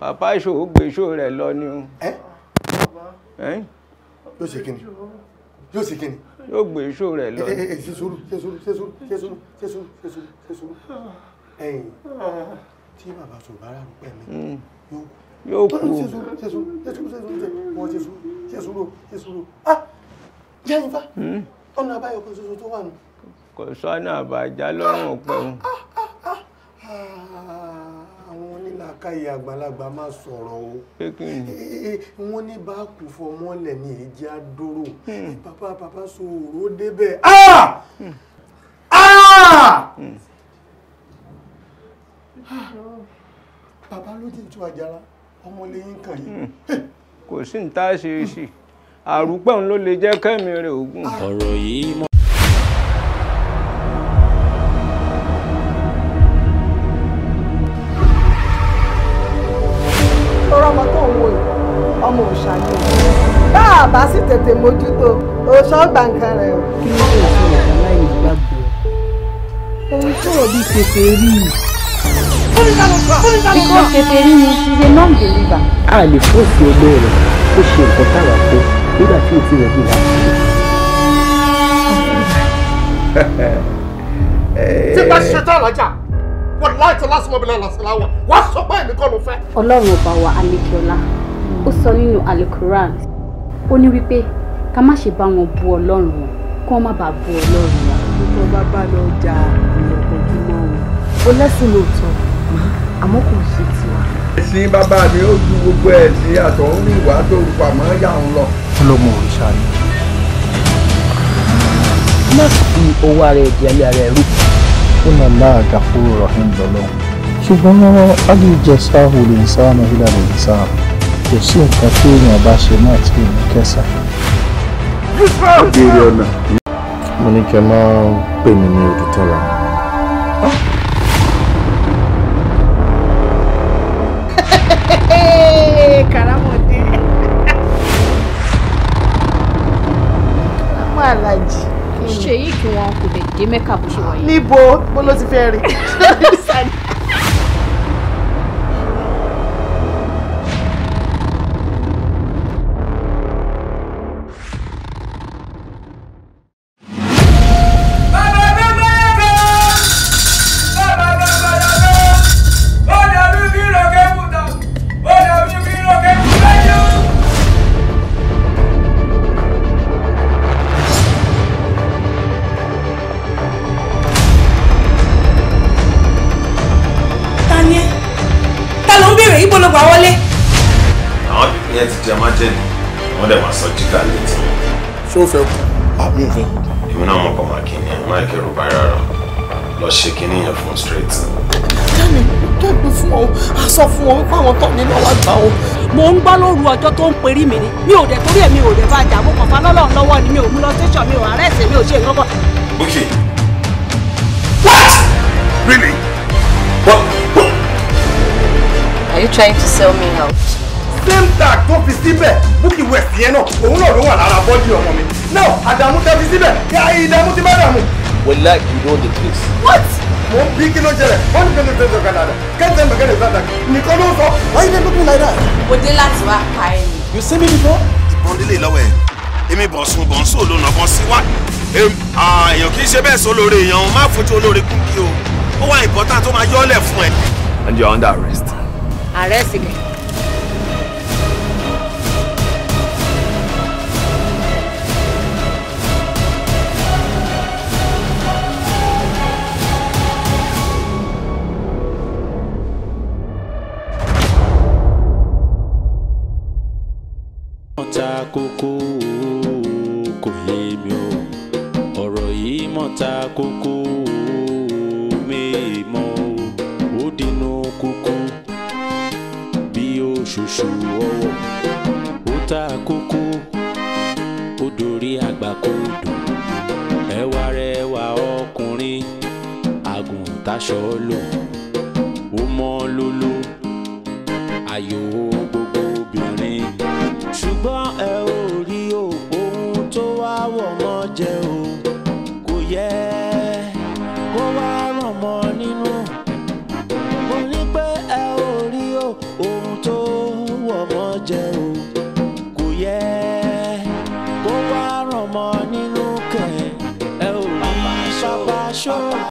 bàbá ìṣòwò gbèsò rẹ̀ lọ ni o. yóò ṣe kí ni yóò ṣe kí ni. yóò gbèsò rẹ̀ lọ ni. ṣe sùúrù ṣe sùúrù ṣe sùúrù ṣe sùúrù ṣe sùúrù ṣe sùúrù ẹ̀yìn tí bàbá sọ̀rọ̀ bá rà pẹ̀ mí yóò kú yóò kú o. jẹ́ ìfá ọ̀nà àbáyọ kan ṣoṣo tó wà nù kò sọ́nà àbájá lọ́rùn pẹ̀hùn. Ah, ah, ah, àwọn onílàákàyè àgbàlagbà máa sọ̀rọ̀ o eh, eh, eh, wọ́n ní bá kù fọmọ́lẹ̀ ní èjì àdúró bàbá hmm. bàbá sòrò débẹ̀ hmm. Hmm. bàbá ló dé ìtú àjàrà ọmọ lẹ́yìn kan yìí. kò sí ní tá a ṣe é sí àrùpẹ̀ òun ló lè jẹ́ kẹ́mi rẹ̀ ogun. ọ̀rọ̀ yìí mọ́. mójútó o sọ́gbà nǹkan rẹ̀ o. kí ló dé ìṣòro àbáláyé ìgbàgbọ́ ohun tó o bí pèpè rí i. because pèpè rí ni she's a non-believer. a lè fọ́ọ̀sì ẹgbẹ́ rẹ̀ kó ṣe nǹkan táwa fẹ́ nígbà tí o ti rẹ̀ bí láti ṣe. *laughs* tí bá ṣe tán lọ́jà wọ́n láìsọ lásìmọ́ bí lásìmọ́ láwọ̀ wá sọ pé èmi kọ́ ló fẹ́. ọlọ́run ọba wa alekiola ó sọ nínú alukuran ó ní wípé ká má ṣe bá wọn bu ọlọ́run wọn kí wọ́n má bàa bu ọlọ́run wọn. tó bá bá lọ ja ìyẹn kò jú mọ́ wọn. ó lẹ́sìn lóòótọ́ àmọ́ kò ṣe tiwa. ẹ̀sìn bàbá mi ó ju gbogbo ẹ̀sìn àtọ̀húnrìnwá tó pamọ́ yà ń lọ. ó ló mọ òrìṣà ni. má fi owó ara ẹ̀ di alẹ́ ara ẹ̀ rú. ó nà láà gàfúrò rọ̀hìn lọ́lọ́ ṣùgbọ́n alìjẹsà ò lè sá ọmọ ìlànà ìsá kò sí nǹkan tí èèyàn bá ṣe náà tí èèyàn kẹsàn-án ìbéèrè ọ̀nà. mo ní kí ẹ máa pè mí ní Odùtọ́lá. karamọdé ọmọ alájì. ṣèyí kí wọn kò lè dé mẹ́kà bó ṣe wọ̀nyí. níbo bó ló ti fẹ́ rí. *laughs* ọjọ́ tó ń perí mi ni mi ò dẹ̀ torí ẹ̀ ò dẹ̀ bá jà mo kàn fa lọ́lọ́run lọ́wọ́ ni mi ò mú lọ tẹ́sán mi ò arrest mi ò ṣe nǹkan kan. What? Really? What? Are you trying to sell me out? same tag tó fi síbẹ̀ búkì west yẹn náà òun náà ló wà lára bọ́dí ọmọ mi náà àdàmú tẹ́ fi síbẹ̀ kí ayé ìdààmú ti bá dààmú. Well, like you know the place. What? mò bí kí ló ṣẹlẹ̀ wọ́n ní kẹ́lẹ́ tẹ̀sán kan náà kẹ́tẹ́ mẹ́kẹ́lẹ́ sàdá nìkan ló sọ why you dey look me like dé láti wá pa ẹ ni. you see me before. ìbọn líle lọ́wọ́ ẹ̀ èmi bọ̀ sùn bọ̀ ń sùn ló nàbọ̀ sí wá. èèyàn kì í ṣe bẹ́ẹ̀ sọ lóore èèyàn má fojú olóore kú kí o ó wà important tó máa yọ́ ọ́lẹ̀ fún ẹ. and you are under arrest. arrest again.